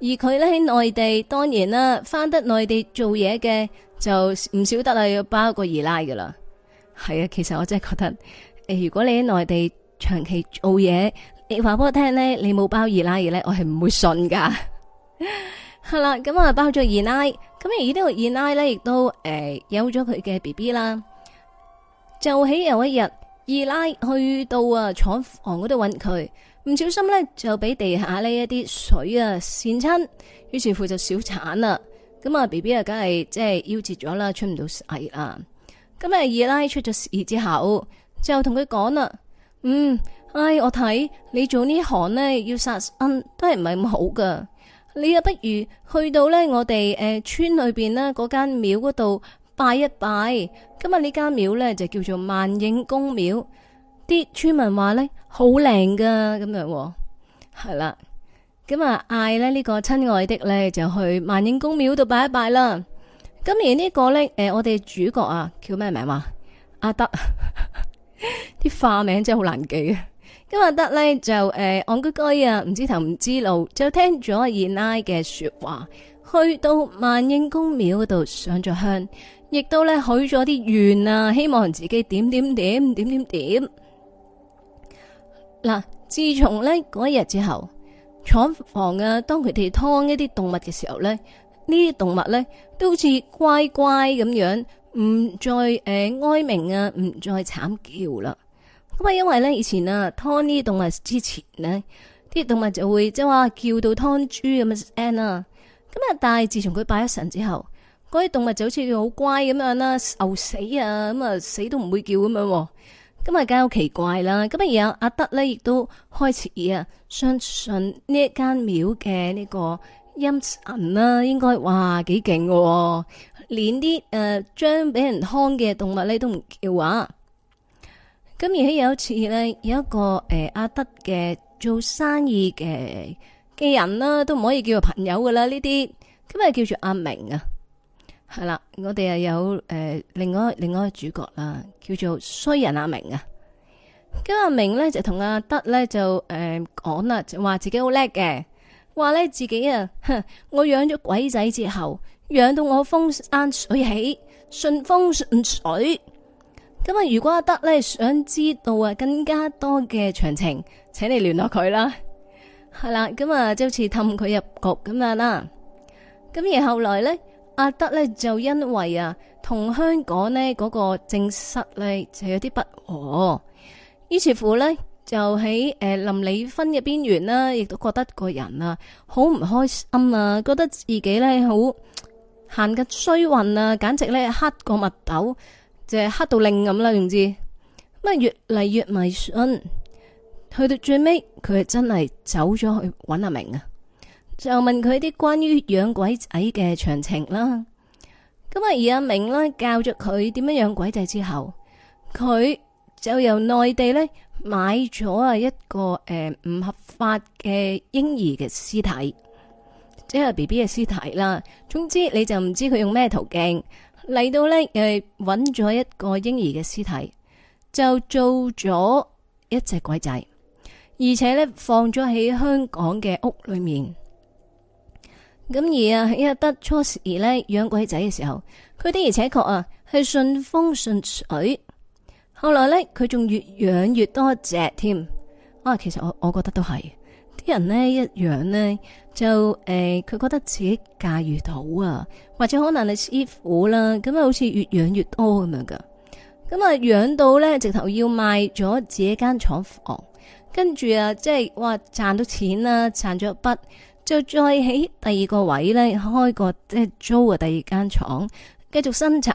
而佢咧喺內地，當然啦，翻得內地做嘢嘅就唔少得啦，要包個二奶噶啦。係啊，其實我真係覺得，如果你喺內地長期做嘢，你話俾我聽咧，你冇包二奶嘅咧，我係唔會信噶。 [LAUGHS] 係、嗯、啦，咁啊包咗二奶，咁而呢度個二奶咧，亦都誒有咗佢嘅 B B 啦。就喺有一日，二奶去到啊廠房嗰度揾佢，唔小心咧就俾地下呢一啲水啊濺親，於是乎就小產啦。咁啊 B B 啊，梗係即係夭折咗啦，出唔到世啦。咁啊二奶出咗事之後，就同佢講啦，嗯，唉，我睇你做呢行咧，要殺恩都係唔係咁好噶。你又不如去到咧我哋誒村裏邊咧嗰間廟嗰度拜一拜。今日呢間廟咧就叫做萬影公廟，啲村民話咧好靚噶，咁樣，係啦。咁啊嗌咧呢個親愛的咧就去萬影公廟度拜一拜啦。今年呢個咧誒我哋主角啊叫咩名話阿德， [LAUGHS] 啲化名真係好難記啊！今日得呢，就誒戇居居啊，唔知頭唔知路，就聽咗二奶嘅說話，去到萬應公廟嗰度上咗香，亦都咧許咗啲願啊，希望自己點點點點點點。嗱，自從呢嗰日之後，廠房啊，當佢哋劏一啲動物嘅時候呢，呢啲動物呢，都好似乖乖咁樣，唔再誒、呃、哀鳴啊，唔再慘叫啦。咁啊，因為咧以前啊，劏呢啲動物之前咧，啲動物就會即係話叫到劏豬咁樣啊。咁啊，但係自從佢拜咗神之後，嗰啲動物就好似佢好乖咁樣啦，受死啊，咁啊死都唔會叫咁樣。咁啊，梗係好奇怪啦。咁啊，而阿阿德咧，亦都開始啊，相信呢一間廟嘅呢個陰神啦，應該哇幾勁喎，連啲誒、呃、將俾人劏嘅動物咧都唔叫啊。咁而喺有一次咧，有一個誒、欸、阿德嘅做生意嘅嘅人啦，都唔可以叫做朋友噶啦呢啲，咁係叫做阿明啊，係啦，我哋啊有誒、欸、另外另外一個主角啦，叫做衰人阿明啊。咁阿明咧就同阿德咧就誒講啦，就話、欸、自己好叻嘅，話咧自己啊，我養咗鬼仔之後，養到我風生水起，順風順水。咁啊！如果阿德咧想知道啊更加多嘅詳情，請你聯絡佢啦。係啦，咁啊，就好似氹佢入局咁樣啦。咁而後來呢，阿德呢就因為啊同香港呢嗰個政室呢就有啲不和，於是乎呢，就喺誒臨離婚嘅邊緣啦，亦都覺得個人啊好唔開心啊，覺得自己呢好行緊衰運啊，簡直呢黑過墨斗。就係、是、黑到令咁啦，總之咁啊，越嚟越迷信。去到最尾，佢係真係走咗去揾阿明啊，就問佢啲關於養鬼仔嘅詳情啦。咁啊，而阿明咧教咗佢點樣養鬼仔之後，佢就由內地咧買咗啊一個誒唔、呃、合法嘅嬰兒嘅屍體，即係 B B 嘅屍體啦。總之你就唔知佢用咩途徑。嚟到呢，誒，揾咗一個嬰兒嘅屍體，就做咗一隻鬼仔，而且呢，放咗喺香港嘅屋裏面。咁而啊，喺阿德初時呢養鬼仔嘅時候，佢的而且確啊係順風順水。後來呢，佢仲越養越多隻添。啊，其實我我覺得都係，啲人呢一養呢。就誒，佢、欸、覺得自己駕馭到啊，或者可能係師傅啦。咁啊，好似越養越多咁樣噶。咁啊，養到咧，直頭要賣咗自己間廠房，跟住啊，即係哇賺到錢啦，賺咗一筆就再起第二個位咧，開個即係租嘅第二間廠，繼續生產。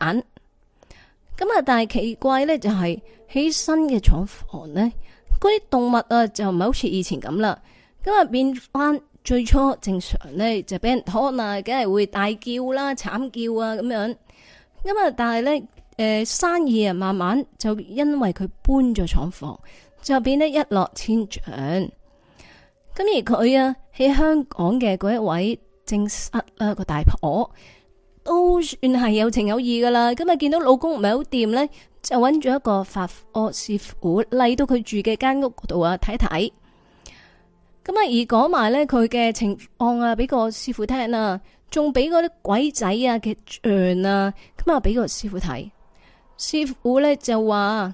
咁啊，但係奇怪咧，就係、是、起新嘅廠房咧，嗰啲動物啊，就唔係好似以前咁啦，咁啊變翻。最初正常咧，就俾人拖啊，梗係會大叫啦，慘叫啊咁樣。咁啊，但係咧，誒生意啊，慢慢就因為佢搬咗廠房，就變得一落千丈。咁而佢啊，喺香港嘅嗰一位正室啊個大婆，都算係有情有義噶啦。咁啊，見到老公唔係好掂咧，就揾咗一個法惡師傅嚟到佢住嘅間屋嗰度啊，睇睇。看看咁啊，而講埋咧佢嘅情況啊，俾個師傅聽啊，仲俾嗰啲鬼仔啊嘅像啊，咁啊俾個師傅睇。師傅咧就話：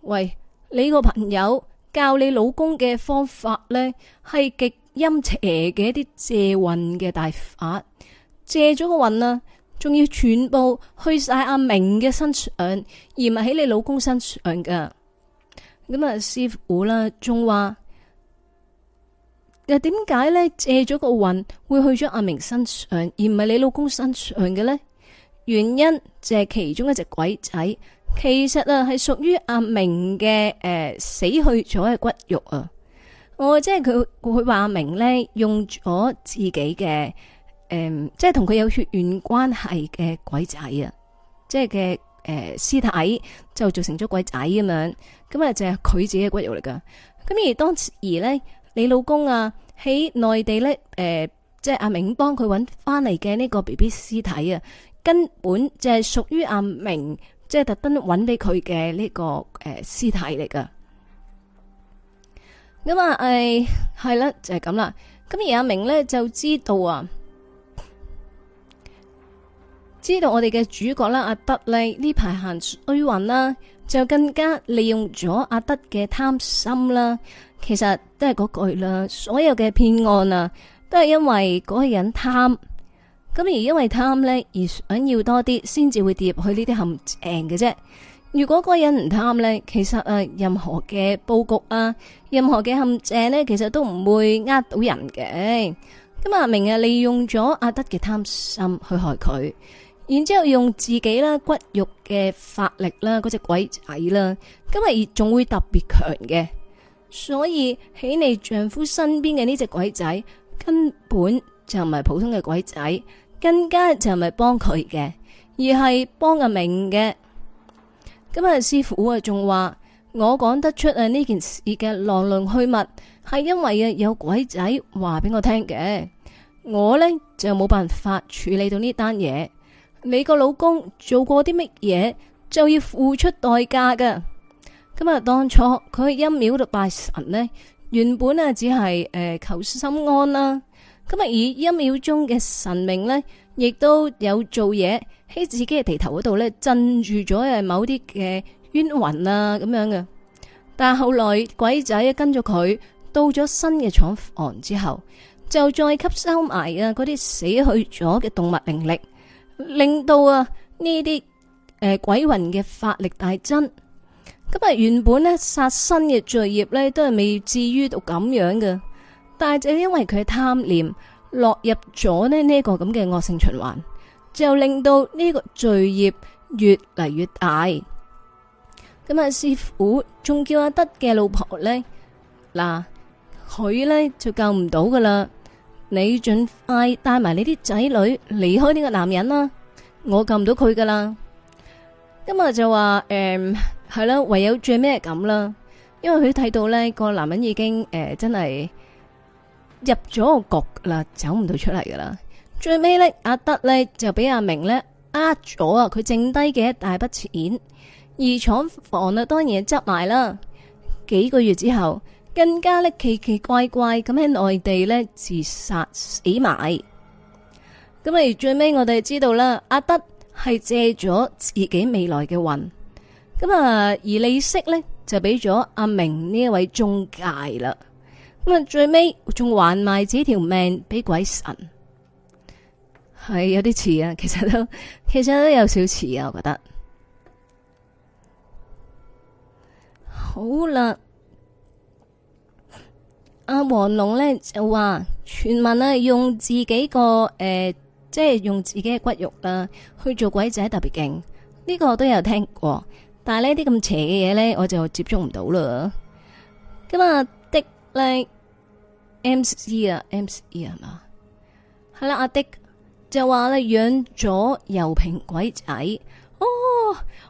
喂，你個朋友教你老公嘅方法咧，係極陰邪嘅一啲借運嘅大法，借咗個運啊，仲要全部去晒阿明嘅身上，而唔係喺你老公身上噶。咁啊，師傅啦仲話。又點解咧借咗個運會去咗阿明身上，而唔係你老公身上嘅咧？原因就係其中一隻鬼仔，其實啊係屬於阿明嘅誒、呃、死去咗嘅骨肉啊！我、哦、即係佢佢話阿明咧，用咗自己嘅誒、呃，即係同佢有血緣關係嘅鬼仔啊，即係嘅誒屍體就做成咗鬼仔咁樣，咁啊就係佢自己嘅骨肉嚟噶。咁而當時而咧。你老公啊喺內地咧，誒、呃，即係阿明幫佢揾翻嚟嘅呢個 B B 屍體啊，根本就係屬於阿明，即係特登揾俾佢嘅呢個誒屍、呃、體嚟噶。咁啊，誒、哎、係啦，就係、是、咁啦。咁而阿明咧就知道啊，知道我哋嘅主角啦、啊，阿德麗呢排行衰運啦。就更加利用咗阿德嘅貪心啦，其實都係嗰句啦，所有嘅騙案啊，都係因為嗰個人貪，咁而因為貪呢，而想要多啲，先至會跌入去呢啲陷阱嘅啫。如果嗰個人唔貪呢，其實、啊、任何嘅布局啊，任何嘅陷阱呢，其實都唔會呃到人嘅。咁阿明啊利用咗阿德嘅貪心去害佢。然之後用自己啦骨肉嘅法力啦，嗰隻鬼仔啦，今日仲會特別強嘅，所以喺你丈夫身邊嘅呢隻鬼仔根本就唔係普通嘅鬼仔，更加就唔係幫佢嘅，而係幫阿明嘅。今日師傅啊，仲話我講得出啊呢件事嘅來龍去脈，係因為啊有鬼仔話俾我聽嘅，我呢，就冇辦法處理到呢單嘢。你個老公做過啲乜嘢就要付出代價噶。咁啊，當初佢去陰廟度拜神呢，原本啊只係誒求心安啦。咁啊，以陰廟中嘅神明呢，亦都有做嘢喺自己嘅地頭嗰度呢，鎮住咗誒某啲嘅冤魂啊咁樣嘅。但後來鬼仔跟咗佢到咗新嘅廠房之後，就再吸收埋啊嗰啲死去咗嘅動物靈力。令到啊呢啲誒鬼魂嘅法力大增，咁啊原本咧殺身嘅罪孽咧都係未至於到咁樣嘅，但係就因為佢嘅貪念，落入咗咧呢個咁嘅惡性循環，就令到呢個罪孽越嚟越大。咁啊，師傅仲叫阿德嘅老婆咧，嗱，佢咧就救唔到噶啦。你盡快帶埋你啲仔女離開呢個男人啦，我救唔到佢噶啦。今日就話誒，係、嗯、啦，唯有最尾係咁啦，因為佢睇到呢個男人已經誒、呃、真係入咗個局啦，走唔到出嚟噶啦。最尾呢，阿德呢就俾阿明呢呃咗啊，佢剩低嘅一大筆錢，而廠房啊當然執埋啦。幾個月之後。更加咧奇奇怪怪咁喺內地咧自殺死埋，咁啊而最尾我哋知道啦，阿德係借咗自己未來嘅運，咁啊而利息呢，就俾咗阿明呢一位中介啦，咁啊最尾仲還埋自己條命俾鬼神，係有啲似啊，其實都其實都有少似啊，我覺得好啦。阿黃龍咧就話傳聞啊，用自己個誒、呃，即係用自己嘅骨肉啦、啊、去做鬼仔特別勁，呢、呢個都有聽過。但係呢啲咁邪嘅嘢咧，我就接觸唔到啦。咁啊，迪咧，MC 啊，MC 啊，係嘛、啊？係啦、啊，阿迪就說，就話咧養咗油瓶鬼仔。哦，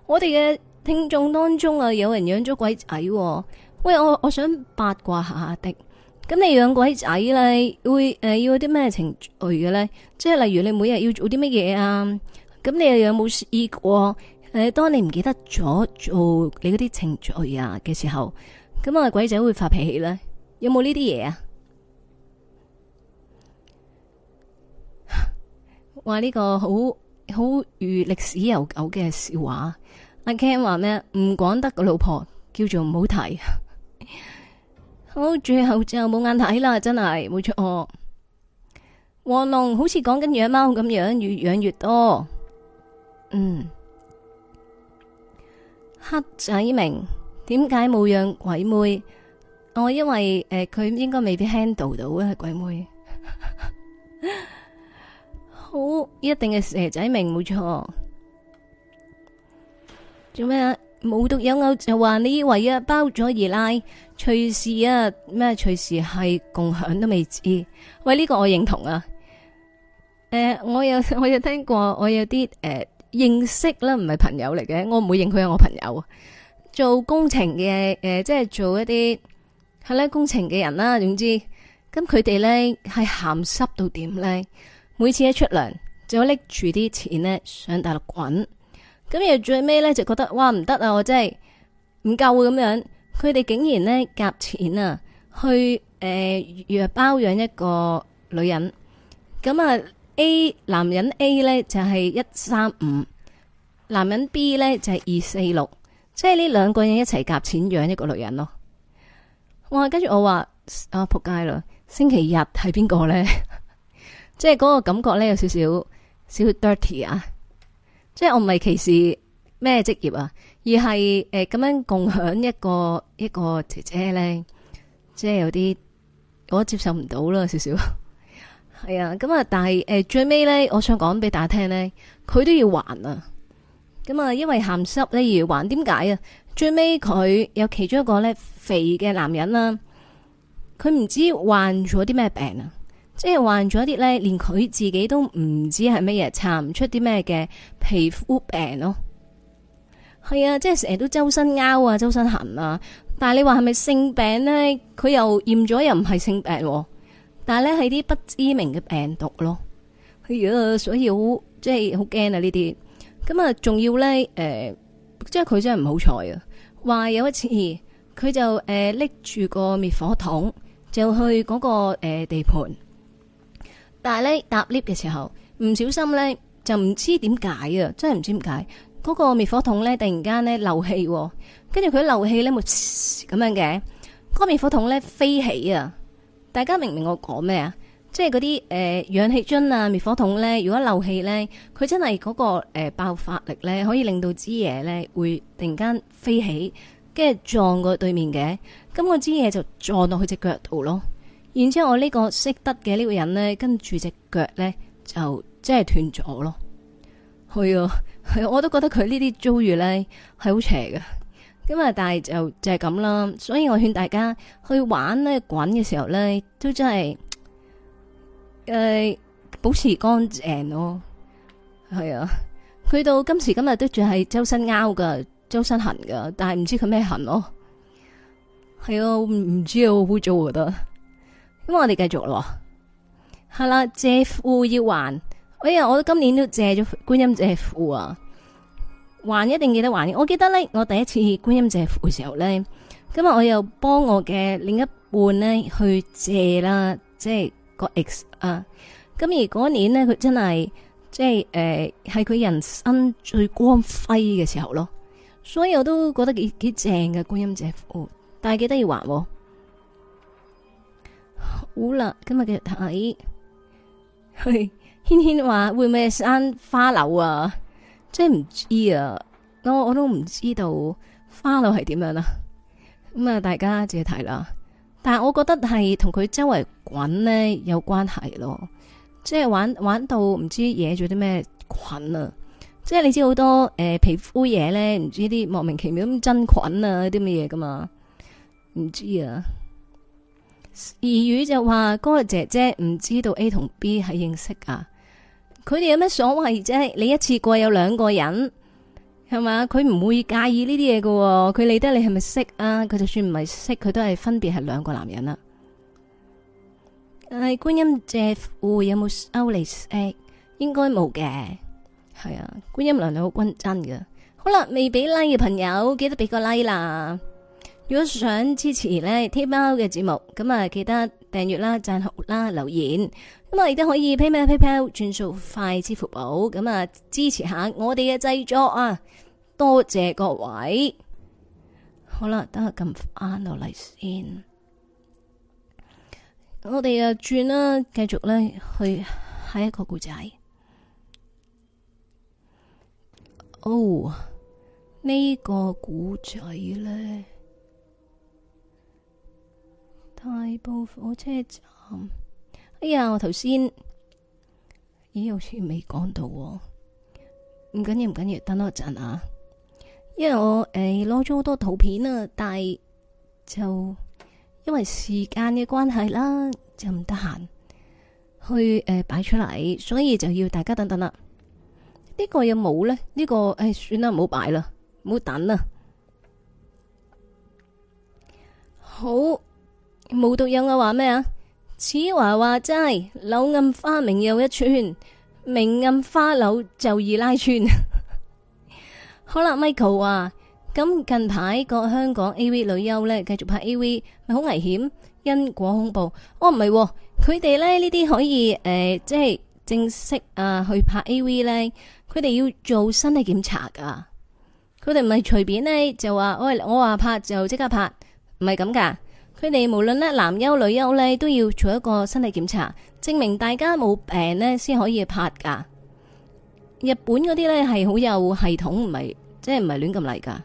我哋嘅聽眾當中啊，有人養咗鬼仔、啊。喂，我我想八卦下迪。咁你養鬼仔咧，會誒、呃、要有啲咩程序嘅咧？即係例如你每日要做啲乜嘢啊？咁你又有冇試過誒、呃？當你唔記得咗做你嗰啲程序啊嘅時候，咁啊鬼仔會發脾氣咧？有冇呢啲嘢啊？話 [LAUGHS] 呢、這個好好如歷史悠久嘅笑話，阿 Ken 話咩？唔講得個老婆叫做唔好提。 [LAUGHS] 好，最後就冇眼睇啦，真係冇錯。黃龍好似講緊養貓咁樣，越養越多。嗯，黑仔明點解冇養鬼妹？我因為誒，佢應該未必 handle 到啊，鬼妹。好，一定係蛇仔明，冇錯。做咩。無獨有偶，就話你以為啊包咗二奶，隨時啊咩隨時係共享都未知，喂呢個我認同啊。誒、呃，我有我有聽過，我有啲誒、呃、認識啦，唔係朋友嚟嘅，我唔會認佢係我朋友。做工程嘅誒、呃，即係做一啲係啦工程嘅人啦，總之咁佢哋咧係鹹濕到點咧，每次一出糧就拎住啲錢咧上大陸滾。咁又最尾咧就覺得哇唔得啊，我真係唔夠啊咁樣，佢哋竟然咧夾錢啊去誒，呃、約包養一個女人，咁啊 A 男人 A 咧就係一三五，男人 B 咧就係二四六，即係呢兩個人一齊夾錢養一個女人咯。哇我跟住我話啊仆街喇，星期日係邊個咧？即係嗰個感覺咧有少少少 dirty 啊！即係我唔係歧視咩職業啊，而係誒咁樣共享一個一個姐姐咧，即係有啲我接受唔到啦少少，係啊，咁啊，但係誒、呃、最尾咧，我想講俾大家聽咧，佢都要還啊，咁啊，因為鹹濕咧而要還，點解啊？最尾佢有其中一個咧肥嘅男人啦，佢唔知患咗啲咩病啊。即係患咗啲咧，連佢自己都唔知係乜嘢，查唔出啲咩嘅皮膚病咯。係啊，即係成日都周身拗啊，周身痕啊。但係你話係咪性病咧？佢又驗咗又唔係性病，但係咧係啲不知名嘅病毒咯。係啊，所以好即係好驚啊呢啲。咁啊，仲要咧誒，即係佢真係唔好彩啊。話有一次佢就誒拎住個滅火筒就去嗰、嗰個誒、呃、地盤。但係咧搭 lift 嘅時候唔小心咧就唔知點解、那個、啊，真係唔知點解嗰個滅火筒咧突然間咧漏氣，跟住佢漏氣咧會咁樣嘅，嗰個滅火筒咧飛起啊！大家明唔明我講咩啊？即係嗰啲誒氧氣樽啊滅火筒咧，如果漏氣咧，佢真係嗰、那個誒、呃、爆發力咧，可以令到支嘢咧會突然間飛起，跟住撞過對面嘅，咁嗰支嘢就撞落去隻腳度咯。然之後我呢個識得嘅呢個人呢，跟住隻腳呢，就即係斷咗咯。係啊，係、啊、我都覺得佢呢啲遭遇呢係好邪㗎。咁啊，但係就就係咁啦。所以我勸大家去玩呢滾嘅時候呢，都真係誒、呃、保持乾淨咯。係啊，佢到今時今日都仲係周身拗噶，周身痕噶，但係唔知佢咩痕咯。係啊，唔知啊，污糟我覺得。咁我哋繼續咯，係啦，借庫要還。哎呀，我今年都借咗觀音借庫，啊，還一定記得還。我記得咧，我第一次觀音借庫嘅時候咧，今日我又幫我嘅另一半咧去借啦，即係個 X 啊。咁而嗰年咧，佢真係即係誒、係、呃、佢人生最光輝嘅時候咯。所以我都覺得幾幾正嘅觀音借庫，但係記得要還。啊好、哦、啦，今日繼續睇。係軒軒話會唔會生花柳啊？即係唔知啊！我我都唔知道花柳係點樣啦。咁、嗯、啊，大家自己睇啦。但係我覺得係同佢周圍滾呢有關係咯。即係玩玩到唔知惹咗啲咩菌啊！即係你知好多誒、呃、皮膚嘢咧，唔知啲莫名其妙咁真菌啊啲乜嘢噶嘛？唔知啊！二語就話，哥、嗰個、姐姐唔知道 A 同 B 係認識啊，佢哋有咩所謂啫？你一次過有兩個人，係嘛？佢唔會介意呢啲嘢嘅，佢理得你係咪識啊？佢就算唔係識，佢都係分別係兩個男人啦。係、哎、觀音借庫、哦、有冇收嚟？誒，應該冇嘅。係啊，觀音娘娘好均真嘅。好啦，未俾 like 嘅朋友記得俾個 like 啦。如果想支持咧 t i k t o 嘅節目，咁啊記得訂閱啦、贊好啦、留言，咁啊亦都可以 PayPal, PayPal、PayPal 轉數快支付寶，咁啊支持下我哋嘅製作啊，多謝各位。好啦，等我撳返落嚟先，我哋啊轉啦，繼續咧去下一個故仔。哦，這個、故呢個古仔咧～太埔火車站，哎呀，我頭先咦好似未講到，唔緊要唔緊要，等多陣啊，因為我誒攞咗好多圖片啊，但係就因為時間嘅關係啦，就唔得閒去誒擺出嚟，所以就要大家等等啦。呢個有冇呢？呢個誒、哎、算啦，唔好擺啦，唔好等啦。好。冇獨有偶！話咩啊？此話話齋，柳暗花明又一村，明暗花柳就易拉穿。 [LAUGHS] 好啦，Michael 啊，咁近排個香港 A V 女優呢繼續拍 A V 咪好危險，因果恐怖。哦，唔係、啊，佢哋咧呢啲可以誒，即、呃、係、就是、正式啊去拍 A V 呢，佢哋要做身體檢查噶。佢哋唔係隨便呢，就話，我我話拍就即刻拍，唔係咁噶。佢哋無論咧男優女優咧都要做一個身體檢查，證明大家冇病咧先可以拍噶。日本嗰啲咧係好有系統，唔係即係唔係亂咁嚟噶。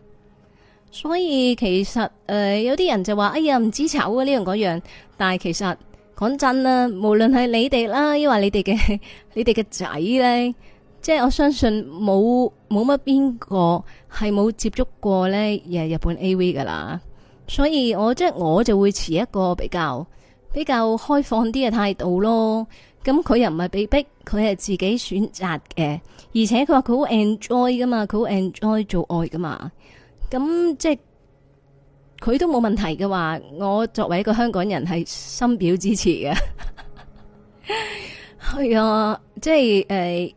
所以其實誒、呃、有啲人就話哎呀唔知醜啊呢樣嗰樣，但係其實講真啦，無論係你哋啦，抑或你哋嘅你哋嘅仔咧，即係、就是、我相信冇冇乜邊個係冇接觸過咧日本 AV 噶啦。所以我即係我就會持一個比較比較開放啲嘅態度咯。咁佢又唔係被逼，佢係自己選擇嘅。而且佢話佢好 enjoy 噶嘛，佢好 enjoy 做愛噶嘛。咁即係佢都冇問題嘅話，我作為一個香港人係深表支持嘅。係 [LAUGHS] [LAUGHS] 啊，即係誒、哎，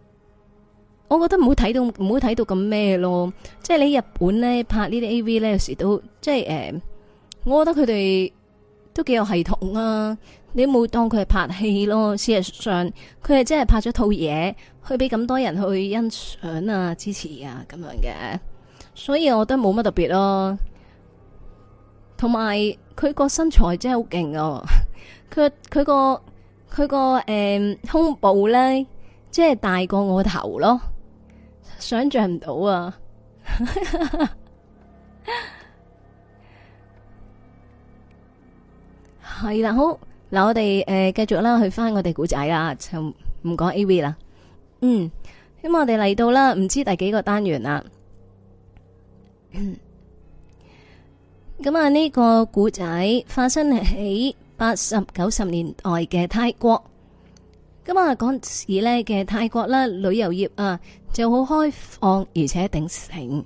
我覺得唔好睇到唔好睇到咁咩咯。即係你日本咧拍呢啲 AV 咧，有時都即係誒。哎我覺得佢哋都幾有系統啊！你冇當佢係拍戲咯，事實上佢係真係拍咗套嘢，去俾咁多人去欣賞啊、支持啊咁樣嘅，所以我覺得冇乜特別咯。同埋佢個身材真係好勁哦！佢佢個佢個誒胸部咧，即係大過我頭咯，想象唔到啊！ [LAUGHS] 係啦，好嗱，我哋誒繼續啦，去返我哋古仔啊，就唔講 A V 啦。嗯，咁我哋嚟到啦，唔知第幾個單元啦。咁啊呢個古仔發生喺八十九十年代嘅泰國。咁啊嗰時呢嘅泰國啦，旅遊業啊就好開放而且鼎盛。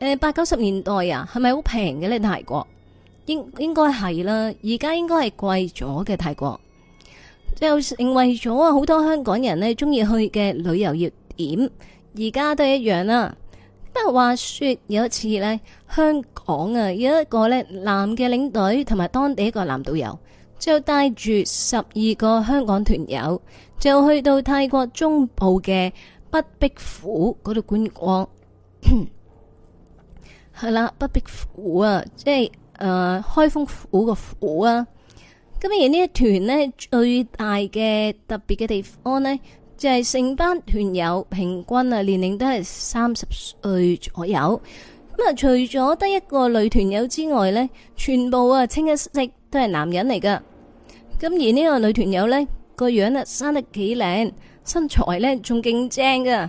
誒，八九十年代啊，係咪好平嘅呢？泰國？應應該係啦，而家應該係貴咗嘅。泰國，就成為咗啊好多香港人呢中意去嘅旅遊熱點，而家都一樣啦。不過話說有一次呢，香港啊有一個呢男嘅領隊同埋當地一個男導遊，就帶住十二個香港團友，就去到泰國中部嘅北壁府嗰度觀光，係 [COUGHS] 啦，北壁府啊，即係。誒，開封府個府啊！咁而呢一團咧，最大嘅特別嘅地方咧，就係成班團友平均啊年齡都係三十歲左右。咁啊，除咗得一個女團友之外咧，全部啊清一色都係男人嚟噶。咁而呢個女團友咧，個樣啊生得幾靚，身材咧仲勁正噶。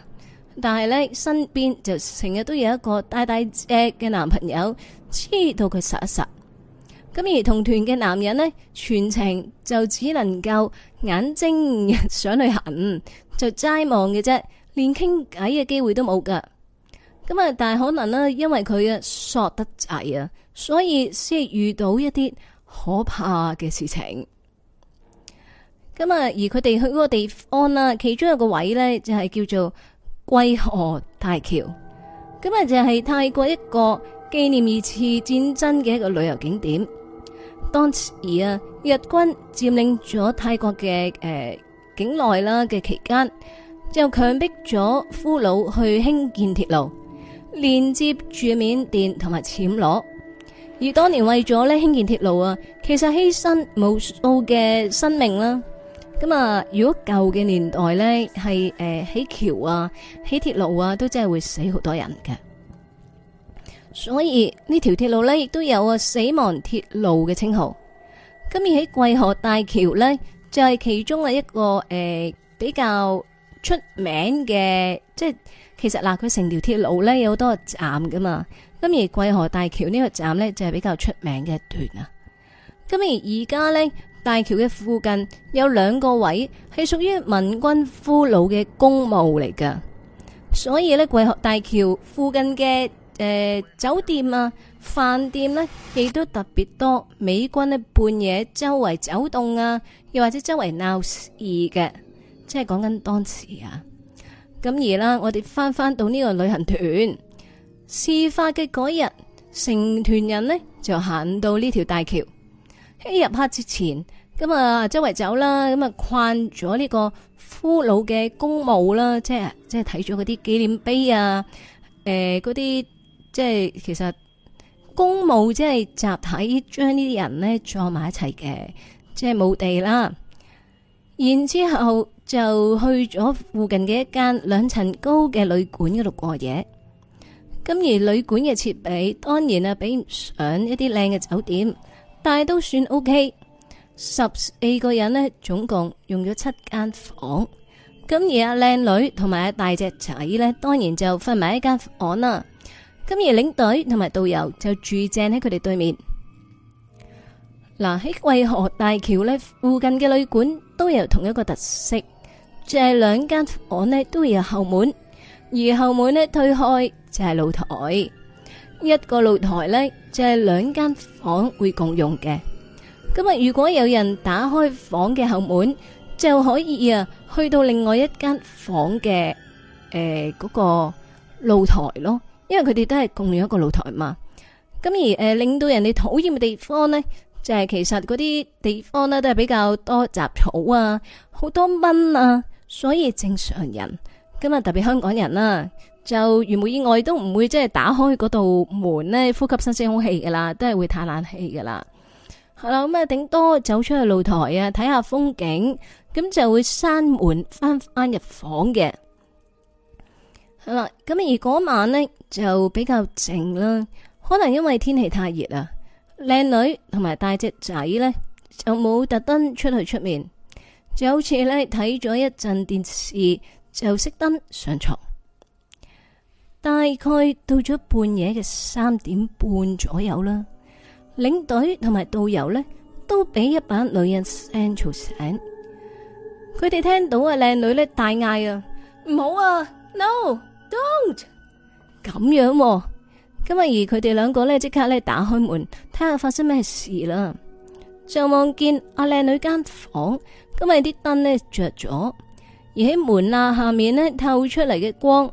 但係咧，身邊就成日都有一個大大隻嘅男朋友。黐到佢實一實，咁而同團嘅男人呢，全程就只能夠眼睛上去行，就齋望嘅啫，連傾偈嘅機會都冇噶。咁啊，但係可能呢，因為佢啊索得滯啊，所以先遇到一啲可怕嘅事情。咁啊，而佢哋去嗰個地方啦，其中有個位呢，就係叫做龜河大橋，咁啊就係泰國一個。紀念二次戰爭嘅一個旅遊景點，當時啊，日軍佔領咗泰國嘅誒、呃、境內啦嘅期間，就強迫咗俘虜去興建鐵路，連接住緬甸同埋暹羅。而當年為咗呢興建鐵路啊，其實犧牲無數嘅生命啦。咁啊，如果舊嘅年代呢，係誒起橋啊、起、呃、鐵路啊，都真係會死好多人嘅。所以呢條鐵路呢，亦都有啊死亡鐵路嘅稱號。今而喺桂河大橋呢，就係、是、其中嘅一個誒、呃、比較出名嘅，即係其實嗱，佢成條鐵路呢，有好多站噶嘛。今而桂河大橋呢個站呢，就係、是、比較出名嘅一段啊。今而而家呢，大橋嘅附近有兩個位係屬於民軍俘虜嘅公墓嚟噶，所以呢，桂河大橋附近嘅。誒、呃，酒店啊，飯店呢，亦都特別多。美軍呢，半夜周圍走動啊，又或者周圍鬧事嘅，即係講緊當時啊。咁而啦，我哋翻翻到呢個旅行團，事發嘅嗰日，成團人呢就行到呢條大橋。喺入黑之前，咁、呃、啊周圍走啦，咁、呃、啊逛咗呢個俘虜嘅公墓啦，即係即係睇咗嗰啲紀念碑啊，誒嗰啲。即係其實公墓，即係集體將呢啲人咧坐埋一齊嘅，即係墓地啦。然之後就去咗附近嘅一間兩層高嘅旅館嗰度過夜。咁而旅館嘅設備當然啊比唔上一啲靚嘅酒店，但係都算 OK。十四個人呢，總共用咗七間房。咁而阿靚女同埋阿大隻仔呢，當然就瞓埋一間房啦。今日領隊同埋導遊就住正喺佢哋對面。嗱，喺桂河大橋咧附近嘅旅館都有同一個特色，就係兩間房咧都有後門，而後門咧推開就係露台。一個露台咧就係兩間房會共用嘅。咁啊，如果有人打開房嘅後門，就可以啊去到另外一間房嘅誒嗰個露台咯。因為佢哋都係共用一個露台嘛，咁而誒、呃、令到人哋討厭嘅地方呢，就係、是、其實嗰啲地方呢都係比較多雜草啊，好多蚊啊，所以正常人今日特別香港人啦，啊，就如無意外都唔會即係打開嗰度門呢，呼吸新鮮空氣噶啦，都係會嘆冷氣噶啦，係啦咁啊，頂多走出去露台啊，睇下風景，咁就會閂門翻翻入房嘅。嗱，咁而嗰晚呢，就比較靜啦，可能因為天氣太熱啦，靚女同埋大隻仔呢，就冇特登出去出面，就好似呢，睇咗一陣電視就熄燈上床。大概到咗半夜嘅三點半左右啦，領隊同埋導遊呢，都俾一把女人聲吵醒，佢哋聽到啊靚女呢大嗌啊唔好啊 No！don't 咁樣、哦，今日而佢哋兩個呢，即刻呢，打開門睇下發生咩事啦。就望見阿靚女間房，今日啲燈呢着咗，而喺門罅下面呢，透出嚟嘅光，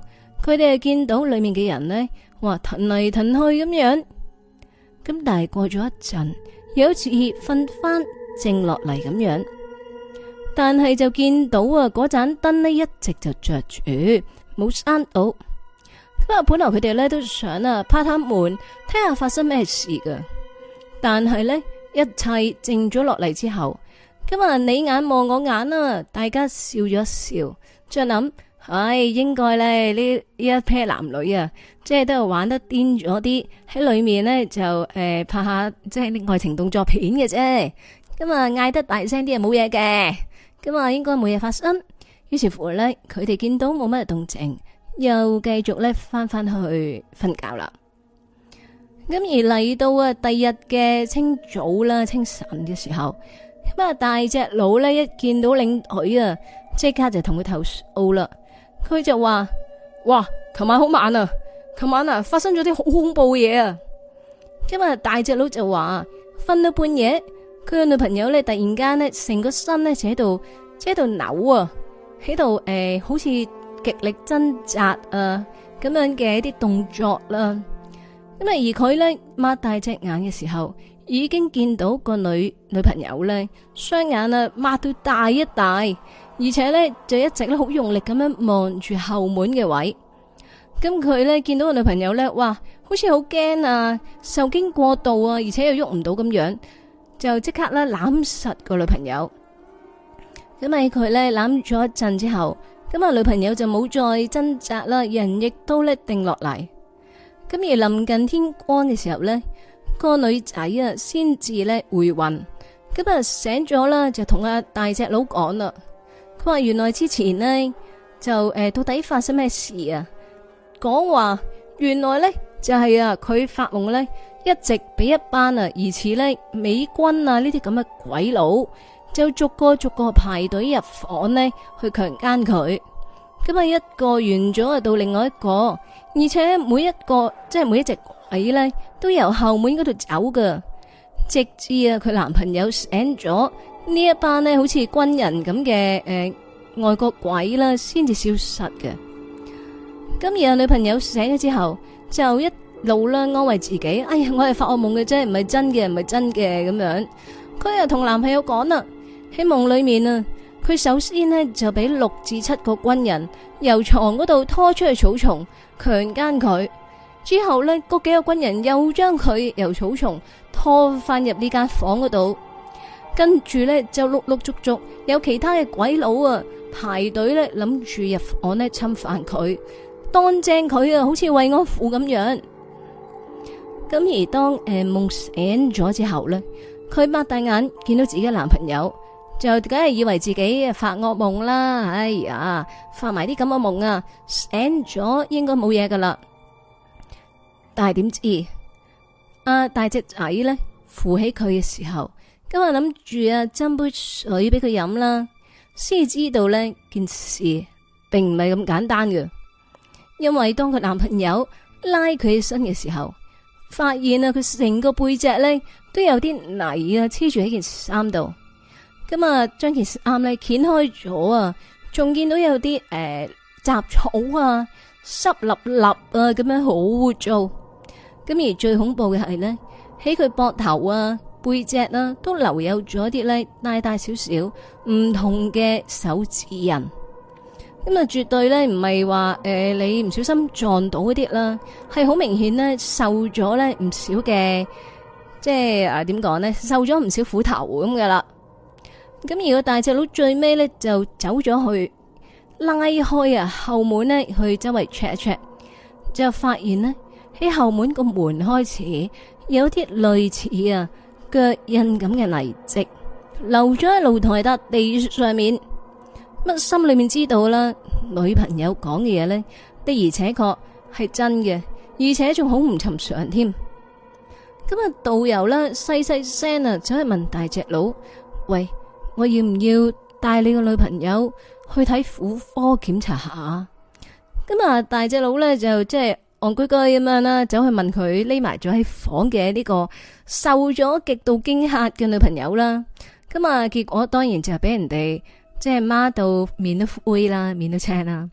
佢哋係見到裏面嘅人呢，哇騰嚟騰去咁樣。咁但係過咗一陣，又好似瞓翻靜落嚟咁樣，但係就見到啊嗰盞燈呢一直就着住。冇刪到，咁啊，本來佢哋咧都想啊，趴喺門聽下發生咩事噶，但係呢，一切靜咗落嚟之後，咁啊你眼望我眼啊，大家笑咗一笑，再諗，唉、哎，應該咧呢呢一 pair 男女啊，即係都係玩得癲咗啲，喺裏面呢，就誒、呃、拍下即係啲愛情動作片嘅啫，咁啊嗌得大聲啲係冇嘢嘅，咁啊、嗯、應該冇嘢發生。於是乎咧，佢哋見到冇乜動靜，又繼續咧翻翻去瞓覺啦。咁而嚟到啊，第二日嘅清早啦，清晨嘅時候，咁啊大隻佬咧一見到領許啊，即刻就同佢投訴啦。佢就話：哇，琴晚好晚啊，琴晚啊發生咗啲好恐怖嘅嘢啊。咁啊大隻佬就話：瞓到半夜，佢嘅女朋友咧突然間咧成個身咧就喺度喺度扭啊。喺度誒，好似極力掙扎啊咁樣嘅一啲動作啦、啊，咁啊而佢咧擘大隻眼嘅時候，已經見到個女女朋友咧，雙眼啊擘到大一大，而且咧就一直咧好用力咁樣望住後門嘅位。咁佢咧見到個女朋友咧，哇，好似好驚啊，受驚過度啊，而且又喐唔到咁樣，就即刻咧攬實個女朋友。咁咪佢咧攬咗一陣之後，咁啊女朋友就冇再掙扎啦，人亦都咧定落嚟。咁而臨近天光嘅時候呢，個女仔啊先至咧回魂，咁啊醒咗啦，就同阿大隻佬講啦。佢話原來之前呢，就誒、呃、到底發生咩事啊？講話原來呢，就係啊佢發夢呢，一直俾一班啊疑似呢美軍啊呢啲咁嘅鬼佬。就逐個逐個排隊入房呢，去強姦佢。咁啊，一個完咗啊，到另外一個，而且每一個即係每一隻鬼呢，都由後門嗰度走噶。直至啊，佢男朋友醒咗，呢一班呢好似軍人咁嘅誒外國鬼啦，先至消失嘅。咁而家女朋友醒咗之後，就一路啦安慰自己：，哎呀，我係發惡夢嘅啫，唔係真嘅，唔係真嘅咁樣。佢又同男朋友講啦。喺夢裏面啊，佢首先呢就俾六至七個軍人由床嗰度拖出去草叢強姦佢，之後呢幾個軍人又將佢由草叢拖翻入呢間房嗰度，跟住呢，就陸陸續續，有其他嘅鬼佬啊排隊呢諗住入房呢侵犯佢，當正佢啊好似慰安婦咁樣。咁而當誒，夢醒咗之後呢，佢擘大眼見到自己嘅男朋友。就梗係以為自己發惡夢啦，哎呀，發埋啲咁嘅夢啊，醒咗應該冇嘢噶啦。但係點知，啊大隻仔呢扶起佢嘅時候，今日諗住啊斟杯水俾佢飲啦，先知道呢件事並唔係咁簡單嘅。因為當佢男朋友拉佢起身嘅時候，發現啊佢成個背脊呢都有啲泥啊黐住喺件衫度。咁啊，將件衫咧掀開咗啊，仲見到有啲誒、呃、雜草啊、濕立立啊咁樣，好污糟。咁而最恐怖嘅係咧，喺佢膊頭啊、背脊啊都留有咗啲咧大大小小唔同嘅手指印。咁啊，絕對咧唔係話誒你唔小心撞到嗰啲啦，係好明顯咧受咗咧唔少嘅，即係誒點講咧，受咗唔少苦頭咁噶啦。咁而個大隻佬最尾咧就走咗去拉開啊後門咧去周圍 check 一 check，之後發現咧喺後門個門開始有啲類似啊腳印咁嘅泥跡，留咗喺露台笪地上面。乜心裏面知道啦，女朋友講嘅嘢咧的而且確係真嘅，而且仲好唔尋常添。咁啊導遊咧細細聲啊走去問大隻佬，喂？我要唔要帶你個女朋友去睇婦科檢查下？咁啊，大隻佬咧就即係戇居居咁樣啦，走去問佢匿埋咗喺房嘅呢個受咗極度驚嚇嘅女朋友啦。咁啊，結果當然就係俾人哋即係媽到面都灰啦，面都青啦。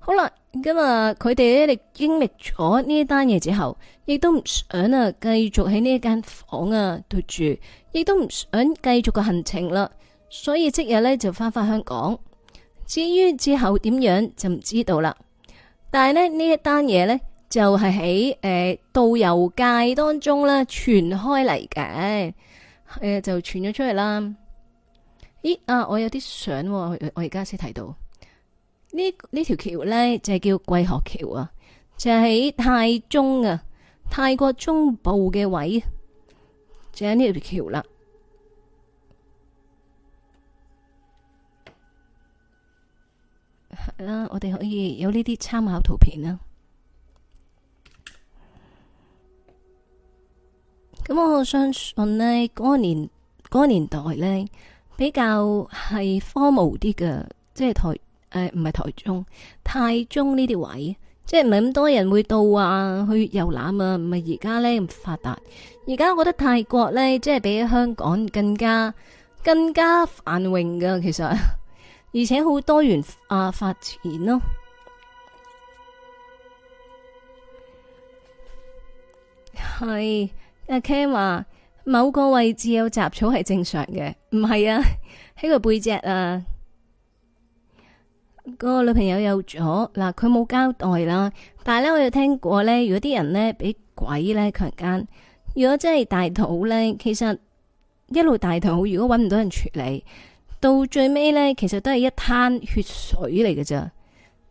好啦，咁啊，佢哋咧力經歷咗呢單嘢之後，亦都唔想啊繼續喺呢一間房啊度住，亦都唔想繼續個行程啦。所以即日咧就翻返香港，至於之後點樣就唔知道啦。但係咧呢一單嘢咧就係喺誒導遊界當中啦傳開嚟嘅，誒、呃、就傳咗出嚟啦。咦啊！我有啲相，我而家先睇到條橋呢，呢條橋咧就係叫桂河橋啊，就喺、是、泰中啊，泰國中部嘅位，就喺呢條橋啦。係、嗯、啦，我哋可以有呢啲參考圖片啦。咁我相信呢嗰、嗰個年、嗰個年代呢比較係荒蕪啲嘅，即係台誒，唔係台中泰中呢啲位置，即係唔係咁多人會到啊去遊覽啊，唔係而家呢，唔發達。而家我覺得泰國呢，即係比香港更加更加繁榮噶，其實。而且好多元發啊發展咯，係阿 Ken 話某個位置有雜草係正常嘅。唔係啊喺個背脊啊，啊個女朋友有咗嗱，佢冇交代啦，但係咧我有聽過咧，如果啲人咧俾鬼咧強奸，如果真係大肚咧，其實一路大肚，如果揾唔到人處理。到最尾呢，其實都係一灘血水嚟嘅啫，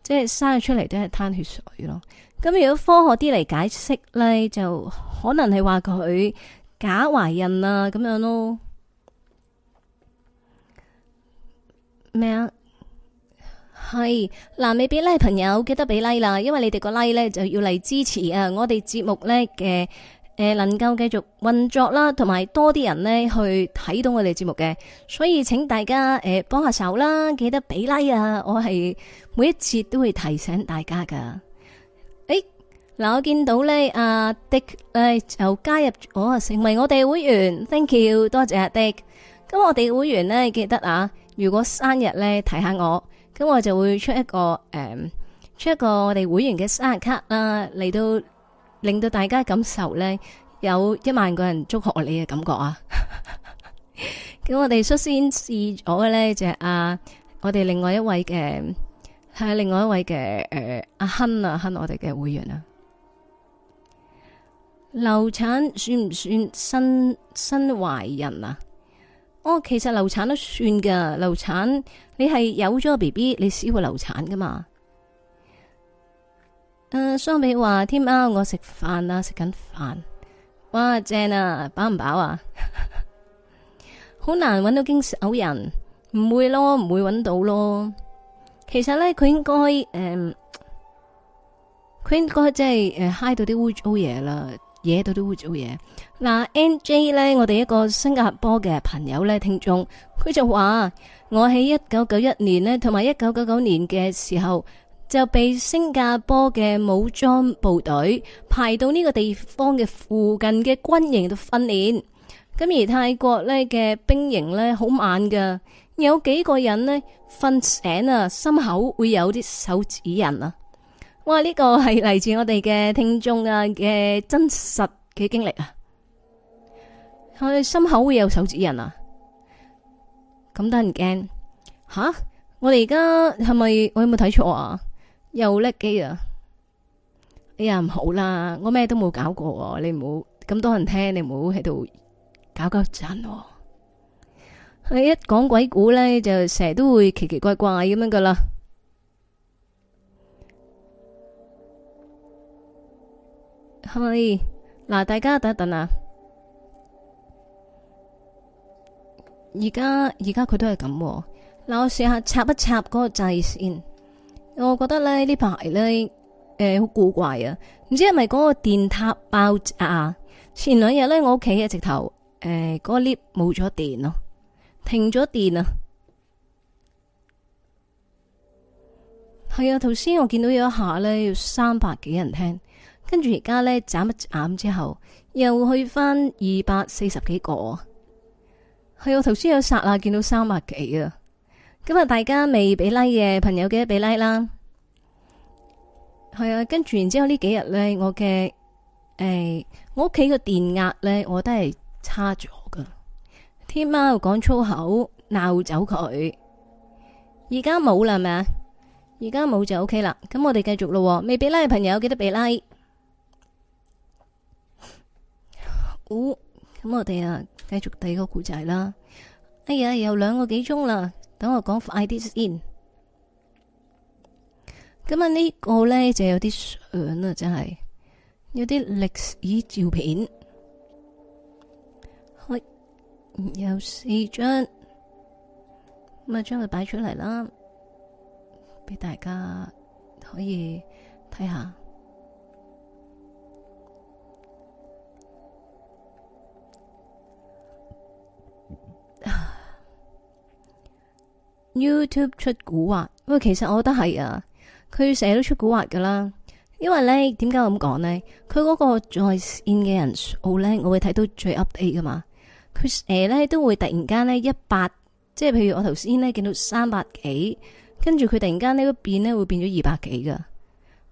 即係生咗出嚟都係一灘血水咯。咁如果科學啲嚟解釋呢，就可能係話佢假懷孕啊咁樣咯。咩啊？係嗱，未俾 like 呢。朋友記得俾 like 啦，因為你哋個 like 呢就要嚟支持啊我哋節目呢嘅。誒、呃，能夠繼續運作啦，同埋多啲人呢去睇到我哋節目嘅，所以請大家誒幫、呃、下手啦，記得俾拉、like、啊！我係每一次都會提醒大家噶誒、欸，嗱，我見到呢阿、啊、Dick 誒、呃、就加入我，成為我哋會員，thank you，多謝阿、啊、Dick。咁、嗯、我哋會員呢，記得啊，如果生日呢提下我，咁、嗯、我就會出一個誒、嗯，出一個我哋會員嘅生日卡啦嚟到。令到大家感受咧，有一萬個人祝賀你嘅感覺啊！ [LAUGHS] 咁、就係啊、我哋率先試咗嘅咧就係阿我哋另外一位嘅係、啊、另外一位嘅誒阿亨啊亨，我哋嘅會員啊，流產算唔算身身懷孕啊？哦，其實流產都算噶，流產你係有咗 B B 你先會流產噶嘛。誒、呃，相比話添啊，我食飯啦，食緊飯，哇，正啊，飽唔飽啊？好 [LAUGHS] 難搵到經手人，唔會咯，唔會搵到咯。其實咧，佢應該誒，佢、呃、應該即係誒，呃、揩到啲污糟嘢啦，惹到啲污糟嘢。嗱，N J 呢，我哋一個新加坡嘅朋友咧，聽眾，佢就話我喺一九九一年咧，同埋一九九九年嘅時候。就被新加坡嘅武裝部隊派到呢個地方嘅附近嘅軍營度訓練，咁而泰國呢嘅兵營呢，好猛㗎，有幾個人呢，瞓醒啊，心口會有啲手指印啊！哇，呢個係嚟自我哋嘅聽眾啊嘅真實嘅經歷啊，我哋心口會有手指印啊，咁得唔驚吓。我哋而家係咪我有冇睇錯啊？又叻機啊！哎呀唔好啦，我咩都冇搞過，你唔好咁多人聽，你唔好喺度搞搞震哦、喔。佢一講鬼故咧，就成日都會奇奇怪怪咁樣噶啦。係咪？嗱，大家等一等啊。而家而家佢都係咁、喔，嗱，我試下插一插嗰個掣先。我覺得呢呢排呢，誒、欸、好古怪啊！唔知係咪嗰個電塔爆炸啊？前兩日呢，我屋企一直頭，誒、欸、嗰、那個 lift 冇咗電咯，停咗電啊！係啊，頭先、啊、我見到有一下呢，要三百幾人聽，跟住而家呢，眨一眼之後又去返二百四十幾個，係啊，頭先有剎那，見到三百幾啊！今日大家未俾拉嘅朋友，記得俾拉啦。係啊，跟住然之後呢幾日呢，我嘅誒，我屋企個電壓呢，我都係差咗噶。天貓講粗口，鬧走佢。而家冇啦，係咪啊？而家冇就 OK 啦。咁我哋繼續咯，未俾拉嘅朋友記得俾拉。嗚，咁我哋啊，繼續第二個故仔啦。哎呀，又兩個幾鐘啦。等我講快啲先，咁啊呢個咧就有啲相啊，真係有啲歷史照片，有四張，咁啊將佢擺出嚟啦，畀大家可以睇下。YouTube 出蠱惑，不過其實我覺得係啊，佢成日都出蠱惑噶啦。因為咧，點解我咁講咧？佢嗰個在綫嘅人數咧，我會睇到最 update 噶嘛。佢成日咧都會突然間咧一百，即係譬如我頭先咧見到三百幾，跟住佢突然間呢變咧會變咗二百幾噶，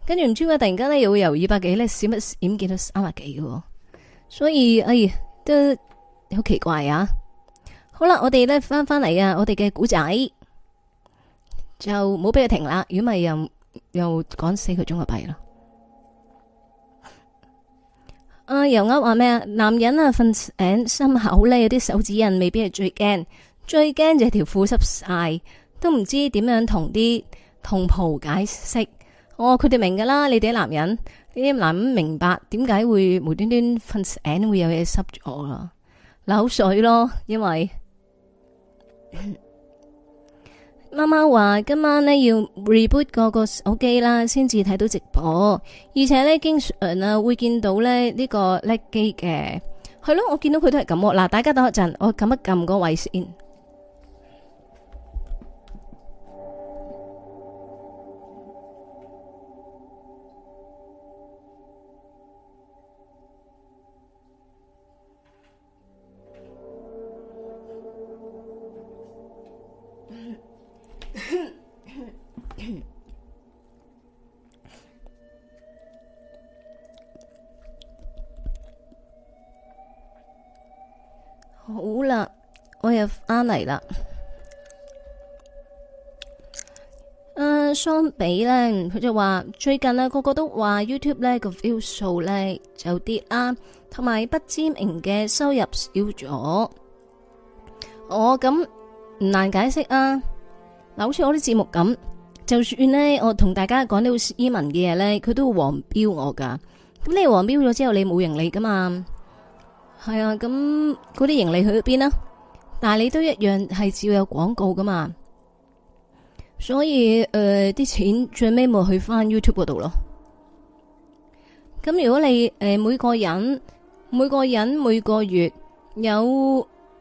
跟住唔知點解突然間咧又會由二百幾咧閃一閃見到三百幾噶、哦。所以哎呀，都好奇怪啊！好啦，我哋咧翻翻嚟啊，我哋嘅古仔。就冇俾佢停啦，如果咪又又講四個鐘嘅幣咯。阿楊歐話咩啊？男人啊瞓醒心口咧有啲手指印，未必係最驚，最驚就係條褲濕晒，都唔知點樣同啲同袍解釋。我話佢哋明噶啦，你哋男人啲男唔明白點解會無端端瞓醒會有嘢濕咗咯，漏水咯，因為。 [LAUGHS] 媽媽話今晚咧要 reboot 個個手機啦，先至睇到直播，而且咧經常啊會見到咧呢個叻機嘅，係咯，我見到佢都係咁。嗱，大家等一陣，我撳一撳個位先。好啦，我又翻嚟啦。相比呢，佢就話最近咧，個個都話 YouTube 呢個 view 數呢就跌啦，同埋不知名嘅收入少咗。我咁唔難解釋啊！嗱，好似我啲節目咁，就算呢我同大家講呢啲依文嘅嘢呢，佢都會黃標我噶咁你黃標咗之後，你冇盈利噶嘛係啊，咁嗰啲盈利去咗邊啦？但係你都一樣係照有廣告噶嘛？所以誒，啲、呃、錢最尾冇去翻 YouTube 度咯。咁如果你誒、呃、每個人每個人每個月有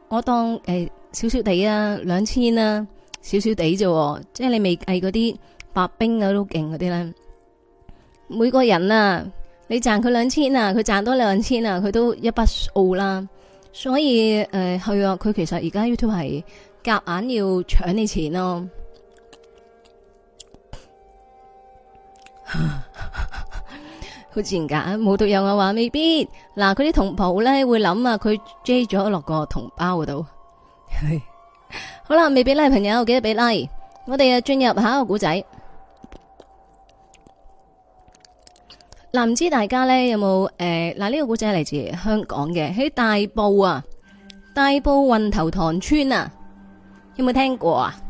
我當誒少少地啊，兩千啊，少少地啫，即係你未計嗰啲白冰啊都勁嗰啲啦。每個人啊。你賺佢兩千啊，佢賺多兩千啊，佢都一筆數啦。所以誒，去、呃、啊，佢其實而家 YouTube 係夾硬要搶你錢咯。 [LAUGHS] 好自然冇隊友我話未必。嗱，佢啲同袍咧會諗啊，佢 J 咗落個同包嗰度。 [LAUGHS] [LAUGHS] 好啦，未俾啦，朋友，記得俾 lie 我哋啊，進入下一個古仔。嗱，唔知大家咧有冇誒，嗱、呃、呢、這個古仔係嚟自香港嘅，喺大埔啊，大埔運頭塘村啊，有冇聽過啊？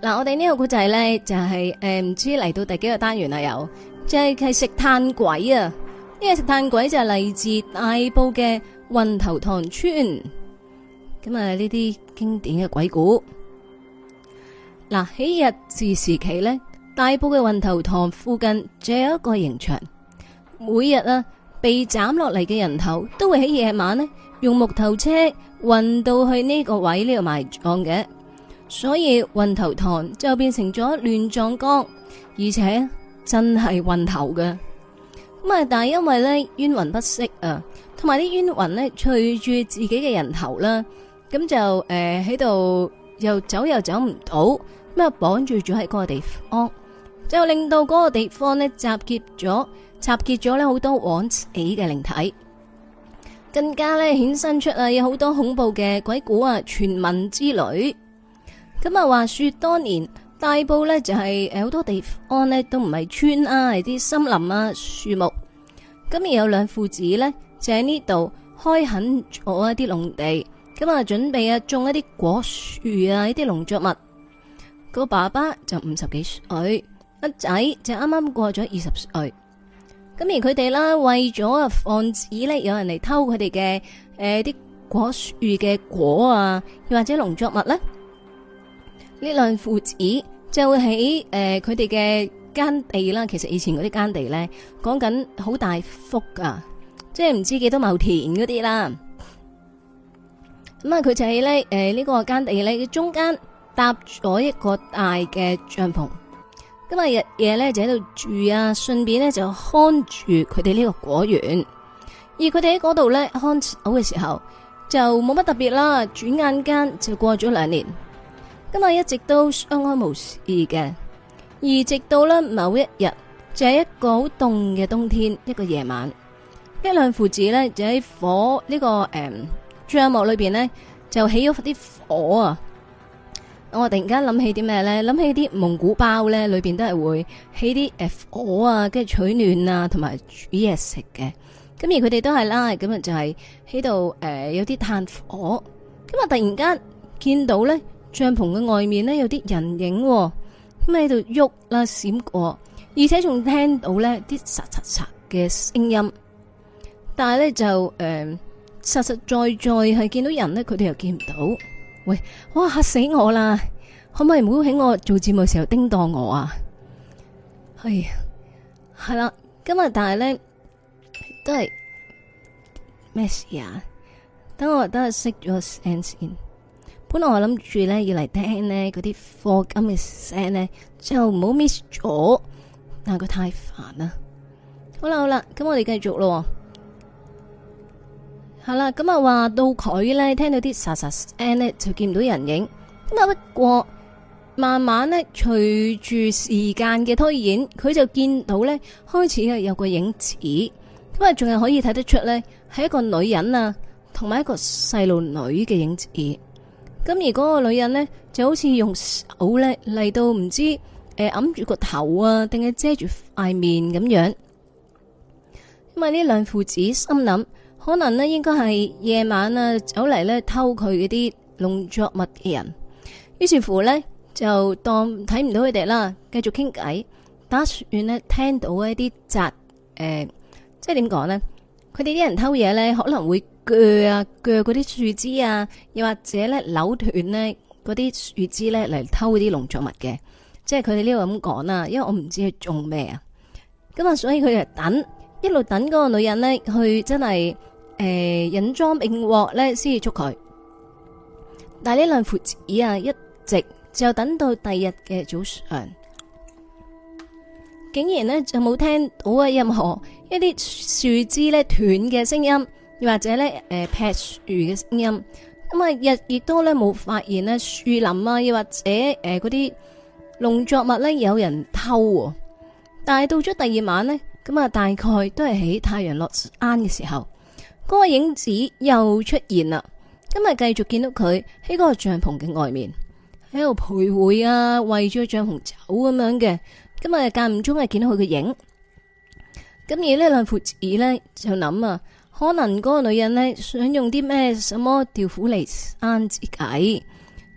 嗱、呃，我哋呢個古仔咧就係、是、誒，唔、呃、知嚟到第幾個單元啦？有，即、就、係、是、食炭鬼啊！呢、這個食炭鬼就係嚟自大埔嘅運頭塘村，咁啊呢啲經典嘅鬼故，嗱、呃，喺日治時期咧。大埔嘅運頭塘附近仲有一個刑場，每日啊被斬落嚟嘅人頭都會喺夜晚呢用木頭車運到去呢個位呢度埋葬嘅，所以運頭塘就變成咗亂葬崗，而且真係運頭嘅。咁啊，但係因為咧冤魂不息啊，同埋啲冤魂咧隨住自己嘅人頭啦，咁就誒喺度又走又走唔到，咁啊綁住住喺嗰個地方。就令到嗰個地方呢，集結咗集結咗呢好多枉死嘅靈體，更加呢顯身出啊！有好多恐怖嘅鬼故啊，傳聞之類。咁啊，話說當年大埔呢，就係、是、好多地方呢都唔係村啊，係啲森林啊、樹木。咁而有兩父子呢，就喺呢度開墾咗一啲農地，咁啊準備啊種一啲果樹啊，一啲農作物。個爸爸就五十幾歲。阿仔就啱啱過咗二十歲，咁而佢哋啦，為咗防止咧有人嚟偷佢哋嘅誒啲果樹嘅果啊，又或者農作物咧，呢兩父子就會喺誒佢哋嘅耕地啦。其實以前嗰啲耕地咧，講緊好大幅呀，啊，即係唔知幾多畝田嗰啲啦。咁，嗯、啊，佢就喺咧誒呢個耕地咧嘅中間搭咗一個大嘅帳篷。今日日夜咧就喺度住啊，順便咧就看住佢哋呢個果園。而佢哋喺嗰度咧看好嘅時候，就冇乜特別啦。轉眼間就過咗兩年，今日一直都相安無事嘅。而直到咧某一日，就係、是、一個好凍嘅冬天，一個夜晚，一兩父子咧就喺火呢、這個誒帳幕裏邊呢，就起咗啲火啊！我突然間諗起啲咩咧？諗起啲蒙古包咧，裏邊都係會起啲誒、呃、火啊，跟住取暖啊，同埋煮嘢食嘅。咁而佢哋都係啦，咁啊就係喺度誒有啲炭火。咁我突然間見到咧帳篷嘅外面咧有啲人影，啊，咁喺度喐啦，閃、啊、過，而且仲聽到咧啲刷刷刷嘅聲音。但係咧就誒、呃、實實在在係見到人咧，佢哋又見唔到。喂，哇嚇死我啦！可唔可以唔好喺我做節目嘅時候叮當我啊？係係啦，今日但係咧都係咩事啊？等我等我熄咗個聲先。本來我諗住咧要嚟聽呢嗰啲課金嘅聲咧，之後唔好 miss 咗。但係佢太煩啦。好啦好啦，咁我哋繼續咯。係、嗯、啦，咁啊話到佢呢。聽到啲沙沙聲呢，就見唔到人影。不過慢慢呢，隨住時間嘅推演，佢就見到呢開始啊有個影子，咁咪仲係可以睇得出呢，係一個女人啊，同埋一個細路女嘅影子。咁而嗰個女人呢，就好似用手呢嚟到唔知揞住個頭啊，定係遮住塊面咁樣。因為呢兩父子心諗。可能呢應該係夜晚啊，走嚟咧偷佢嗰啲農作物嘅人，於是乎呢就當睇唔到佢哋啦，繼續傾偈，打算呢聽到一啲扎誒，即係點講呢？佢哋啲人偷嘢，呢可能會鋸啊鋸嗰啲樹枝啊，又或者咧扭斷呢嗰啲樹枝咧嚟偷啲農作物嘅，即係佢哋呢度咁講啦，因為我唔知佢種咩啊，咁啊，所以佢就等一路等嗰個女人呢，去真係。誒、呃，引裝並獲咧，先至捉佢。但係呢兩父子啊，一直就等到第二日嘅早上，竟然呢就冇聽到啊任何一啲樹枝咧斷嘅聲音，又或者咧誒、呃、劈樹嘅聲音。咁啊，日亦都咧冇發現咧樹林啊，又或者誒嗰啲農作物咧有人偷，哦。但係到咗第二晚呢，咁啊，大概都係喺太陽落山嘅時候。嗰、那個影子又出現啦，今日繼續見到佢喺個帳篷嘅外面，喺度徘徊啊，圍住個帳篷走咁樣嘅。今日間唔中係見到佢嘅影，咁而呢兩父子呢，就諗啊，可能嗰個女人呢，想用啲咩什麼吊虎嚟，生自己，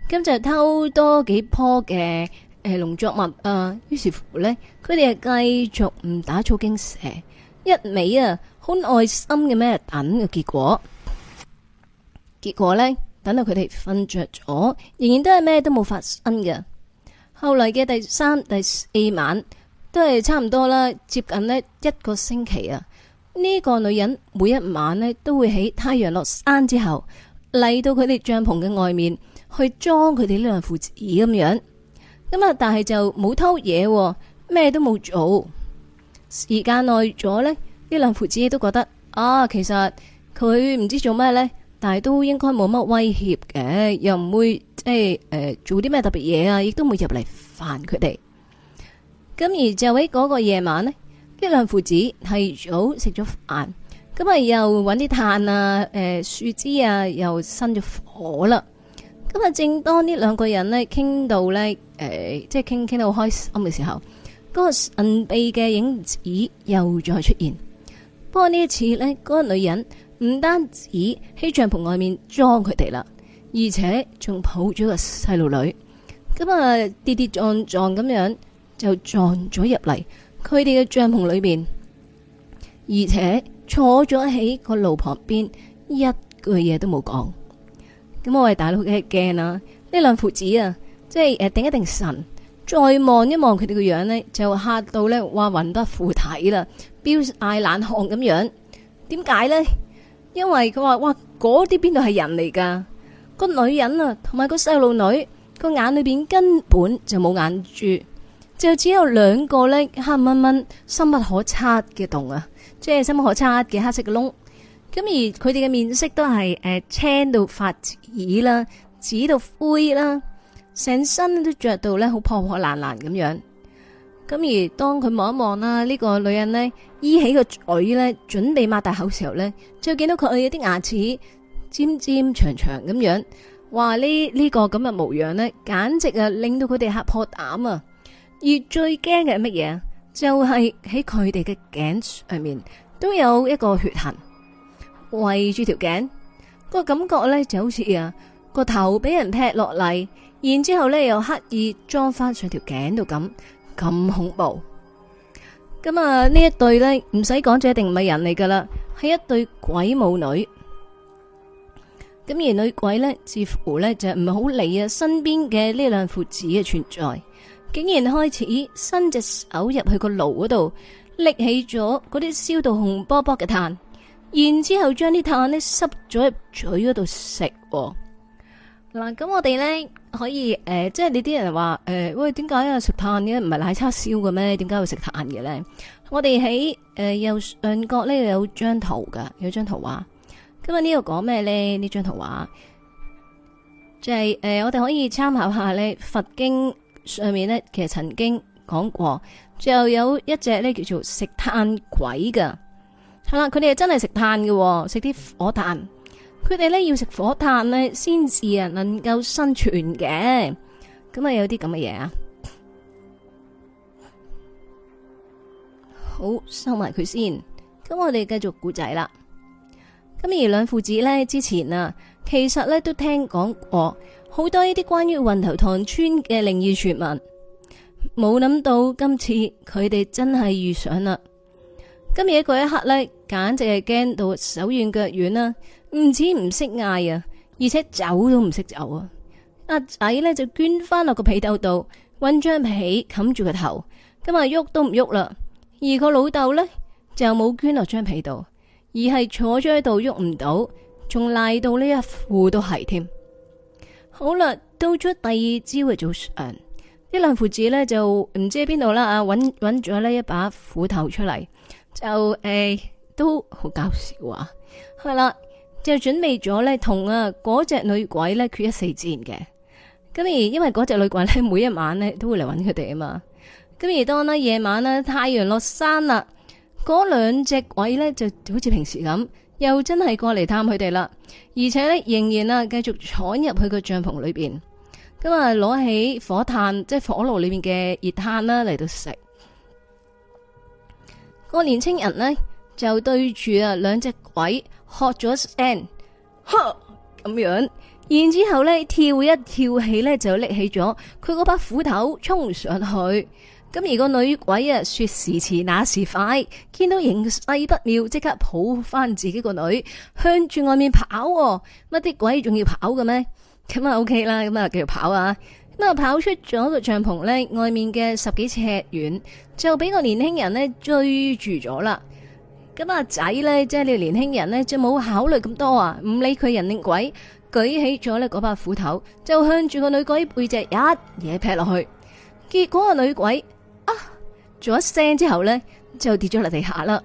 咁就偷多幾棵，嘅誒農作物啊。於是乎呢，佢哋係繼續唔打草驚蛇，一味啊。好愛心嘅咩等嘅，結果，結果呢等到佢哋瞓着咗，仍然都係咩都冇發生嘅。後嚟嘅第三、第四晚都係差唔多啦，接近呢一個星期啊。呢、這個女人每一晚呢都會喺太陽落山之後嚟到佢哋帳篷嘅外面去裝佢哋兩父子咁樣咁啊，但係就冇偷嘢，咩都冇做。時間耐咗呢。呢兩父子都覺得啊，其實佢唔知做咩咧，但係都應該冇乜威脅嘅，又唔會即係誒做啲咩特別嘢啊，亦都冇入嚟煩佢哋。咁而就喺嗰個夜晚呢，呢兩父子係早食咗飯，咁啊又搵啲炭啊，誒、呃、樹枝啊，又生咗火啦。咁啊，正當呢兩個人咧傾到咧誒、呃，即係傾傾到好開心嘅時候，嗰、那個神秘嘅影子又再出現。不過呢一次呢，嗰個女人唔單止喺帳篷外面裝佢哋啦，而且仲抱咗個細路女，咁啊跌跌撞撞咁樣就撞咗入嚟佢哋嘅帳篷裏邊，而且坐咗喺個路旁邊，一句嘢都冇講。咁我哋大佬嘅驚啦，呢兩父子啊，即係誒定一定神，再望一望佢哋個樣呢，就嚇到呢話魂不附體啦！標晒冷汗咁樣，點解呢？因為佢話哇，嗰啲邊度係人嚟噶？個女人啊，同埋個細路女個眼裏邊根本就冇眼珠，就只有兩個呢黑蚊蚊，深不可測嘅洞啊，即係深不可測嘅黑色嘅窿。咁而佢哋嘅面色都係誒青到發紫啦，紫到灰啦，成身都着到呢好破破爛爛咁樣。咁而當佢望一望啦，呢、這個女人呢，依起個嘴呢，準備擘大口時候呢，就見到佢有啲牙齒尖尖長長咁樣，話呢呢個咁嘅、這個、模樣呢，簡直啊令到佢哋嚇破膽啊！而最驚嘅係乜嘢？就係喺佢哋嘅頸上面都有一個血痕，圍住條頸，個感覺呢就好似啊個頭俾人劈落嚟，然之後呢又刻意裝翻上條頸度咁。咁恐怖，咁啊呢一對呢，唔使講，就一定唔係人嚟噶啦，係一對鬼母女。咁而女鬼呢，似乎呢，就唔係好理啊身邊嘅呢兩父子嘅存在，竟然開始伸隻手入去個爐嗰度，拎起咗嗰啲燒到紅卜卜嘅炭，然之後將啲炭呢塞咗入嘴嗰度食喎。嗱、啊，咁我哋咧可以誒、呃，即係你啲人話誒、呃，喂，點解啊食炭嘅唔係奶叉燒嘅咩？點解會食炭嘅咧？我哋喺誒右上角呢度有張圖噶，有張圖畫。今日呢度講咩咧？呢張圖畫就係、是、誒、呃，我哋可以參考下咧，佛經上面咧其實曾經講過，就有一隻咧叫做食炭鬼㗎。係、嗯、啦，佢哋係真係食炭嘅，食啲火炭。佢哋呢要食火炭呢，先至啊能夠生存嘅。咁啊有啲咁嘅嘢啊，好收埋佢先。咁我哋繼續古仔啦。咁而兩父子呢，之前啊，其實呢都聽講過好多呢啲關於運頭塘村嘅靈異傳聞。冇諗到今次佢哋真係遇上啦。今日呢嗰一刻呢，簡直係驚到手軟腳軟啦。唔止唔識嗌啊，而且走都唔識走啊。阿仔咧就捐翻落個被竇度，搵張被冚住個頭，今日喐都唔喐啦。而個老豆咧就冇捐落張被度，而係坐咗喺度喐唔到，仲賴到呢一褲都係添。好啦，到咗第二朝嘅早上，呢兩父子咧就唔知喺邊度啦。啊，搵搵咗呢一把斧頭出嚟，就誒、欸、都好搞笑啊。係啦。就準備咗咧，同啊嗰隻女鬼咧決一死戰嘅。咁而因為嗰隻女鬼咧，每一晚咧都會嚟搵佢哋啊嘛。咁而當咧夜晚咧，太陽落山啦，嗰兩隻鬼咧就好似平時咁，又真係過嚟探佢哋啦。而且咧仍然啊，繼續坐入去個帳篷裏邊，咁啊攞起火炭，即係火爐裏面嘅熱炭啦嚟到食。個年青人呢，就對住啊兩隻鬼，喝咗聲，呵咁樣，然之後咧跳一跳起咧，就拎起咗佢嗰把斧頭衝上去。咁而個女鬼啊，說時遲那時快，見到形勢不妙，即刻抱翻自己個女，向住外面跑喎。乜啲鬼仲要跑嘅咩？咁啊 OK 啦，咁啊繼續跑啊，咁啊跑出咗個帳篷咧，外面嘅十幾尺遠就俾個年輕人咧追住咗啦。咁阿仔咧，即係你年輕人咧，就冇考慮咁多啊，唔理佢人定鬼，舉起咗咧嗰把斧頭，就向住個女鬼背脊一嘢劈落去，結果個女鬼啊，做一聲之後咧，就跌咗落地下啦。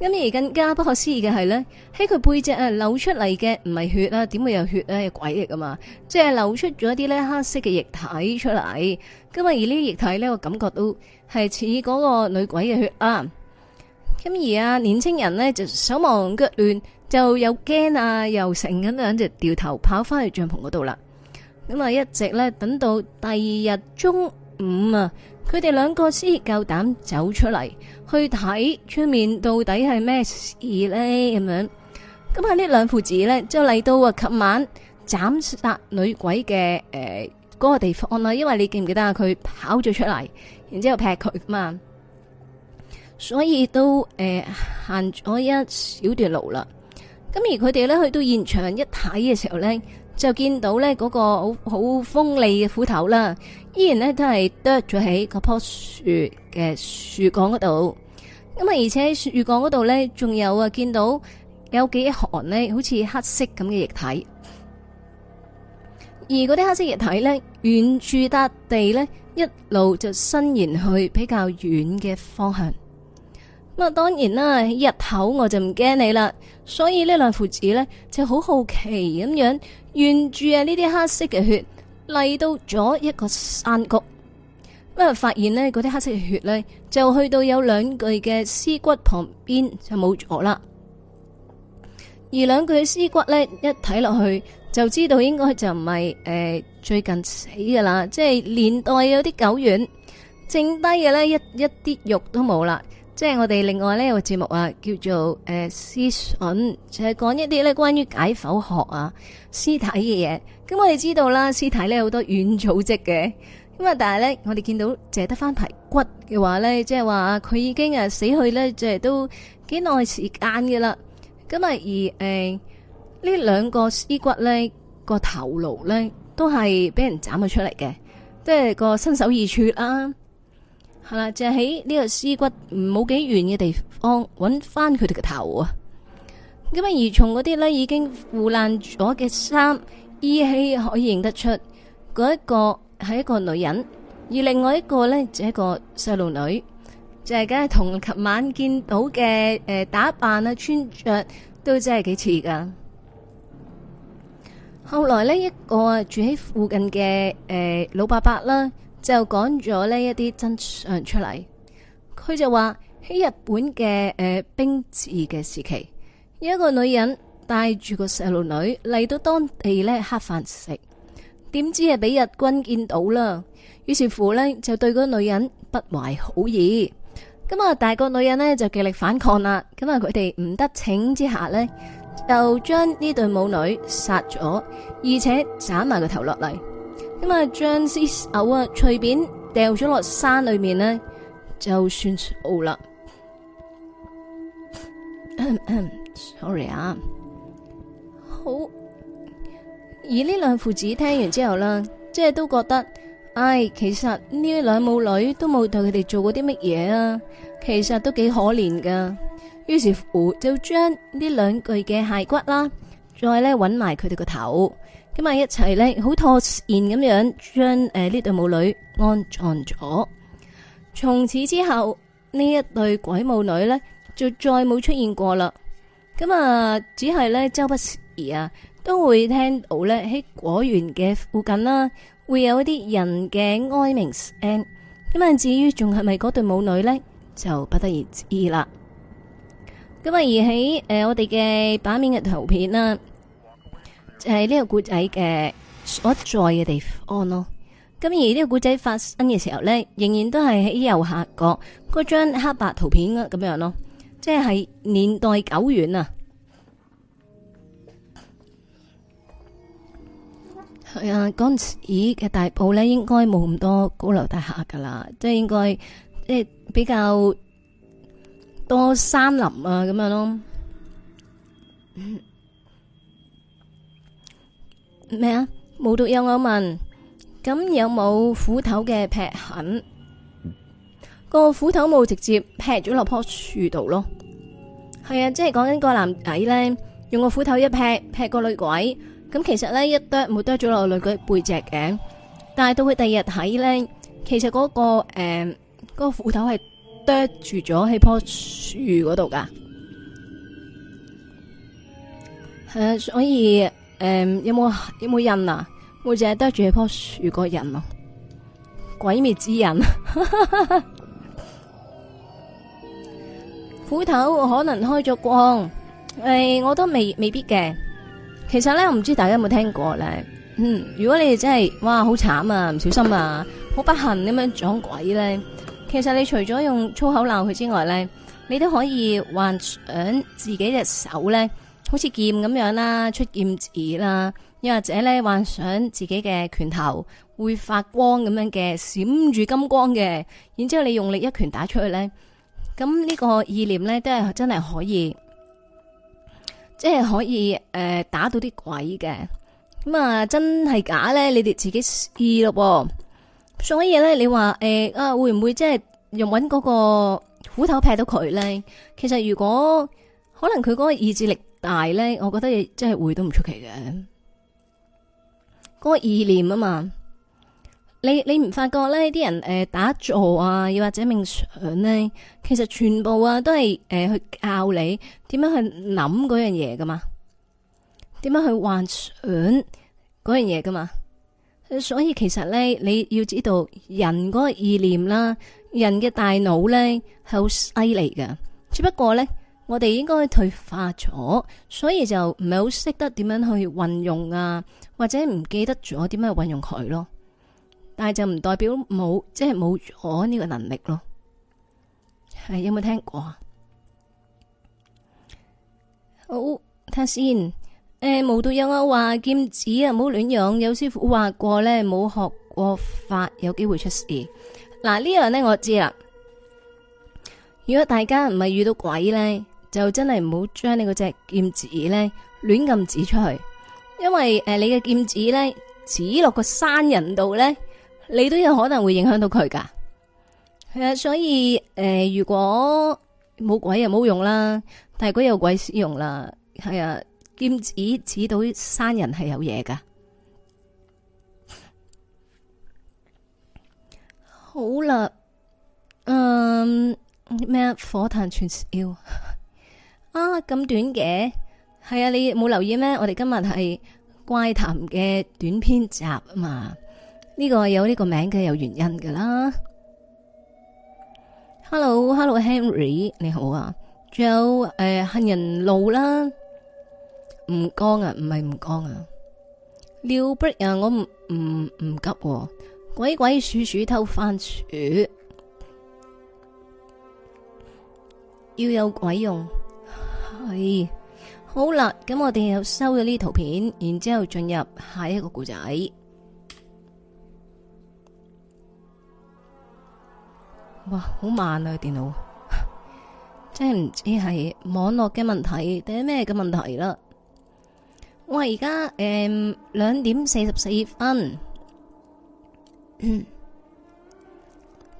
咁而更加不可思議嘅係咧，喺佢背脊啊流出嚟嘅唔係血啊，點會有血咧？係鬼嚟噶嘛？即係流出咗啲咧黑色嘅液體出嚟，咁啊而呢液體咧，我感覺都係似嗰個女鬼嘅血啊。咁而啊，年青人呢就手忙腳亂，就又驚啊，又成咁樣，就掉頭跑翻去帳篷嗰度啦。咁啊，一直咧等到第二日中午啊，佢哋兩個先夠膽走出嚟，去睇出面到底係咩事呢？咁樣。咁啊，呢兩父子呢，就嚟到啊，琴晚斬殺女鬼嘅誒嗰個地方啦，因為你記唔記得啊，佢跑咗出嚟，然之後劈佢噶嘛。所以都誒、呃、行咗一小段路啦。咁而佢哋咧去到現場一睇嘅時候咧，就見到咧嗰個好好鋒利嘅斧頭啦，依然咧都係剁咗喺嗰樖樹嘅樹幹嗰度。咁啊，而且樹幹嗰度咧仲有啊，見到有幾行咧，好似黑色咁嘅液體。而嗰啲黑色液體咧，遠處笪地咧，一路就伸延去比較遠嘅方向。咁當然啦，日頭我就唔驚你啦。所以呢兩父子呢就好好奇咁樣沿住啊呢啲黑色嘅血嚟到咗一個山谷。咁啊，發現呢嗰啲黑色嘅血呢，就去到有兩具嘅屍骨旁邊就冇咗啦。而兩具嘅屍骨呢，一睇落去就知道應該就唔係誒最近死噶啦，即係年代有啲久遠，剩低嘅呢一一啲肉都冇啦。即係我哋另外呢個節目啊，叫做誒屍訊，就係、是、講一啲咧關於解剖學啊屍體嘅嘢。咁、嗯、我哋知道啦，屍體咧好多軟組織嘅，咁、嗯嗯呃、啊，但係咧我哋見到淨係得翻排骨嘅話咧，即係話佢已經誒死去咧，即係都幾耐時間嘅啦。咁啊而誒呢兩個屍骨咧個頭顱咧都係俾人斬咗出嚟嘅，即係個身首異處啦。係啦，就喺呢個屍骨冇幾遠嘅地方搵翻佢哋嘅頭啊！咁啊，而從嗰啲呢已經腐爛咗嘅衫依稀可以認得出，嗰一個係一個女人，而另外一個呢，就係一個細路女，就係梗係同琴晚見到嘅誒打扮啊穿着都真係幾似噶。後來呢，一個住喺附近嘅誒老伯伯啦。就講咗呢一啲真相出嚟，佢就話喺日本嘅誒兵治嘅時期，有一個女人帶住個細路女嚟到當地呢乞飯食，點知係俾日軍見到啦，於是乎呢就對個女人不懷好意，咁啊大個女人呢就極力反抗啦，咁啊佢哋唔得逞之下呢，就將呢對母女殺咗，而且斬埋個頭落嚟。咁啊，將啲藕啊隨便掉咗落山裏面呢，就算好啦。 [COUGHS] sorry 啊，好。而呢兩父子聽完之後呢，即係都覺得，唉，其實呢兩母女都冇對佢哋做過啲乜嘢啊，其實都幾可憐噶。於是乎，就將呢兩具嘅骸骨啦，再咧揾埋佢哋個頭。咁啊！一齊呢，好妥善咁樣將誒呢對母女安葬咗。從此之後，呢一對鬼母女呢，就再冇出現過啦。咁啊，只係呢周不時啊都會聽到呢，喺果園嘅附近啦，會有一啲人嘅哀鳴聲。咁啊，至於仲係咪嗰對母女呢，就不得而知啦。咁啊，而喺誒我哋嘅版面嘅圖片啦。係呢個古仔嘅所在嘅地方咯。咁而呢個古仔發生嘅時候呢，仍然都係喺遊客角嗰張黑白圖片啊，咁樣咯，即係年代久遠啊。係啊，嗰陣時嘅大埔呢，應該冇咁多高樓大廈噶啦，即係應該即係比較多山林啊，咁樣咯。嗯咩啊？冇毒有我問，咁有冇斧頭嘅劈痕？個斧頭冇直接劈咗落棵樹度咯。係啊，即係講緊個男仔咧，用個斧頭一劈劈個女鬼，咁其實咧一剁冇剁咗落女鬼背脊嘅，但係到佢第二日睇咧，其實嗰、個誒，嗰、呃個斧頭係剁住咗喺棵樹嗰度噶。係啊，所以。誒、嗯，有冇有冇印啊？我淨係得住一棵樹個人咯、啊，鬼滅之人。 [LAUGHS] 斧頭可能開咗光，誒、欸，我都未未必嘅。其實咧，我唔知大家有冇聽過咧。嗯，如果你哋真係，哇，好慘啊，唔小心啊，好不幸咁樣撞鬼咧。其實你除咗用粗口鬧佢之外咧，你都可以幻想自己隻手咧。好似劍咁樣啦，出劍指啦，又或者咧幻想自己嘅拳頭會發光咁樣嘅，閃住金光嘅，然之後你用力一拳打出去咧，咁呢個意念咧都係真係可以，即係可以誒打到啲鬼嘅，咁啊真係假咧？你哋自己試咯喎。所以咧你話誒啊會唔會即係用搵嗰個斧頭劈到佢咧？其實如果可能佢嗰個意志力。大咧，我覺得亦真係會都唔出奇嘅。嗰個意念啊嘛你，你你唔發覺咧？啲人誒打坐啊，又或者冥想咧，其實全部啊都係誒去教你點樣去諗嗰樣嘢噶嘛，點樣去幻想嗰樣嘢噶嘛。所以其實咧，你要知道人嗰個意念啦，人嘅大腦咧係好犀利㗎。只不過咧。我哋應該退化咗，所以就唔係好識得點樣去運用啊，或者唔記得咗點樣去運用佢咯。但係就唔代表冇，即係冇咗呢個能力咯。係、哎、有冇聽過啊？好睇下先。誒，無獨有偶，話劍指啊，唔好亂用。有師傅話過咧，冇學過法，有機會出事。嗱，呢樣咧我知啦。如果大家唔係遇到鬼咧？就真係唔好將你嗰隻劍指咧亂咁指出去，因為誒，你嘅劍指咧指落個山人度咧，你都有可能會影響到佢噶。係啊，所以誒、呃，如果冇鬼又冇用啦，但係如果有鬼用啦，係啊，劍指指到山人係有嘢噶。好啦，嗯，咩火炭全燒？啊咁短嘅係啊，你冇留意咩？我哋今日係怪談嘅短篇集啊嘛，呢個有呢個名梗係有原因噶啦 Hello。Hello，Hello，Henry，你好啊。仲有誒杏仁露啦，吳江啊，唔係吳江啊。Brick 啊，我唔唔唔急、啊，鬼鬼祟祟偷番薯，要有鬼用。係好啦，咁我哋又收咗呢啲圖片，然之後進入下一個故仔。哇，好慢啊電腦，真係唔知係網絡嘅問題定係咩嘅問題啦。我而家誒兩點四十四分，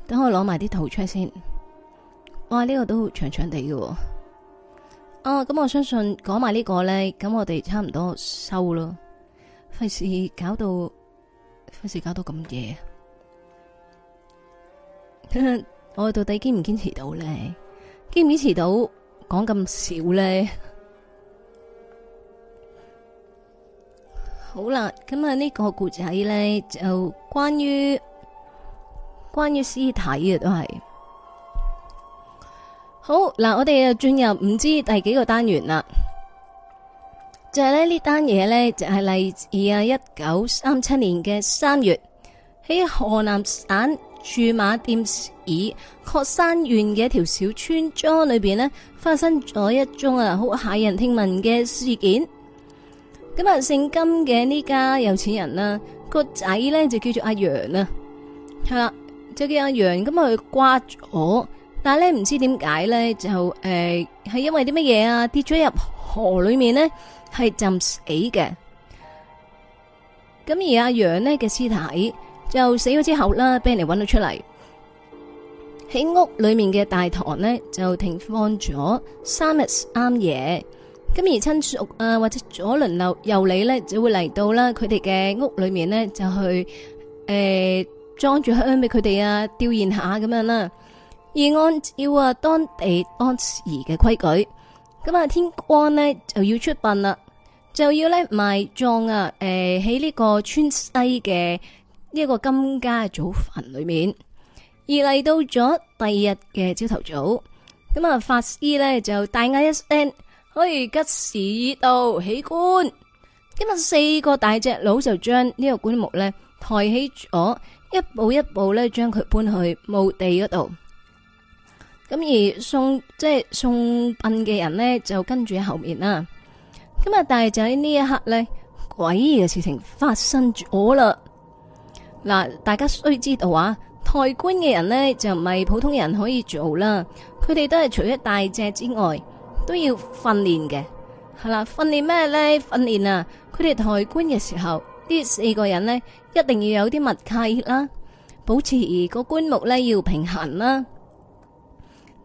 等 [COUGHS] 我攞埋啲圖出先。哇，呢、這個都長長地嘅。啊，咁我相信講埋呢個咧，咁我哋差唔多收咯，費事搞到，費事搞到咁夜， [LAUGHS] 我到底堅唔堅持到咧？堅唔堅持到講咁少咧？好啦，咁啊呢個故仔咧就關於關於屍體嘅都係。好嗱，我哋又進入唔知第幾個單元啦，就係呢呢單嘢呢就係嚟自啊一九三七年嘅三月，喺河南省駐馬店市確山縣嘅一條小村莊裏邊呢發生咗一宗啊好駭人聽聞嘅事件。咁啊，姓金嘅呢家有錢人啦，個仔呢就叫做阿楊啦，係啦，就叫阿楊咁啊，佢瓜咗。但係咧，唔知點解咧，就誒係、呃、因為啲乜嘢啊跌咗入河裏面呢，係浸死嘅。咁而阿楊呢嘅屍體就死咗之後啦，俾人哋揾到出嚟喺屋裏面嘅大堂呢，就停放咗三日三夜。咁而親屬啊，或者左鄰右里呢，就會嚟到啦，佢哋嘅屋裏面呢，就去誒裝住香俾佢哋啊，吊唁下咁樣啦。而按照啊當地當時嘅規矩，咁啊天光咧就要出殯啦，就要咧埋葬啊。誒，喺呢個村西嘅呢一個金家祖墳裏面。而嚟到咗第二日嘅朝頭早，咁啊法師咧就大嗌一聲：可以吉時已到，起棺。咁啊四個大隻佬就將呢個棺木咧抬起咗，一步一步咧將佢搬去墓地嗰度。咁而送即係送殯嘅人呢，就跟住喺後面啦。咁啊，但係就喺呢一刻呢，詭異嘅事情發生咗啦。嗱，大家需知道話抬棺嘅人呢，就唔係普通人可以做啦。佢哋都係除咗大隻之外，都要訓練嘅。係啦，訓練咩呢？訓練啊！佢哋抬棺嘅時候，啲四個人呢，一定要有啲默契啦，保持而個棺木呢，要平衡啦。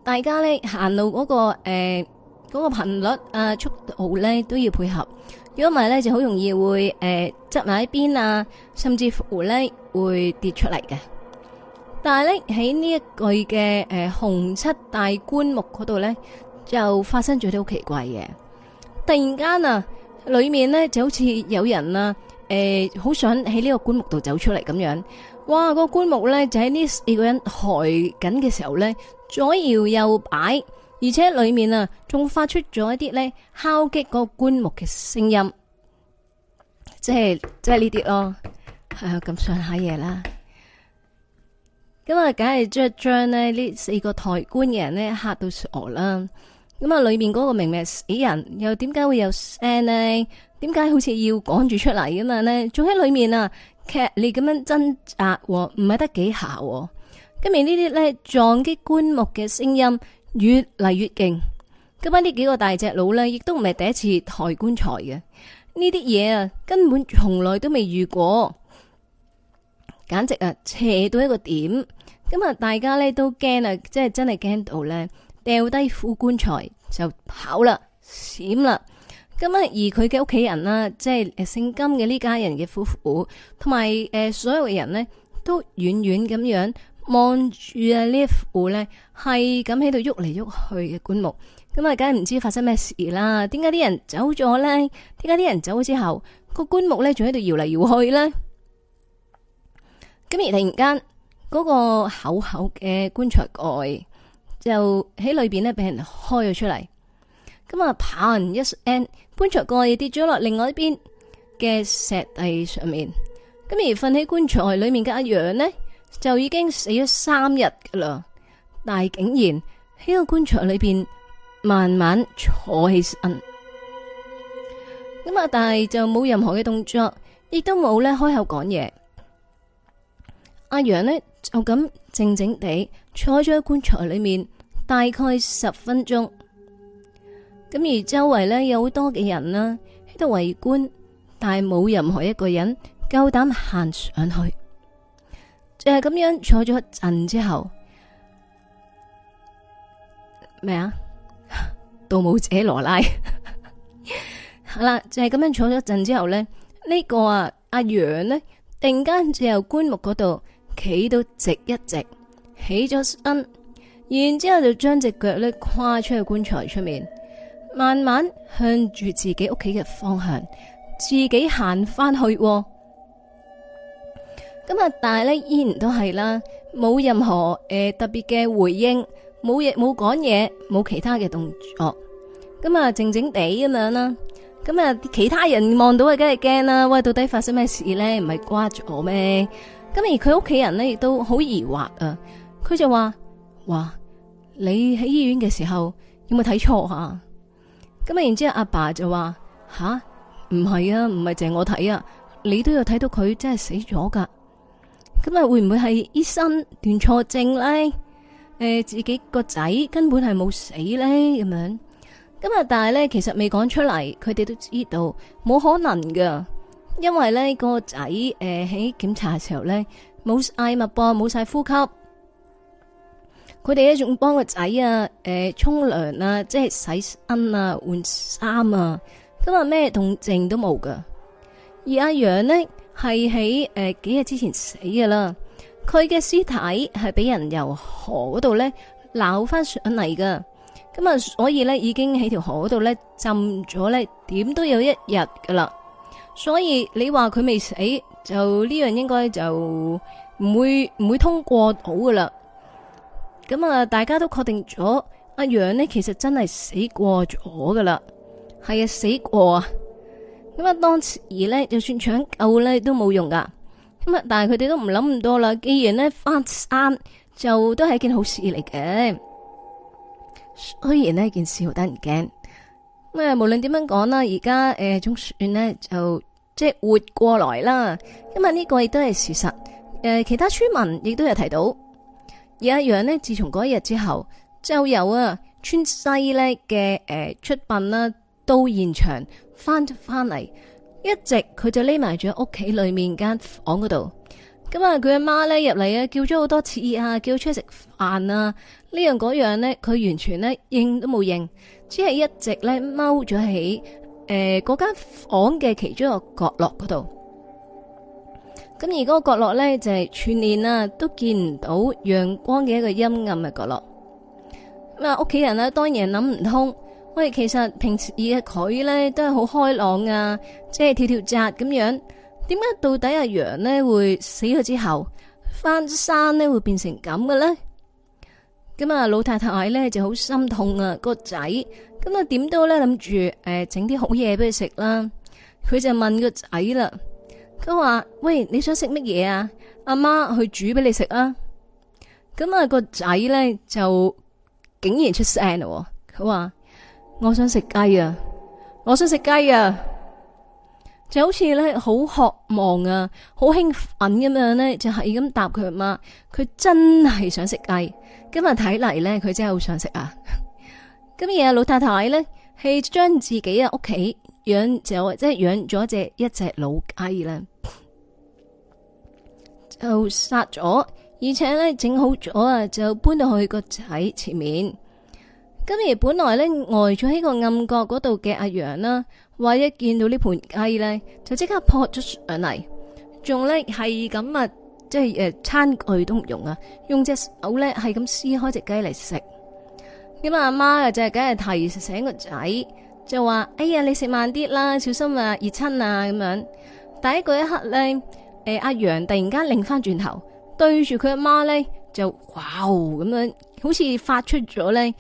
大家咧行路嗰、嗰個誒，呃嗰個頻率啊，速度咧都要配合，如果唔係咧就好容易會誒擠埋喺邊啊，甚至乎咧會跌出嚟嘅。但係咧喺呢一句嘅誒、呃、紅七大棺木嗰度咧，就發生咗啲好奇怪嘅，突然間啊，裏面咧就好似有人啊，誒、呃，好想喺呢個棺木度走出嚟咁樣。哇！個棺木咧就喺呢四個人抬緊嘅時候咧，左搖右擺，而且裏面啊仲發出咗一啲咧敲擊嗰個棺木嘅聲音，即係即係呢啲咯，係啊咁上下嘢啦。咁啊，梗係將將咧呢四個抬棺嘅人咧嚇到傻啦。咁啊，裏面嗰個明明係死人，又點解會有聲呢？點解好似要趕住出嚟咁啊？呢仲喺裏面啊！劇烈咁樣掙扎唔係得幾下，跟住呢啲咧撞擊棺木嘅聲音越嚟越勁，咁啊呢幾個大隻佬咧亦都唔係第一次抬棺材嘅，呢啲嘢啊根本從來都未遇過，簡直啊斜到一個點，咁啊大家咧都驚啊，即係真係驚到咧掉低副棺材就跑啦閃啦。閃了咁啊，而佢嘅屋企人啦，即係姓金嘅呢家人嘅夫婦，同埋誒所有嘅人呢，都遠遠咁樣望住啊呢副呢係咁喺度喐嚟喐去嘅棺木。咁啊，梗係唔知發生咩事啦？點解啲人走咗呢？點解啲人走咗之後，個棺木呢仲喺度搖嚟搖去呢？咁而突然間，嗰個厚厚嘅棺材蓋就喺裏邊呢俾人開咗出嚟。咁啊！完一聲棺材蓋跌咗落另外一邊嘅石地上面。咁而瞓喺棺材裏面嘅阿楊呢，就已經死咗三日噶啦，但係竟然喺個棺材裏邊慢慢坐起身。咁啊，但係就冇任何嘅動作，亦都冇咧開口講嘢。阿楊呢就咁靜靜地坐咗喺棺材裏面，大概十分鐘。咁而周圍咧有好多嘅人啦喺度圍觀，但係冇任何一個人夠膽行上去。就係咁樣坐咗一陣之後，咩、 [LAUGHS] 這個、啊？盜墓者羅拉好啦，就係咁樣坐咗一陣之後咧，呢個啊阿楊呢，突然間就由棺木嗰度企到直一直起咗身，然之後就將隻腳咧跨出去棺材出面。慢慢向住自己屋企嘅方向，自己行翻去。咁啊，但係咧依然都係啦，冇任何誒、呃、特別嘅回應，冇嘢冇講嘢，冇其他嘅動作。咁啊，靜靜地咁樣啦。咁啊，其他人望到啊，梗係驚啦。喂，到底發生咩事咧？唔係掛住我咩？咁而佢屋企人咧，亦都好疑惑啊。佢就話：哇，你喺醫院嘅時候有冇睇錯啊？咁啊！然之後阿爸就話：吓，唔係啊，唔係淨係我睇啊，你都有睇到佢真係死咗噶。咁啊，會唔會係醫生斷錯症呢？誒、呃，自己個仔根本係冇死呢？咁樣。咁啊，但係咧，其實未講出嚟，佢哋都知道冇可能噶，因為咧個仔誒喺檢查嘅時候咧冇嗌脈搏，冇晒呼吸。佢哋一仲幫個仔啊，誒沖涼啊，即係洗身啊，換衫啊，咁啊咩動靜都冇噶。而阿楊呢，係喺誒幾日之前死噶啦，佢嘅屍體係俾人由河度咧撈翻上嚟噶，咁啊所以呢，已經喺條河度咧浸咗咧點都有一日噶啦，所以你話佢未死就呢樣應該就唔會唔會通過到噶啦。咁啊，大家都確定咗阿楊呢，其實真係死過咗噶啦，係啊，死過啊。咁啊，當時而呢，就算搶救呢都冇用噶。咁啊，但係佢哋都唔諗咁多啦。既然呢翻生，就都係一件好事嚟嘅。雖然呢件事好得人驚，咁啊，無論點樣講啦，而家誒，總算呢，就即係活過來啦。因為呢個亦都係事實。誒、呃，其他村民亦都有提到。有一樣呢，自從嗰一日之後，就有啊，川西呢嘅誒出殯啦，到現場翻翻嚟，一直佢就匿埋咗屋企裏面間房嗰度。咁啊，佢阿媽呢，入嚟啊，叫咗好多次啊，叫出去食飯啊，呢樣嗰樣呢，佢完全呢，應都冇應，只係一直咧踎咗喺誒嗰間房嘅其中一個角落嗰度。咁而嗰個角落咧，就係全年啊都見唔到陽光嘅一個陰暗嘅角落。咁啊，屋企人呢，當然諗唔通，喂，其實平時以佢咧都係好開朗啊，即係跳跳扎咁樣，點解到底阿楊呢，會死咗之後，翻山呢會變成咁嘅咧？咁啊，老太太咧就好心痛啊個仔，咁啊點都咧諗住誒整啲好嘢俾佢食啦。佢就問個仔啦。佢話：喂，你想食乜嘢啊？阿媽去煮俾你食啊！咁啊個仔咧就竟然出聲啦！佢話：我想食雞啊！我想食雞啊！就好似咧好渴望啊，好興奮咁樣咧，就係咁答佢阿媽。佢真係想食雞。今日睇嚟咧，佢真係好想食啊！今 [LAUGHS] 日老太太咧係將自己啊屋企。養就即係養咗隻一隻老雞啦，就殺咗，而且咧整好咗就搬到去個仔前面。今日本來咧呆咗喺個暗角嗰度嘅阿楊啦，話一見到盤雞，呢盤雞咧，就即刻撲咗上嚟，仲咧係咁啊！即係誒，餐具都唔用啊，用隻手咧係咁撕開隻雞嚟食。咁阿媽又就係梗係提醒個仔。就話哎呀，你食慢啲啦，小心啊熱親啊咁樣。第一嗰一刻咧，誒、啊、阿羊突然間擰翻轉頭，對住佢阿媽咧就哇哦咁樣，好似發出咗咧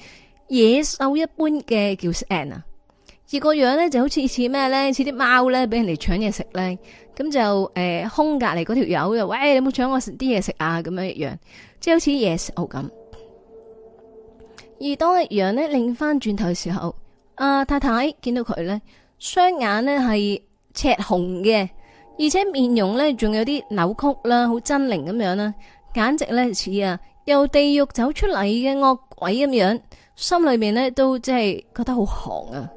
野獸一般嘅叫聲、呃、啊！而個樣咧就好似似咩咧，似啲貓咧俾人哋搶嘢食咧，咁就誒空隔籬嗰條友又喂，你冇搶我食啲嘢食啊咁樣一樣，即係好似野獸咁。而當阿羊咧擰翻轉頭嘅時候，啊太太見到佢呢，雙眼呢係赤紅嘅，而且面容呢仲有啲扭曲啦，好猙獰咁樣啦，簡直呢似啊由地獄走出嚟嘅惡鬼咁樣，心裏面呢都即係覺得好寒啊。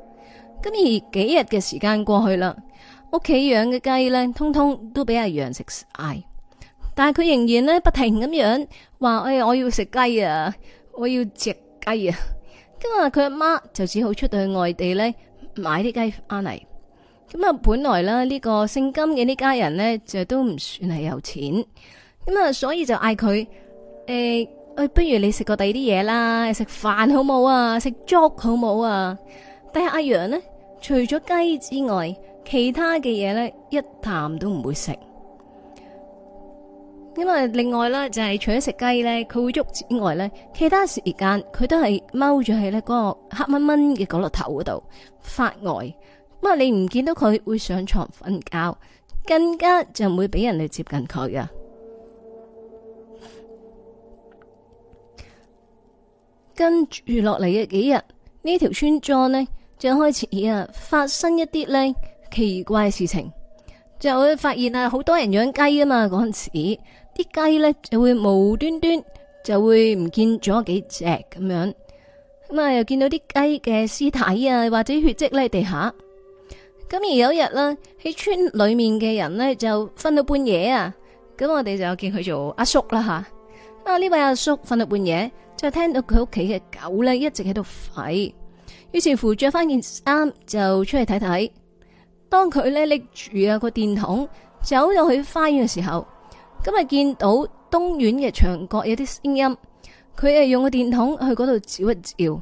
咁而幾日嘅時間過去啦，屋企養嘅雞呢，通通都俾阿羊食晒，但係佢仍然呢不停咁樣話，哎，我要食雞啊，我要隻雞啊！咁啊，佢阿媽就只好出去外地咧買啲雞翻嚟。咁啊，本來啦、這個，呢個姓金嘅呢家人咧就都唔算係有錢。咁啊，所以就嗌佢，誒、欸，不如你食個第二啲嘢啦，食飯好冇啊？食粥好冇啊？但係阿楊呢，除咗雞之外，其他嘅嘢咧一啖都唔會食。因為另外咧，就係除咗食雞咧，佢會捉之外咧，其他時間佢都係踎咗喺呢個黑蚊蚊嘅角落頭嗰度發呆。咁啊，你唔見到佢會上床瞓覺，更加就唔會俾人哋接近佢啊。跟住落嚟嘅幾日，呢條村莊呢就開始啊發生一啲咧奇怪嘅事情。就會發現啊，好多人養雞啊嘛，嗰陣時。啲雞咧，就會無端端就會唔見咗幾隻咁樣咁啊，又見到啲雞嘅屍體啊，或者血跡咧地下。咁而有一日啦，喺村裏面嘅人咧，就瞓到半夜啊。咁我哋就叫佢做阿叔啦，吓啊，呢位阿叔瞓到半夜，就聽到佢屋企嘅狗咧一直喺度吠，於是乎着翻件衫，就出去睇睇。當佢咧拎住呀個電筒走咗去花園嘅時候，今日見到東院嘅牆角有啲聲音，佢係用個電筒去嗰度照一照，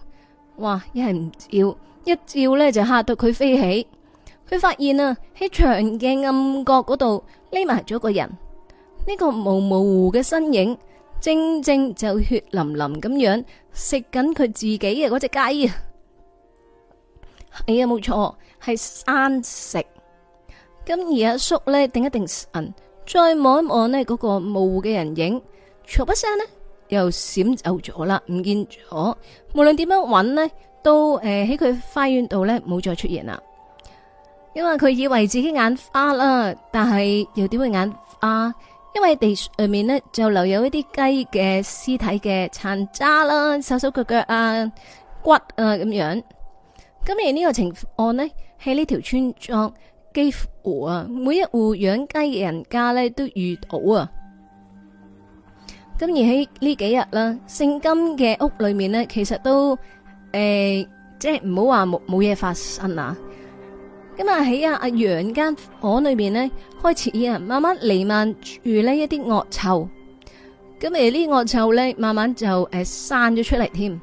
哇！一係唔照，一照呢，就嚇到佢飛起。佢發現啊，喺牆嘅暗角嗰度匿埋咗個人，呢、這個模模糊糊嘅身影，正正就血淋淋咁樣食緊佢自己嘅嗰隻雞啊！係呀，冇錯，係生食。咁而阿叔，叔呢，定一定神。再望一望呢，嗰個模糊嘅人影，唰一聲呢，又閃走咗啦，唔見咗。無論點樣揾呢，都誒喺佢花園度呢冇再出現啦。因為佢以為自己眼花啦，但係又點會眼花？因為地上面呢，就留有一啲雞嘅屍體嘅殘渣啦，手手腳腳啊、骨啊咁樣。咁而呢個情況呢，喺呢條村莊。幾乎啊，每一戶養雞嘅人家咧，都遇到啊。咁而喺呢幾日啦，姓金嘅屋裏面咧，其實都誒，即係唔好話冇冇嘢發生啊。咁啊喺阿阿楊間房裏面咧，開始啊，慢慢彌漫住咧一啲惡臭。咁而呢惡臭咧，慢慢就誒散咗出嚟添。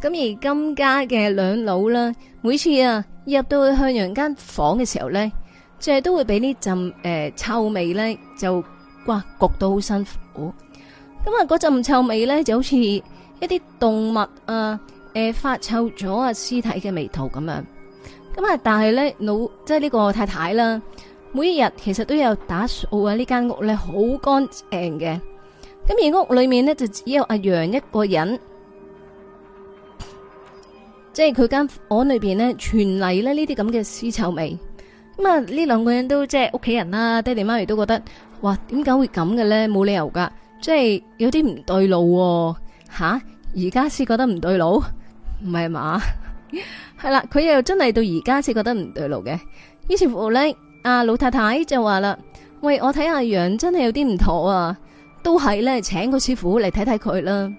咁而金家嘅兩老啦。每次啊入到去向陽間房嘅時候咧，就係都會俾呢陣誒臭味咧，就哇焗到好辛苦。咁啊嗰陣臭味咧就好似一啲動物啊誒發臭咗啊屍體嘅味道咁樣。咁啊但係咧老即係呢個太太啦，每一日其實都有打掃啊呢間屋咧好乾淨嘅。咁而屋裏面咧就只有阿楊一個人。即係佢間房裏邊咧，全嚟咧，呢啲咁嘅屍臭味。咁啊，呢兩個人都即係屋企人啦，爹地媽咪都覺得，哇，點解會咁嘅咧？冇理由噶，即係有啲唔對路喎、啊。吓、啊，而家先覺得唔對路，唔係嘛？係 [LAUGHS] 啦，佢又真係到而家先覺得唔對路嘅。於是乎咧，阿老太太就話啦：喂，我睇阿楊真係有啲唔妥啊，都係咧，請個師傅嚟睇睇佢啦。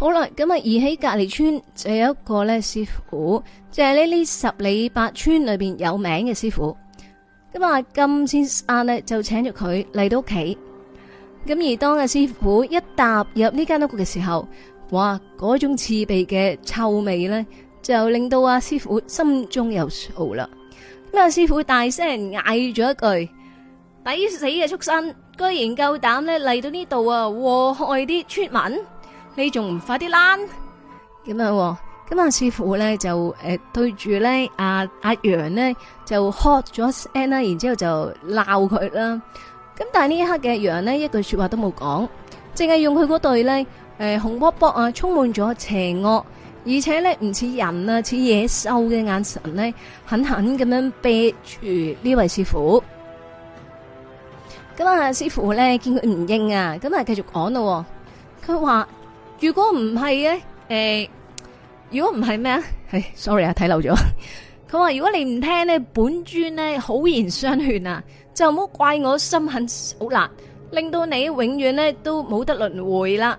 好啦，咁啊，而喺隔籬村就有一個咧師傅，就係呢呢十里八村裏邊有名嘅師傅。咁啊，金先生呢就請咗佢嚟到屋企。咁而當阿師傅一踏入呢間屋嘅時候，哇，嗰種刺鼻嘅臭味呢，就令到阿師傅心中有數啦。咁阿師傅大聲嗌咗一句：抵 [MUSIC] 死嘅畜生，居然夠膽呢嚟到呢度啊禍害啲村民！你仲唔快啲躝？咁啊，咁啊，師傅咧就誒、呃、對住咧阿阿楊咧就喝咗聲啦，然之後就鬧佢啦。咁但係呢一刻嘅楊呢一句說話都冇講，淨係用佢嗰對咧誒、呃、紅卜卜啊，充滿咗邪惡，而且咧唔似人啊似野獸嘅眼神咧，狠狠咁樣啤住呢位師傅。咁啊，師傅咧見佢唔應啊，咁啊繼續講咯、啊。佢話。如果唔係咧，誒、欸，如果唔係咩啊？係，sorry 啊， [LAUGHS] 睇漏咗。佢話如果你唔聽呢本尊呢好言相勸啊，就唔好怪我心狠手辣，令到你永遠呢都冇得輪回啦。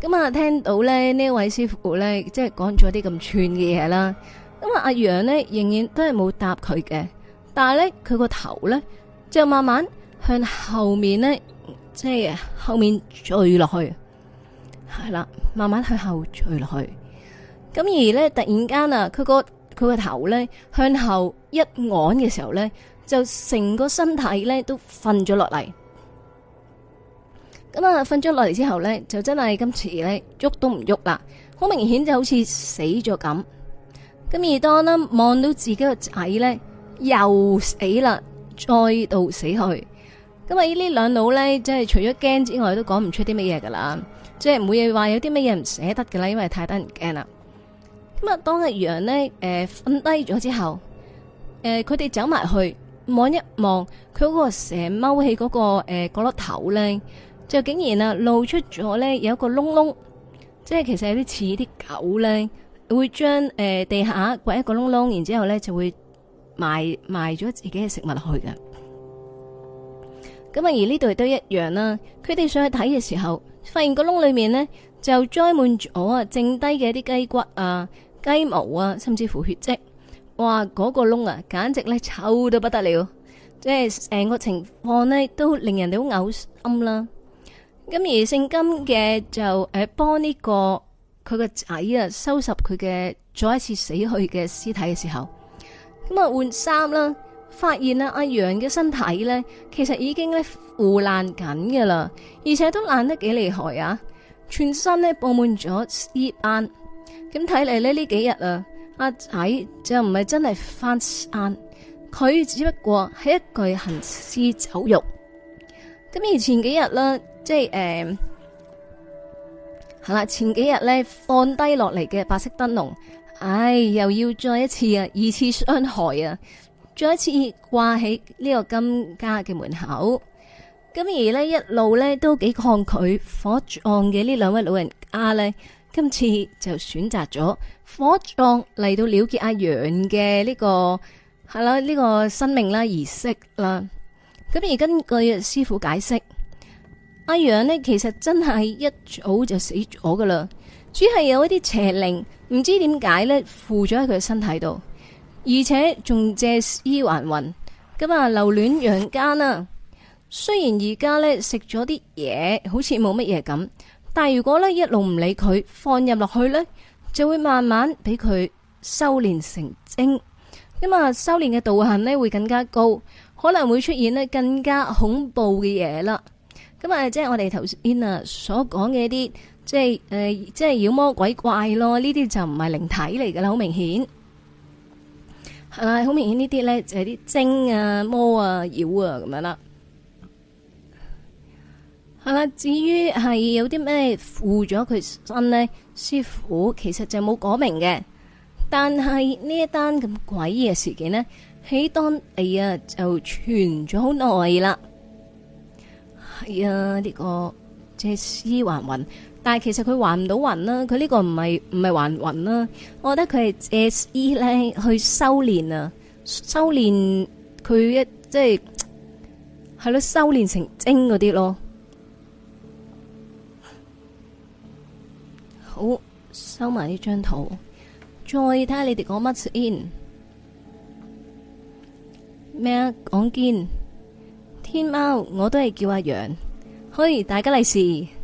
咁、嗯、啊，聽到咧呢位師傅咧，即係講咗啲咁串嘅嘢啦。咁、嗯、啊，阿楊呢，仍然都係冇答佢嘅，但係咧佢個頭咧，就慢慢向後面咧，即係後面墜落去。係啦，慢慢向後垂落去。咁而呢，突然間啊，佢個佢個頭咧向後一仰嘅時候呢，就成個身體呢都瞓咗落嚟。咁啊，瞓咗落嚟之後呢，就真係今次呢喐都唔喐啦，好明顯就好似死咗咁。咁而當啦，望到自己個仔呢又死啦，再度死去。咁啊呢兩老呢，真係除咗驚之外，都講唔出啲乜嘢噶啦。即係唔會話有啲乜嘢唔捨得㗎啦，因為太得人驚啦。咁啊，當個羊呢誒瞓低咗之後，誒佢哋走埋去望一望，佢嗰個蛇踎起嗰，那個誒角落頭呢就竟然啊露出咗呢，有一個窿窿，即係其實有啲似啲狗呢，會將誒、呃、地下掘一個窿窿，然之後呢就會埋埋咗自己嘅食物去嘅。咁啊，而呢度都一樣啦，佢哋上去睇嘅時候。發現個窿裏面呢，就塞滿咗啊，剩低嘅一啲雞骨啊、雞毛啊，甚至乎血跡。哇，嗰、嗰個窿啊，簡直咧臭到不得了，即係成個情況呢，都令人哋好嘔心啦。咁而聖金嘅就誒幫呢個佢個仔啊收拾佢嘅再一次死去嘅屍體嘅時候，咁啊換衫啦。發現啦、啊，阿楊嘅身體咧，其實已經咧腐爛緊噶啦，而且都爛得幾厲害啊！全身咧布滿咗屍斑，咁睇嚟咧呢幾日啊，阿仔就唔係真係返生，佢只不過係一具行屍走肉。咁而前幾日咧，即係誒，係、呃、啦，前幾日咧放低落嚟嘅白色燈籠，唉，又要再一次啊，二次傷害啊！再一次掛喺呢個金家嘅門口，咁而呢一路呢都幾抗拒火葬嘅呢兩位老人家呢。呢今次就選擇咗火葬嚟到了結阿楊嘅呢個係啦呢個生命啦儀式啦。咁而根據師傅解釋，阿楊呢其實真係一早就死咗噶啦，只係有一啲邪靈唔知點解呢，附咗喺佢身體度。而且仲借屍還魂，咁啊留戀陽間啦。雖然而家呢，食咗啲嘢，好似冇乜嘢咁，但係如果呢，一路唔理佢，放入落去呢，就會慢慢俾佢修煉成精。咁啊，修煉嘅道行呢會更加高，可能會出現呢更加恐怖嘅嘢啦。咁啊，即係我哋頭先啊所講嘅啲，即係誒、呃，即係妖魔鬼怪咯，呢啲就唔係靈體嚟噶啦，好明顯。好明顯呢啲呢，就係啲精啊魔啊妖啊咁樣啦。係啦，至於係有啲咩附咗佢身呢？師傅其實就冇講明嘅。但係呢一單咁詭異嘅事件呢，喺當地啊就傳咗好耐啦。係啊，呢、這個即係屍還魂。.但係其實佢還唔到運啦，佢呢個唔係唔係還運啦，我覺得佢係借 e 咧去修煉啊，修煉佢一即係係咯，修煉成精嗰啲咯好。好收埋呢張圖，再睇下你哋講乜先？咩啊？講堅天喵，我都係叫阿楊，可以大家利是。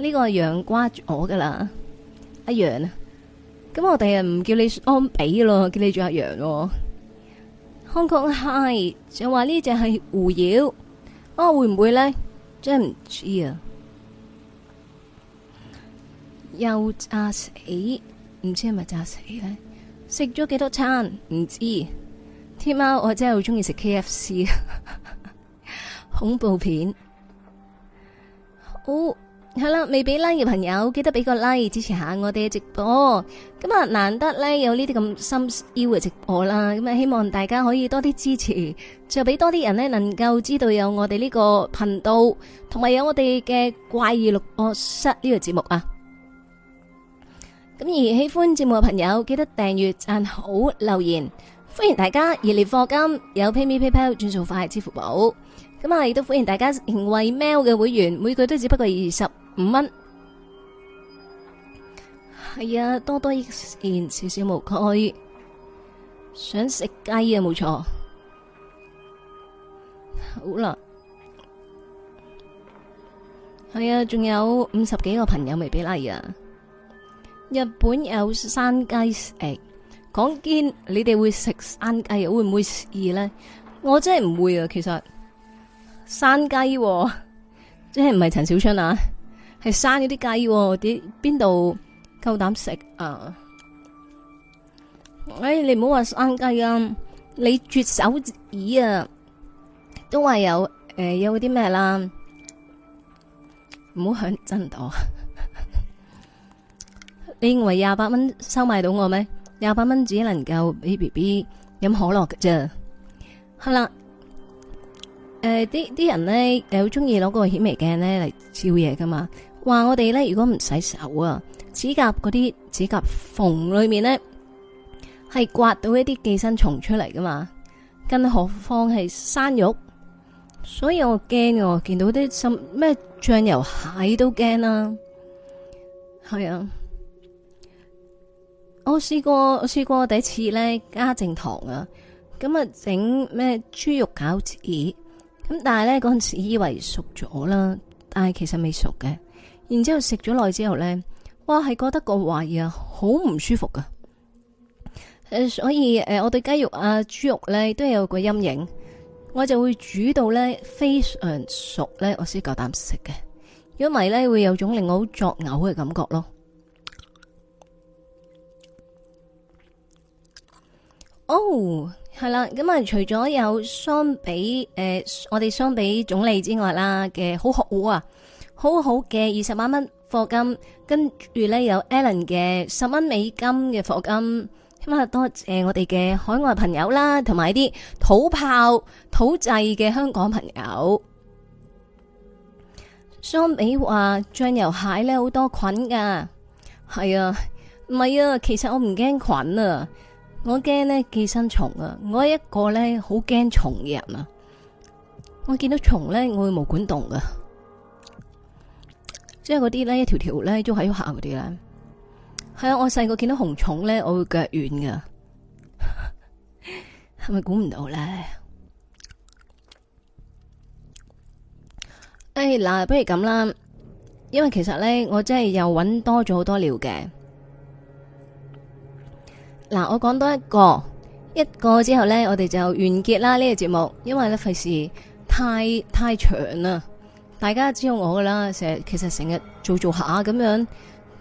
呢、這個羊，瓜、啊、羊，掛住我噶啦，阿羊啊，咁我第日唔叫你安比咯，叫你做阿、啊、羊 Hong Kong Hi 想話呢隻係狐妖，我、哦、會唔會呢？真係唔知啊，又炸死，唔知係咪炸死咧？食咗幾多少餐唔知道？天貓我真係好中意食 K F C 啊！ [LAUGHS] 恐怖片，好、oh。係啦，未俾 like 嘅朋友記得俾個 like 支持下我哋嘅直播。咁啊，難得呢有呢啲咁深宵嘅直播啦，咁啊，希望大家可以多啲支持，就俾多啲人呢能夠知道有我哋呢個頻道，同埋有我哋嘅怪異錄播室呢個節目啊。咁而喜歡節目嘅朋友記得訂閱、讚好、留言，歡迎大家熱烈課金，有 pay me pay pal 轉數快支付寶。咁啊，亦都歡迎大家成為喵嘅會員，每個月都只不過二十五蚊。係啊，多多益善，少少無拘。想食雞啊，冇錯。好啦，係啊，仲有五十幾個朋友未俾例啊。日本有山雞誒，講堅，你哋會食山雞啊？會唔會試呢？我真係唔會啊，其實。山雞、啊、即係唔係陳小春啊？係山嗰啲雞啲邊度夠膽食啊？哎，你唔好話山雞啊！你絕手指啊，都話有誒、呃、有啲咩啦？唔好響真度，你認為廿八蚊收買到我咩？廿八蚊只能夠俾 B B 飲可樂噶啫。好啦。誒、呃，啲啲人咧，好中意攞個顯微鏡咧嚟照嘢噶嘛，話我哋咧，如果唔洗手啊，指甲嗰啲指甲縫裏面咧係刮到一啲寄生蟲出嚟噶嘛。更何況係生肉，所以我驚喎，見到啲咩醬油蟹都驚啦，啊，係啊。我試過，我試過第一次咧，家政堂啊，咁啊整咩豬肉餃子。咁但係呢，嗰陣時以為熟咗啦，但係其實未熟嘅。然之後食咗耐之後呢，哇係覺得個胃啊好唔舒服噶。誒，所以誒，我對雞肉啊豬肉呢都有個陰影，我就會煮到呢非常熟呢，我先夠膽食嘅。如果唔係呢會有種令我好作嘔嘅感覺咯。哦、oh。係啦，咁啊，除咗有相比誒、呃，我哋相比總理之外啦，嘅好好啊，好好嘅二十萬蚊課金，跟住呢，有 Alan 嘅十蚊美金嘅課金，咁啊多謝我哋嘅海外朋友啦，同埋啲土炮土製嘅香港朋友。相比話醬油蟹呢，好多菌噶，係啊，唔係啊，其實我唔驚菌啊。我驚咧寄生蟲啊！我係一個咧好驚蟲嘅人啊！我見到蟲呢，我會毛管動噶，即係嗰啲呢，租一條條呢，都喺度行嗰啲咧。係啊！我細個見到紅蟲 [LAUGHS] 呢，我會腳軟噶，係咪估唔到咧？誒，嗱，不如咁啦，因為其實呢，我真係又搵多咗好多料嘅。嗱，我講多一個，一個之後呢，我哋就完結啦呢個節目，因為呢費事太太長啦。大家知道我噶啦，成其實成日做做下咁樣，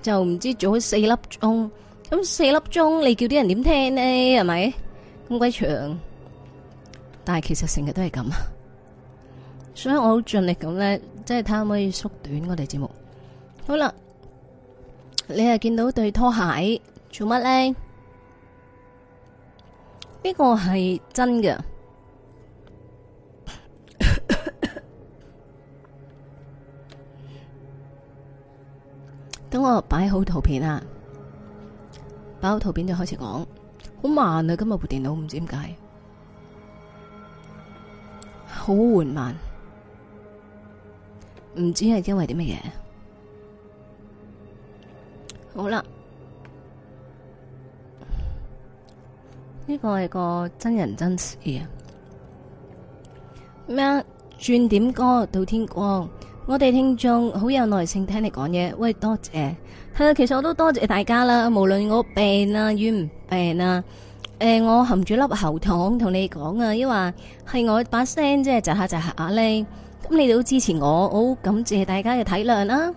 就唔知做咗四粒鐘，咁四粒鐘你叫啲人點聽呢？係咪咁鬼長？但係其實成日都係咁，所以我好盡力咁呢，即係睇下可唔可以縮短我哋節目。好啦，你係見到對拖鞋做乜呢？呢個係真嘅。 [LAUGHS] [LAUGHS] 等我擺好圖片啊，擺好圖片就開始講。好慢啊，今日部電腦唔知點解，好緩慢，唔知係因為啲乜嘢。好啦。呢、這個係個真人真事啊！咩轉點歌到天光，我哋聽眾好有耐性聽你講嘢，喂，多謝，其實我都多謝大家啦。無論我病啊，遠唔病啊，誒、呃，我含住粒喉糖同你講啊，抑或係我把聲即係窒下窒下啊，噠噠噠噠噠那你咁你都支持我，我好感謝大家嘅體諒啦、啊。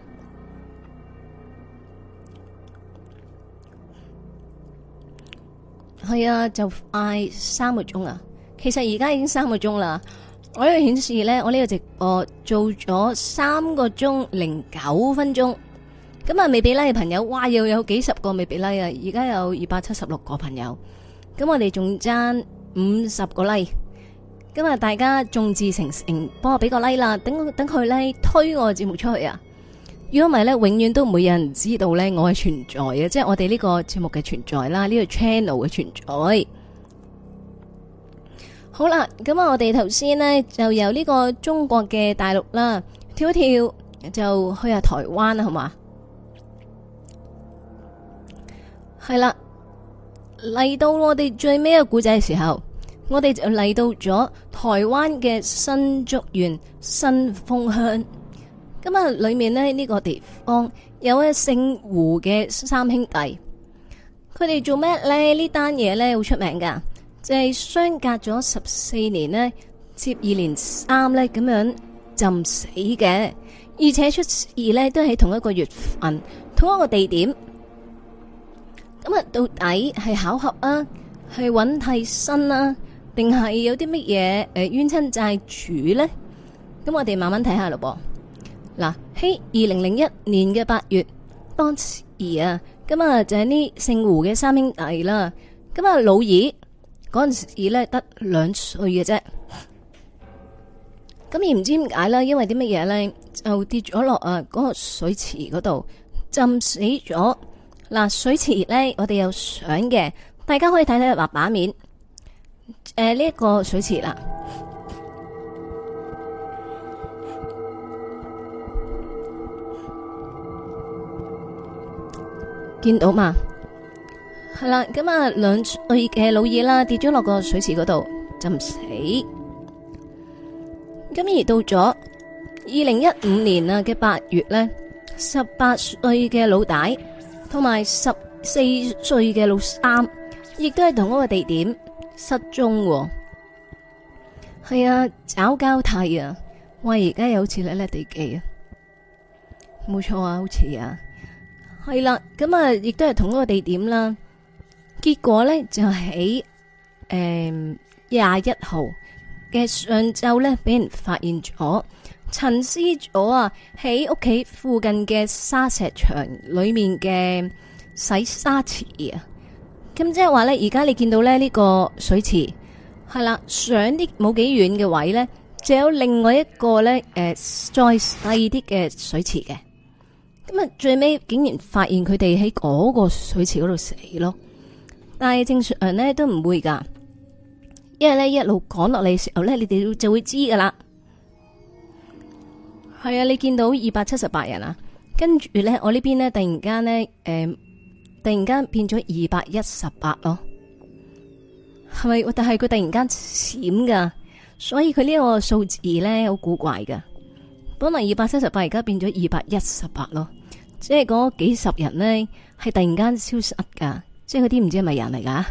係啊，就快三個鐘啦、啊。其實而家已經三個鐘啦。我呢度顯示呢，我呢個直播做咗三個鐘零九分鐘。咁啊，未俾 like 嘅朋友，哇，又有幾十個未俾 like 啊！而家有二百七十六個朋友。咁我哋仲爭五十個 e、like, 今日大家眾志成城，幫我俾個拉、like、啦。等等佢 like，推我嘅節目出去啊！如果唔係咧，永遠都唔會有人知道咧，我嘅存在嘅，即係我哋呢個節目嘅存在啦，呢個 channel 嘅存在。就是存在這個，存在好啦，咁啊，我哋頭先呢，就由呢個中國嘅大陸啦跳一跳，就去下台灣啦，好嘛？係啦，嚟到我哋最尾嘅古仔嘅時候，我哋就嚟到咗台灣嘅新竹縣新豐鄉。咁啊，裏面呢，呢個地方有一個姓胡嘅三兄弟，佢哋做咩呢？呢單嘢呢好出名噶，就係相隔咗十四年呢，接二連三呢咁樣浸死嘅，而且出事呢都係同一個月份，同一個地點。咁啊，到底係巧合啊？係揾替身啊？定係有啲乜嘢誒冤親債主呢？咁我哋慢慢睇下咯噃。嗱，喺二零零一年嘅八月，當時啊，咁啊就係呢姓胡嘅三兄弟啦。咁啊老二嗰陣時呢，得兩歲嘅啫，咁而唔知點解咧，因為啲乜嘢呢，就跌咗落啊嗰個水池嗰度浸死咗。嗱，水池呢，我哋有相嘅，大家可以睇睇畫版面。誒呢一個水池啦。見到嘛，係啦，咁啊，兩歲嘅老二啦，跌咗落個水池嗰度，浸死。咁而到咗二零一五年啊嘅八月咧，十八歲嘅老大同埋十四歲嘅老三，亦都係同一個地點失蹤。係、嗯、啊，找交替啊，喂，而家又好似你呢地記啊，冇錯啊，好似啊。係啦，咁啊，亦都係同一個地點啦。結果咧就喺誒廿一號嘅上晝咧，俾人發現咗陳屍咗啊！喺屋企附近嘅沙石場裏面嘅洗沙池啊。咁即係話咧，而家你見到咧呢，呢個水池係啦，上啲冇幾遠嘅位咧，就有另外一個咧誒，再細啲嘅水池嘅。咁啊，最尾竟然發現佢哋喺嗰個水池嗰度死咯。但係正常人咧都唔會噶，因為咧一路講落嚟時候咧，你哋就會知噶啦。係啊，你見到二百七十八人啊，跟住呢，我呢邊呢，突然間呢，誒，突然間變咗二百一十八咯。係咪？但係佢突然間閃噶，所以佢呢個數字呢，好古怪噶。本來二百七十八，而家變咗二百一十八咯。即係嗰幾十人呢，係突然間消失噶，即係嗰啲唔知係咪人嚟噶？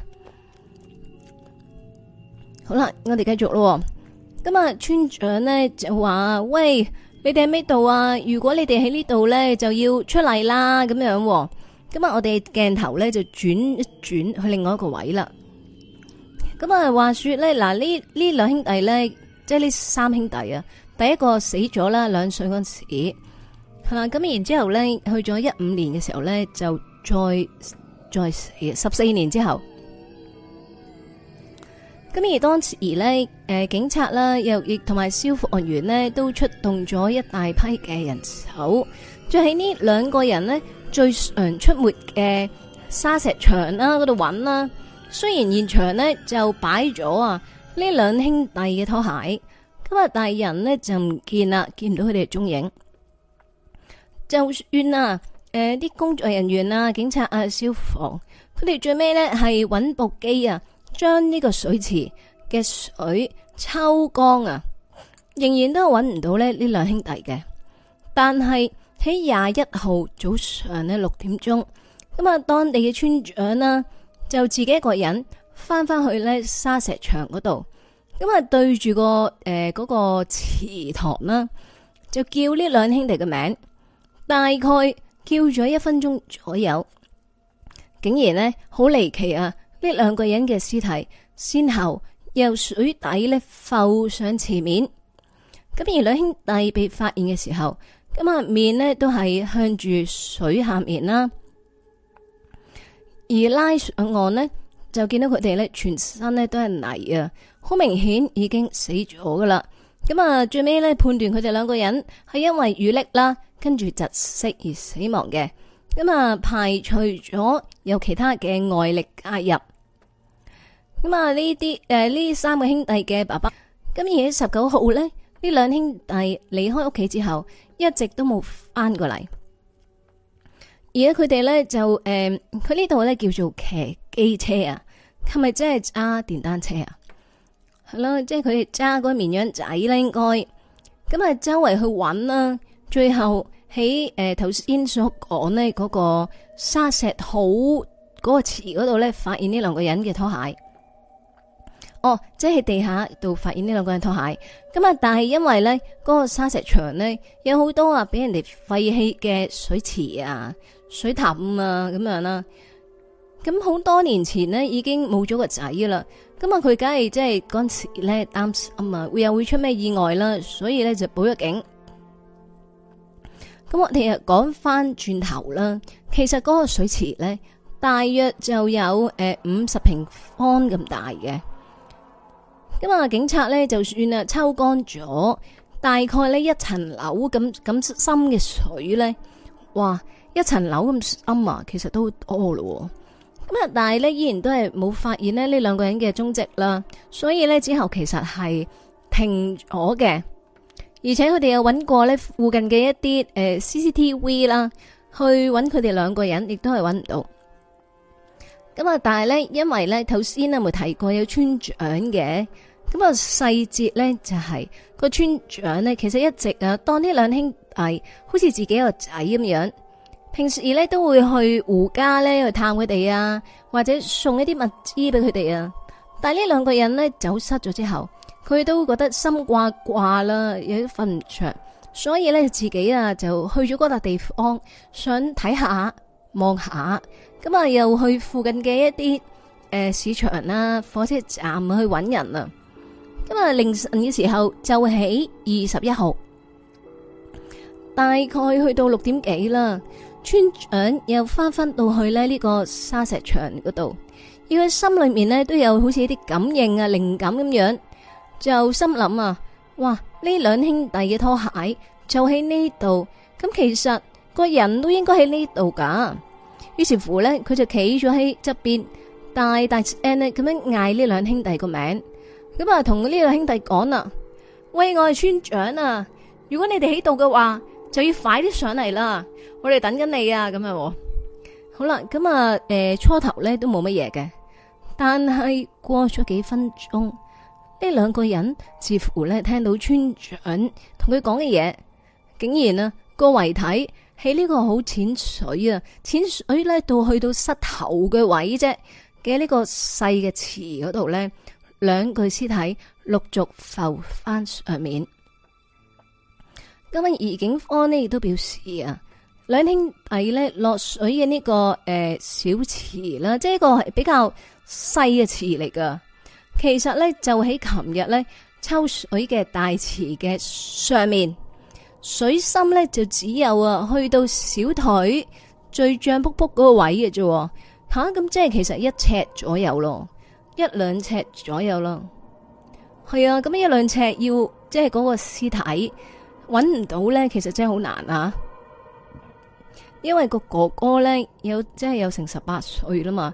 好啦，我哋繼續咯。咁啊，村長呢就話：喂，你哋喺邊度啊？如果你哋喺呢度呢，就要出嚟啦。咁樣。咁啊，我哋鏡頭呢就轉一轉去另外一個位啦。咁啊，話說呢，嗱，呢呢兩兄弟呢，即係呢三兄弟啊，第一個死咗啦，兩歲嗰陣時。係啦，咁然之後呢，去咗一五年嘅時候呢，就再再十四年之後，咁而當時呢，誒警察啦，又亦同埋消防員呢，都出動咗一大批嘅人手，再喺呢兩個人呢，最常出沒嘅沙石場啦嗰度揾啦。雖然現場呢就擺咗啊呢兩兄弟嘅拖鞋，咁啊，大人呢就唔見啦，見唔到佢哋嘅蹤影。就算啊，誒、呃，啲工作人員啊、警察啊、消防，佢哋最尾咧係揾部機啊，將呢個水池嘅水抽乾啊，仍然都揾唔到咧呢兩兄弟嘅。但係喺廿一號早上咧六點鐘，咁啊，當地嘅村長啦就自己一個人翻翻去咧沙石場嗰度，咁啊對住個誒嗰、呃那個祠堂啦，就叫呢兩兄弟嘅名。大概叫咗一分鐘左右，竟然呢，好離奇啊！呢兩個人嘅屍體先後由水底呢浮上前面，咁而兩兄弟被發現嘅時候，咁啊面呢都係向住水下面啦。而拉上岸呢，就見到佢哋呢全身呢都係泥啊，好明顯已經死咗噶啦。咁啊，最尾咧判斷佢哋兩個人係因為淤溺啦，跟住窒息而死亡嘅。咁啊，排除咗有其他嘅外力加入。咁啊，呢啲誒呢三個兄弟嘅爸爸，咁而喺十九號咧，呢兩兄弟離開屋企之後，一直都冇返過嚟。而家佢哋咧就誒，佢呢度咧叫做騎機車啊，係咪真係揸電單車啊？係咯，即係佢揸嗰個綿羊仔咧，應該咁啊，周圍去揾啦，最後喺誒頭先所講咧個沙石好嗰個池嗰度咧，發現呢兩個人嘅拖鞋。哦，即係地下度發現呢兩個人的拖鞋。咁啊，但係因為咧，嗰、嗰個沙石場咧有好多啊，俾人哋廢棄嘅水池啊、水潭啊咁樣啦。咁好多年前呢已經冇咗個仔啦。咁啊，佢梗係即係嗰陣時咧擔心啊，會又會出咩意外啦，所以咧就報咗警。咁我哋講講翻轉頭啦，其實嗰個水池咧，大約就有誒五十平方咁大嘅。咁啊，警察咧就算啊抽乾咗，大概呢一層樓咁咁深嘅水咧，哇一層樓咁深啊，其實都多咯。咁啊！但係咧，依然都係冇發現咧呢兩個人嘅蹤跡啦。所以咧之後其實係停咗嘅，而且佢哋又揾過咧附近嘅一啲誒 CCTV 啦，去揾佢哋兩個人，亦都係揾唔到。咁啊！但係咧，因為咧頭先啊冇提過有村長嘅，咁啊細節咧就係個村長咧，其實一直啊當呢兩兄弟好似自己個仔咁樣。平時咧都會去胡家咧去探佢哋啊，或者送一啲物資俾佢哋啊。但係呢兩個人咧走失咗之後，佢都覺得心掛掛啦，有啲瞓唔着，所以咧自己啊就去咗嗰笪地方，想睇下、望下，咁啊又去附近嘅一啲誒、呃、市場啦、火車站去搵人啊。咁啊凌晨嘅時候就喺二十一號，大概去到六點幾啦。村長又翻返到去咧呢個沙石場嗰度，而佢心裏面咧都有好似啲感應啊、靈感咁樣，就心諗啊，哇！呢兩兄弟嘅拖鞋就喺呢度，咁其實個人都應該喺呢度噶。於是乎咧，佢就企咗喺側邊，大大聲咁樣嗌呢兩兄弟個名，咁啊同呢兩兄弟講啊：喂，我係村長啊，如果你哋喺度嘅話。就要快啲上嚟啦！我哋等緊你啊，咁樣、哦、好啦。咁啊，誒、呃，初頭咧都冇乜嘢嘅，但係過咗幾分鐘，呢兩個人似乎咧聽到村長同佢講嘅嘢，竟然啊個遺體喺呢個好淺水啊，淺水咧到去到膝頭嘅位啫嘅呢個細嘅池嗰度咧，兩具屍體陸續浮翻上，上面。咁而警方呢亦都表示啊，兩兄弟咧落水嘅呢、這個誒、呃、小池啦，即係一個係比較細嘅池嚟噶。其實咧就喺琴日咧抽水嘅大池嘅上面，水深咧就只有啊去到小腿最脹卜卜嗰個位嘅啫。吓、啊、咁即係其實一尺左右咯，一兩尺左右啦。係啊，咁一兩尺要即係嗰個屍體。搵唔到咧，其實真係好難啊！因為個哥哥咧，有即係有成十八歲啦嘛，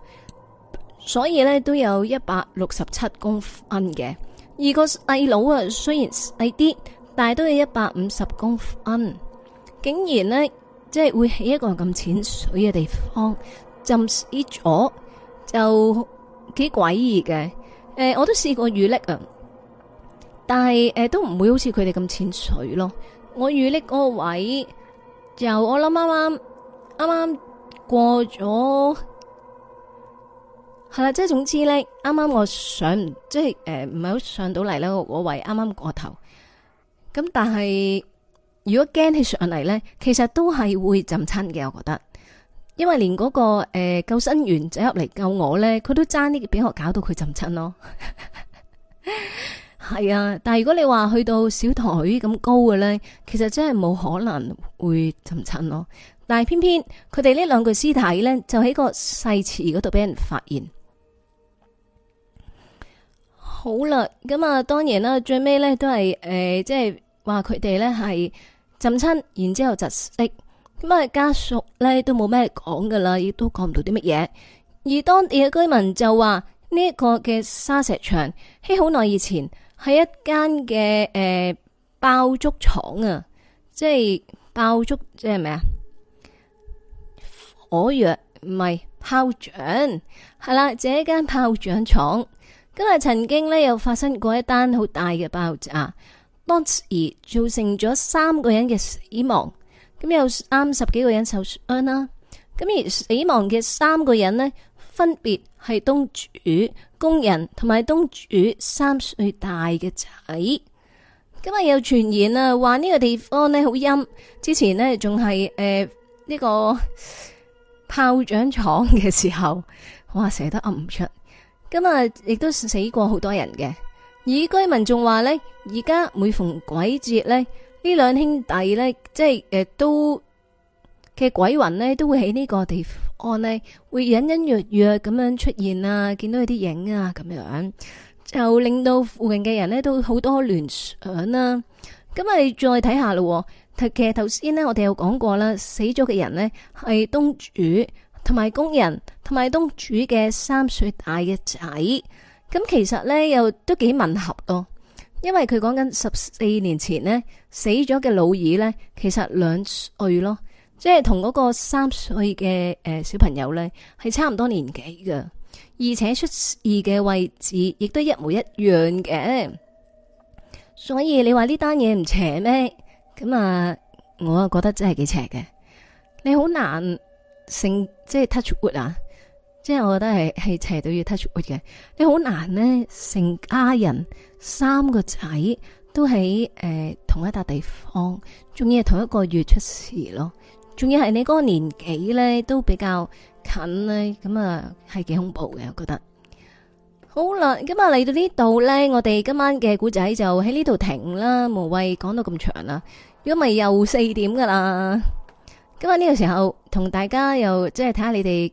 所以咧都有一百六十七公分嘅，而個細佬啊雖然細啲，但係都有一百五十公分，竟然咧即係會喺一個咁淺水嘅地方浸死咗，就幾詭異嘅。誒、欸，我都試過遇溺啊！但係誒、呃，都唔會好似佢哋咁淺水咯。我預呢個位，就我諗啱啱啱啱過咗，係啦。即係總之咧，啱啱我上，即係誒，唔係好上到嚟啦。我個位啱啱過頭。咁但係如果驚起上嚟咧，其實都係會浸親嘅。我覺得，因為連嗰、那個誒、呃、救生員走入嚟救我咧，佢都爭啲俾我搞到佢浸親咯。 [LAUGHS] 係啊，但係如果你話去到小腿咁高嘅咧，其實真係冇可能會浸親咯。但係偏偏佢哋呢兩具屍體咧，就喺個細池嗰度俾人發現。好啦，咁啊，當然啦，最尾咧都係誒，即係話佢哋咧係浸親，然之後窒息咁啊。那個、家屬咧都冇咩講噶啦，亦都講唔到啲乜嘢。而當地嘅居民就話呢一個嘅沙石場喺好耐以前。喺一間嘅誒爆竹廠啊，即係爆竹，即係咩啊？火藥唔係炮仗，係啦，這間炮仗廠，今日曾經咧又發生過一單好大嘅爆炸，當時造成咗三個人嘅死亡，咁有三十幾個人受傷啦，咁而死亡嘅三個人咧。分別係東主、工人同埋東主三歲大嘅仔。今日有傳言啊，話呢個地方呢好陰。之前呢仲係誒呢個炮仗廠嘅時候，哇，成日都暗唔出。今日亦都死過好多人嘅。而居民仲話呢，而家每逢鬼節呢，呢兩兄弟呢，即係誒都嘅鬼魂呢都會喺呢個地方。案例會隱隱約約咁樣出現啊，見到佢啲影啊，咁樣就令到附近嘅人呢都好多聯想啦。咁咪再睇下咯。其實頭先呢，我哋有講過啦，死咗嘅人呢係東主同埋工人，同埋東主嘅三歲大嘅仔。咁其實呢，又都幾吻合咯，因為佢講緊十四年前呢，死咗嘅老二呢，其實兩歲咯。即係同嗰個三歲嘅誒小朋友咧，係差唔多年紀嘅，而且出事嘅位置亦都一模一樣嘅，所以你話呢單嘢唔邪咩？咁啊，我啊覺得真係幾邪嘅。你好難成即係 touch wood 啊！即係我覺得係係邪到要 touch wood 嘅。你好難呢，成家人三個仔都喺誒、呃、同一笪地方，仲要係同一個月出事咯。仲要係你嗰個年紀咧，都比較近咧，咁啊係幾恐怖嘅，我覺得。好啦，咁啊嚟到呢度咧，我哋今晚嘅古仔就喺呢度停啦，無謂講到咁長啦。如果咪又四點噶啦，今日呢個時候同大家又即係睇下你哋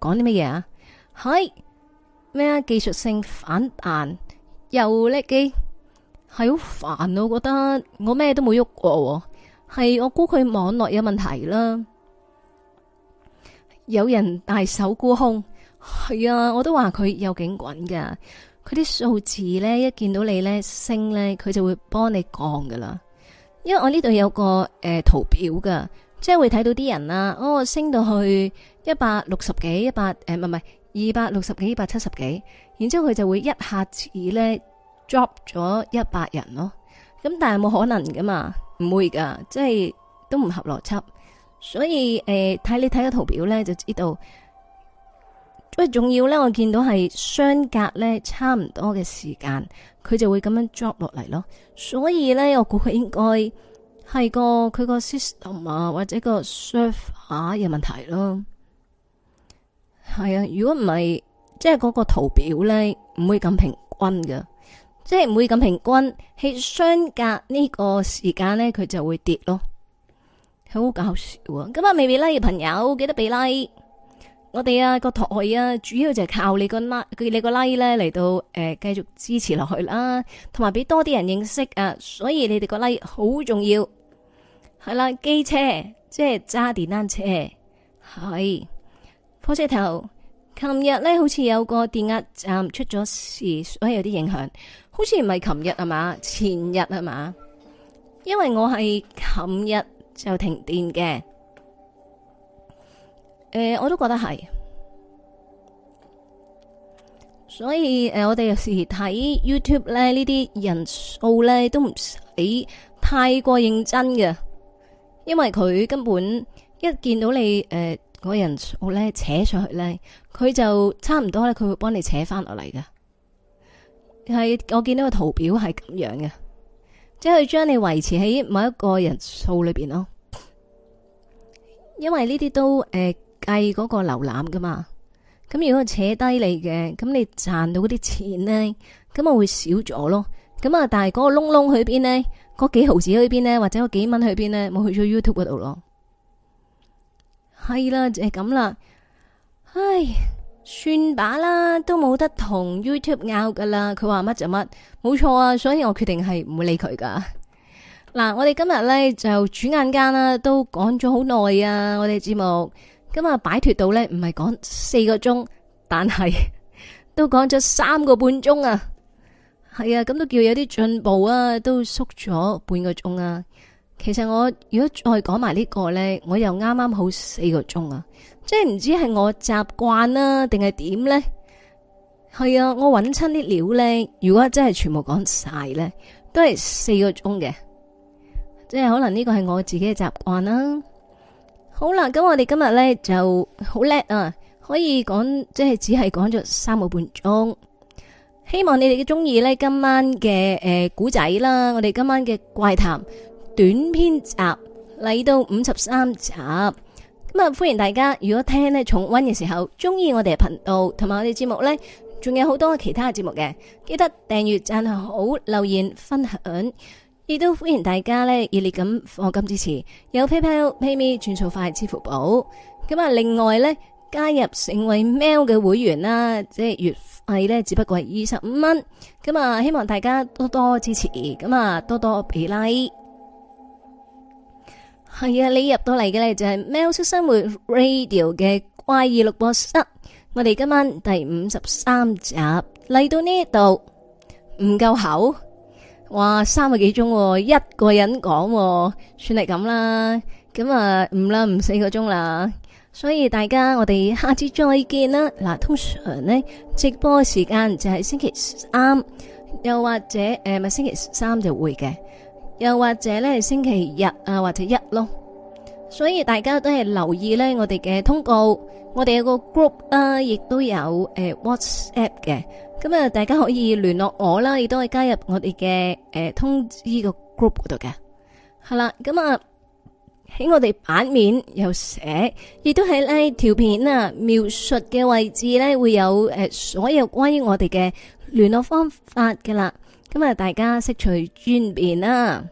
講啲乜嘢啊？係咩啊？技術性反彈又叻機，係好煩啊！我覺得我咩都冇喐過喎。係我估佢網絡有問題啦，有人大手沽空，係啊，我都話佢有警棍噶，佢啲數字呢，一見到你呢升呢，佢就會幫你降噶啦。因為我呢度有個誒、呃、圖表噶，即係會睇到啲人啦、啊，哦升到去一百六十幾，一百誒唔係二百六十幾，一百七十幾，然之後佢就會一下子呢 drop 咗一百人咯，咁但係冇可能噶嘛。唔會噶，即係都唔合邏輯，所以誒睇、呃、你睇個圖表咧就知道。喂，仲要咧，我見到係相隔咧差唔多嘅時間，佢就會咁樣 drop 落嚟咯。所以咧，我估佢應該係個佢個 system 啊，或者個 server 下嘅問題咯。係啊，如果唔係，即係嗰個圖表咧唔會咁平均㗎。即係唔會咁平均，喺相隔呢個時間呢，佢就會跌咯，好搞笑啊！咁啊，未俾 like 嘅朋友記得俾拉、like！我哋啊個台啊，主要就係靠你個 like，佢你個 like 呢咧嚟到誒繼續支持落去啦，同埋俾多啲人認識啊，所以你哋個 like 好重要，係啦，機車即係揸電單車，係火車頭，琴日咧好似有個電壓站出咗事，所以有啲影響。好似唔係琴日係嘛？前日係嘛？因為我係琴日就停電嘅。誒、呃，我都覺得係，所以誒、呃，我哋有時睇 YouTube 咧，呢啲人數咧都唔使太過認真嘅，因為佢根本一見到你誒、呃、嗰人數咧扯上去咧，佢就差唔多咧，佢會幫你扯翻落嚟噶。係我見到個圖表係咁樣嘅，即係將你維持喺某一個人數裏邊咯。因為呢啲都誒計嗰個瀏覽噶嘛，咁如果扯低你嘅，咁你賺到嗰啲錢呢，咁啊會少咗咯洞洞。咁啊，但係嗰個窿窿去邊呢？嗰幾毫子去邊呢？或者幾蚊去邊咧，咪去咗 YouTube 嗰度咯。係啦，就係、是、咁啦，唉。算把啦，都冇得同 YouTube 拗噶啦。佢話乜就乜，冇錯啊。所以我決定係唔會理佢噶。嗱，我哋今日呢就轉眼間啦，都講咗好耐啊。我哋節目今日擺脫到呢，唔係講四個鐘，但係都講咗三個半鐘啊。係啊，咁都叫有啲進步啊，都縮咗半個鐘啊。其實我如果再講埋呢個呢，我又啱啱好四個鐘啊。即係唔知係我習慣啦，定係點呢？係啊，我搵親啲料呢。如果真係全部講晒呢，都係四個鐘嘅。即係可能呢個係我自己嘅習慣啦。好啦，咁我哋今日呢就好叻啊，可以講即係只係講咗三個半鐘。希望你哋嘅鍾意呢，今晚嘅誒古仔啦，我哋今晚嘅怪談短篇集嚟到五十三集。咁啊，歡迎大家如果聽呢重温嘅時候，中意我哋嘅頻道同埋我哋節目呢，仲有好多其他嘅節目嘅，記得訂閱讚好，留言分享，亦都歡迎大家呢熱烈咁課金支持，有 PayPal、PayMe 轉數快、支付寶，咁啊，另外呢，加入成為喵嘅會員啦，即係月費呢，只不過係二十五蚊，咁啊，希望大家多多支持，咁啊，多多俾 like。係啊，你入到嚟嘅咧就係喵式生活 Radio 嘅怪異錄播室，我哋今晚第五十三集嚟到呢度，唔夠口，哇三個幾鐘，啊，一個人講，啊，算係咁啦，咁啊五啦，五四個鐘啦，所以大家我哋下次再見啦。嗱，啊，通常咧直播時間就係星期三，又或者誒咪，呃、星期三就會嘅。又或者咧，星期日啊，或者一咯，所以大家都係留意咧，我哋嘅通告，我哋有個 group 啊，亦都有誒 WhatsApp 嘅，咁啊，大家可以聯絡我啦，亦都可以加入我哋嘅誒通知個 group 嗰度嘅，係啦，咁啊喺我哋版面又寫，亦都係呢條片啊描述嘅位置咧會有誒所有關於我哋嘅聯絡方法嘅啦。咁啊，大家悉隨尊便啦。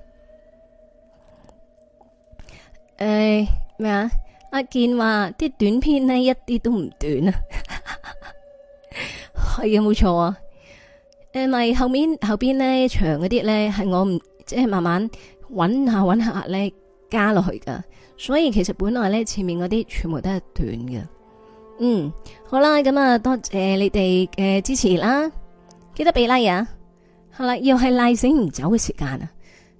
誒、呃，咩啊？阿健話啲短篇呢，一啲都唔短啊，係呀，冇錯啊。誒、呃，咪後面後邊咧長嗰啲咧係我唔，即係慢慢搵下搵下咧加落去噶所以其實本來咧前面嗰啲全部都係短嘅。嗯，好啦，咁啊多謝你哋嘅支持啦，記得俾 like 啊！好啦，又係賴醒唔走嘅時間啊！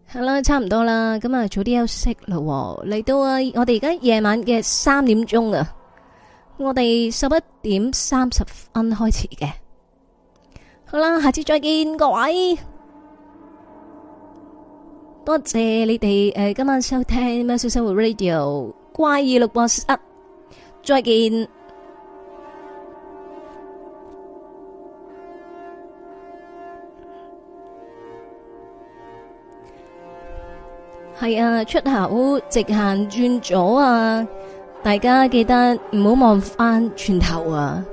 好啦，差唔多啦，咁啊早啲休息啦。嚟到啊，我哋而家夜晚嘅三點鐘啊，我哋十一點三十分開始嘅。好啦，下次再見各位，多謝你哋誒今晚收聽《喵式生活 Radio 怪異錄播室》，再見。係啊，出口直行轉左啊！大家記得唔好望返轉頭啊！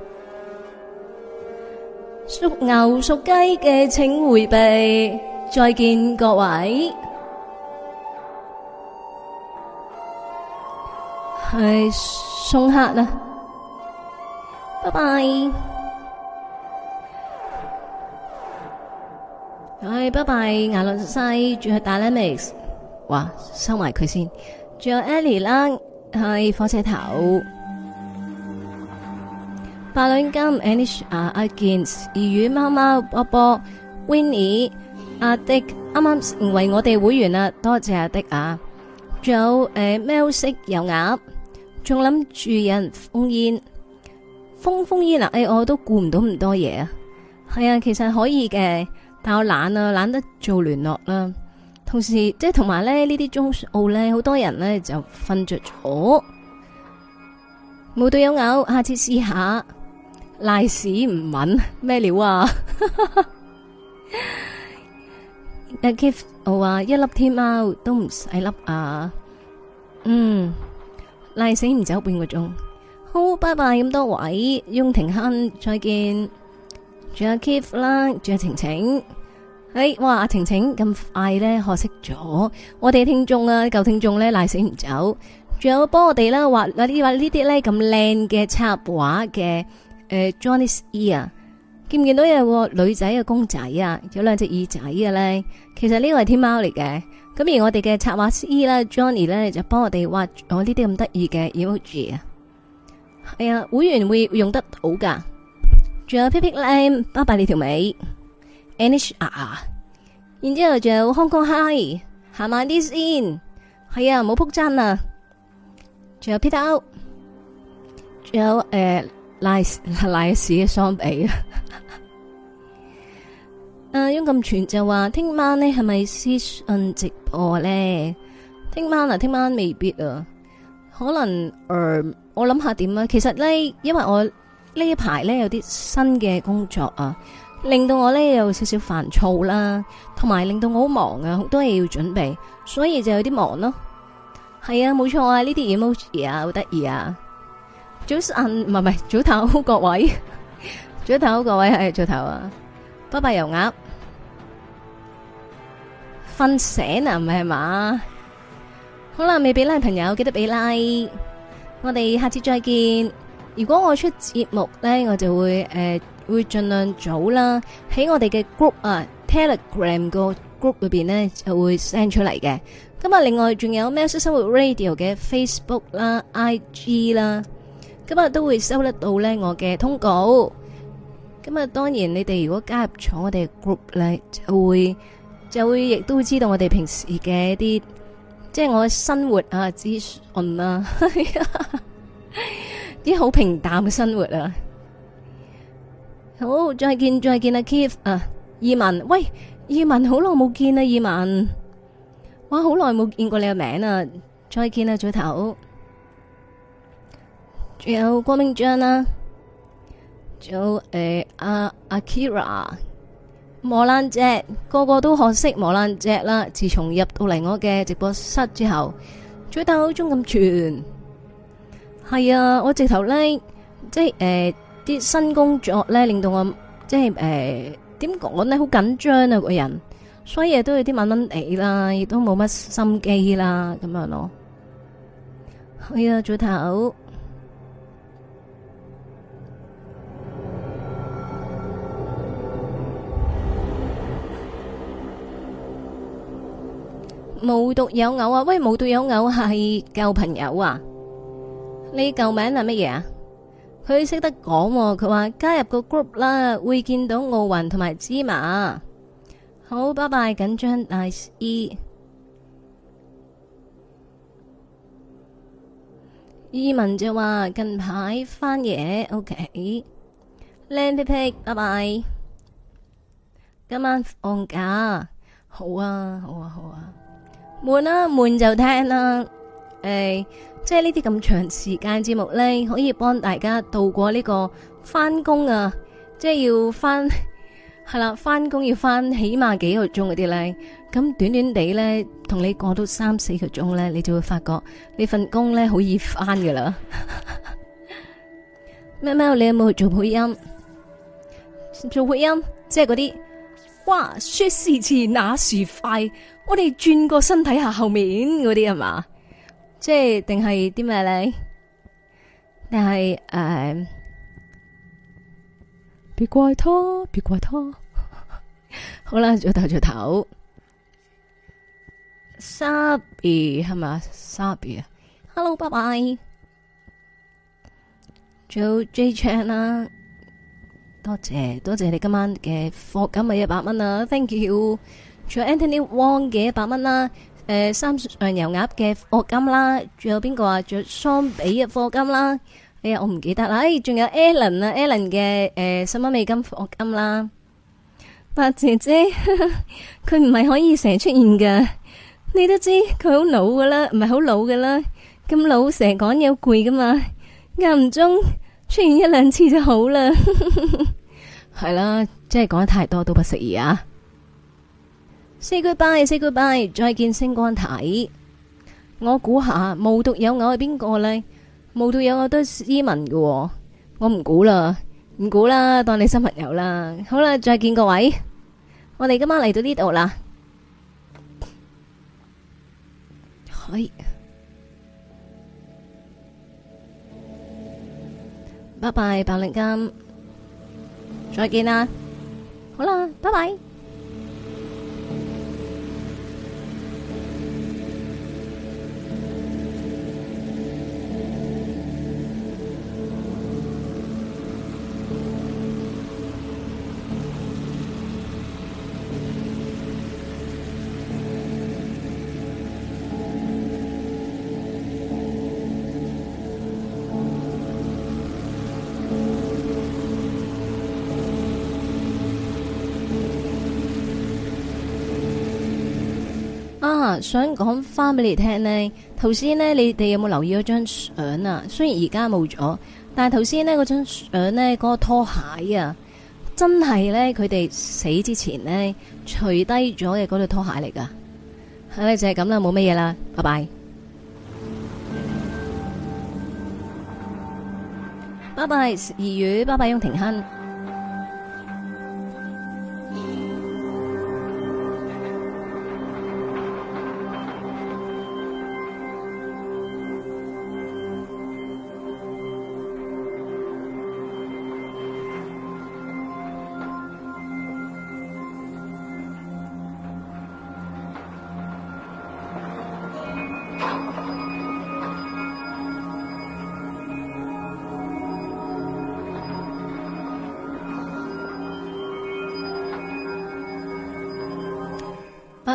屬牛屬雞嘅請回避，再見各位，係送客啦，拜拜，係拜拜，亞倫西住喺 Dynamic。哇收埋佢先，仲有 Ellie 啦，係火車頭，八兩金 Anish 啊，阿健，二魚貓貓波波，Winnie，阿迪，啱啱成為我哋會員啦，多謝阿迪啊，仲有誒，Mel、欸、色油鴨，仲諗住有人封煙，封封煙啦，哎，我都顧唔到咁多嘢啊，係啊，其實可以嘅，但我懶啊，懶得做聯絡啦。同時，即係同埋咧，奧呢啲中奧咧，好多人咧就瞓着咗，冇對有咬，下次試下，賴屎唔穩咩料啊！ [LAUGHS] [LAUGHS] 阿 Keep 我話一粒天貓都唔使粒啊，嗯，賴死唔走半個鐘，好，拜拜咁多位，雍廷亨，再見，仲有 Keep 啦，仲有晴晴。哎，哇！阿晴晴咁快咧學識咗，我哋聽眾啊，舊聽眾咧賴死唔走，仲有幫我哋啦，畫嗱呢話呢啲咧咁靚嘅插畫嘅誒、呃、，Johnny E 啊，見唔見到有個女仔嘅公仔啊？有兩隻耳仔嘅咧，其實呢個係天貓嚟嘅。咁而我哋嘅插畫師啦 Johnny 咧就幫我哋畫我呢啲咁得意嘅 emoji 啊。係、哎、啊，會員會用得到噶，仲有 Pipic 批 m e 拜拜你條尾。any 是啊，然之後 hong kong hi，行慢啲先，係啊，唔好扑真啊，仲有皮頭，仲有誒 nice nice 嘅雙臂，啊、呃，雍錦全就話聽晚呢係咪私信直播咧？聽晚啊，聽晚未必啊，可能誒、呃，我諗下點啊。其實咧，因為我呢一排咧有啲新嘅工作啊。令到我咧有少少煩躁啦，同埋令到我好忙啊，好多嘢要準備，所以就有啲忙咯。係啊，冇錯啊，呢啲 emoji 啊，好得意啊。早唞，唔係唔係，早唞各位，早唞各位，係早唞啊。拜拜油鴨，瞓醒啊，唔係係嘛。好啦，未俾 like 嘅朋友記得俾 like。我哋下次再見。如果我出節目咧，我就會誒。呃會盡量早啦，喺我哋嘅 group 啊 Telegram 個 group 裏邊呢就會 send 出嚟嘅。咁啊，另外仲有喵式生活 radio 嘅 Facebook 啦、IG 啦，咁啊都會收得到呢我嘅通告。咁啊，當然你哋如果加入咗我哋嘅 group 呢，就會就會亦都會知道我哋平時嘅一啲，即係我嘅生活啊資訊啦，啲好平淡嘅生活啊。好，再見，再見啊，Keith 啊，意文，喂，意文，好耐冇見啊，意文，哇，好耐冇見過你嘅名啊，再見啦，早頭，仲有郭明章啦、啊，仲有誒阿、啊、阿、啊、Kira，磨爛只，個個都學識磨爛只啦，自從入到嚟我嘅直播室之後，早頭中咁串，係啊，我直頭、like，咧，即係誒。啲新工作咧，令到我即係誒，點講咧？好緊張啊，個人，所以都有啲冇乜理啦，亦都冇乜心機啦，咁樣咯。係呀，早頭無獨有偶啊，喂，無獨有偶係舊朋友啊，你舊名係乜嘢啊？佢識得講，佢話加入個 group 啦，會見到奧運同埋芝麻。好，拜拜，緊張，nice e。移民就話近排返夜，OK。靚 P P，拜拜。今晚放假，好啊，好啊，好啊。悶啊，悶就聽啦，誒。即係呢啲咁長時間節目咧，可以幫大家度過呢個翻工啊！即係要翻係啦，翻工要翻起碼幾個鐘嗰啲咧，咁短短地咧，同你過到三四個鐘咧，你就會發覺呢份工咧好易翻噶啦！ [LAUGHS] 喵喵，你有冇去做配音？做配音即係嗰啲，哇，說時遲那時快，我哋轉過身體下後面嗰啲係嘛？即係定係啲咩咧？但係誒，別怪他，別怪他。好啦，早唞早唞，Sabi 係嘛？Sabi，Hello，Bye Bye。仲有 J Chan 啦，多謝多謝你今晚嘅貨，咁咪一百蚊啊！Thank you。仲有 Anthony Wong 嘅一百蚊啦。誒、呃，三醬油鴨嘅貨金啦，仲有邊個話，着桑比嘅貨金啦，哎呀，我唔記得啦。哎，仲有 Alan 啊，啊，Alan 嘅誒十蚊美金貨金啦。八姐姐，佢唔係可以成日出現噶，你都知佢好老噶啦，唔係好老噶啦，咁老成日講嘢好攰噶嘛，間唔中出現一兩次就好啦。係啦、啊，真係講得太多都不適宜啊。Say goodbye，say goodbye，再見星光體。我估下無獨有偶係邊個呢？無獨有偶都斯文噶，我唔估啦，唔估啦，當你新朋友啦。好啦，再見各位，我哋今晚嚟到呢度啦。可以，拜拜，白麗金，再見啦！好啦，拜拜。想講翻俾你聽呢。頭先呢，你哋有冇留意嗰張相啊？雖然而家冇咗，但係頭先呢，嗰張相呢，嗰個拖鞋，他們的拖鞋的啊，真係呢，佢哋死之前呢，除低咗嘅嗰對拖鞋嚟噶。係咧就係咁啦，冇乜嘢啦，拜拜，拜拜，二月，拜拜，雍庭亨。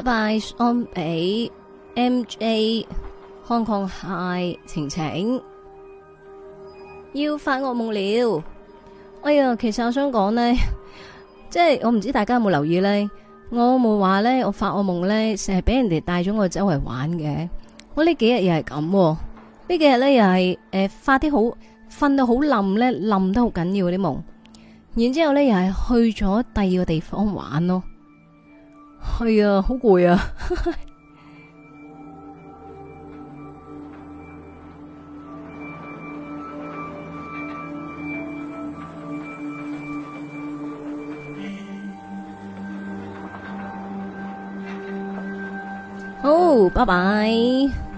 拜安比 M J 康康蟹晴晴要發惡夢了，哎呀！其實我想講呢，即係我唔知大家有冇留意呢，我冇話呢，我發惡夢呢，成日俾人哋帶咗我周圍玩嘅。我呢幾日又係咁，呢幾日呢又係誒發啲好瞓到好冧呢，冧得好緊要啲夢，然之後呢又係去咗第二個地方玩咯。哎呀，好攰啊！哦，拜拜。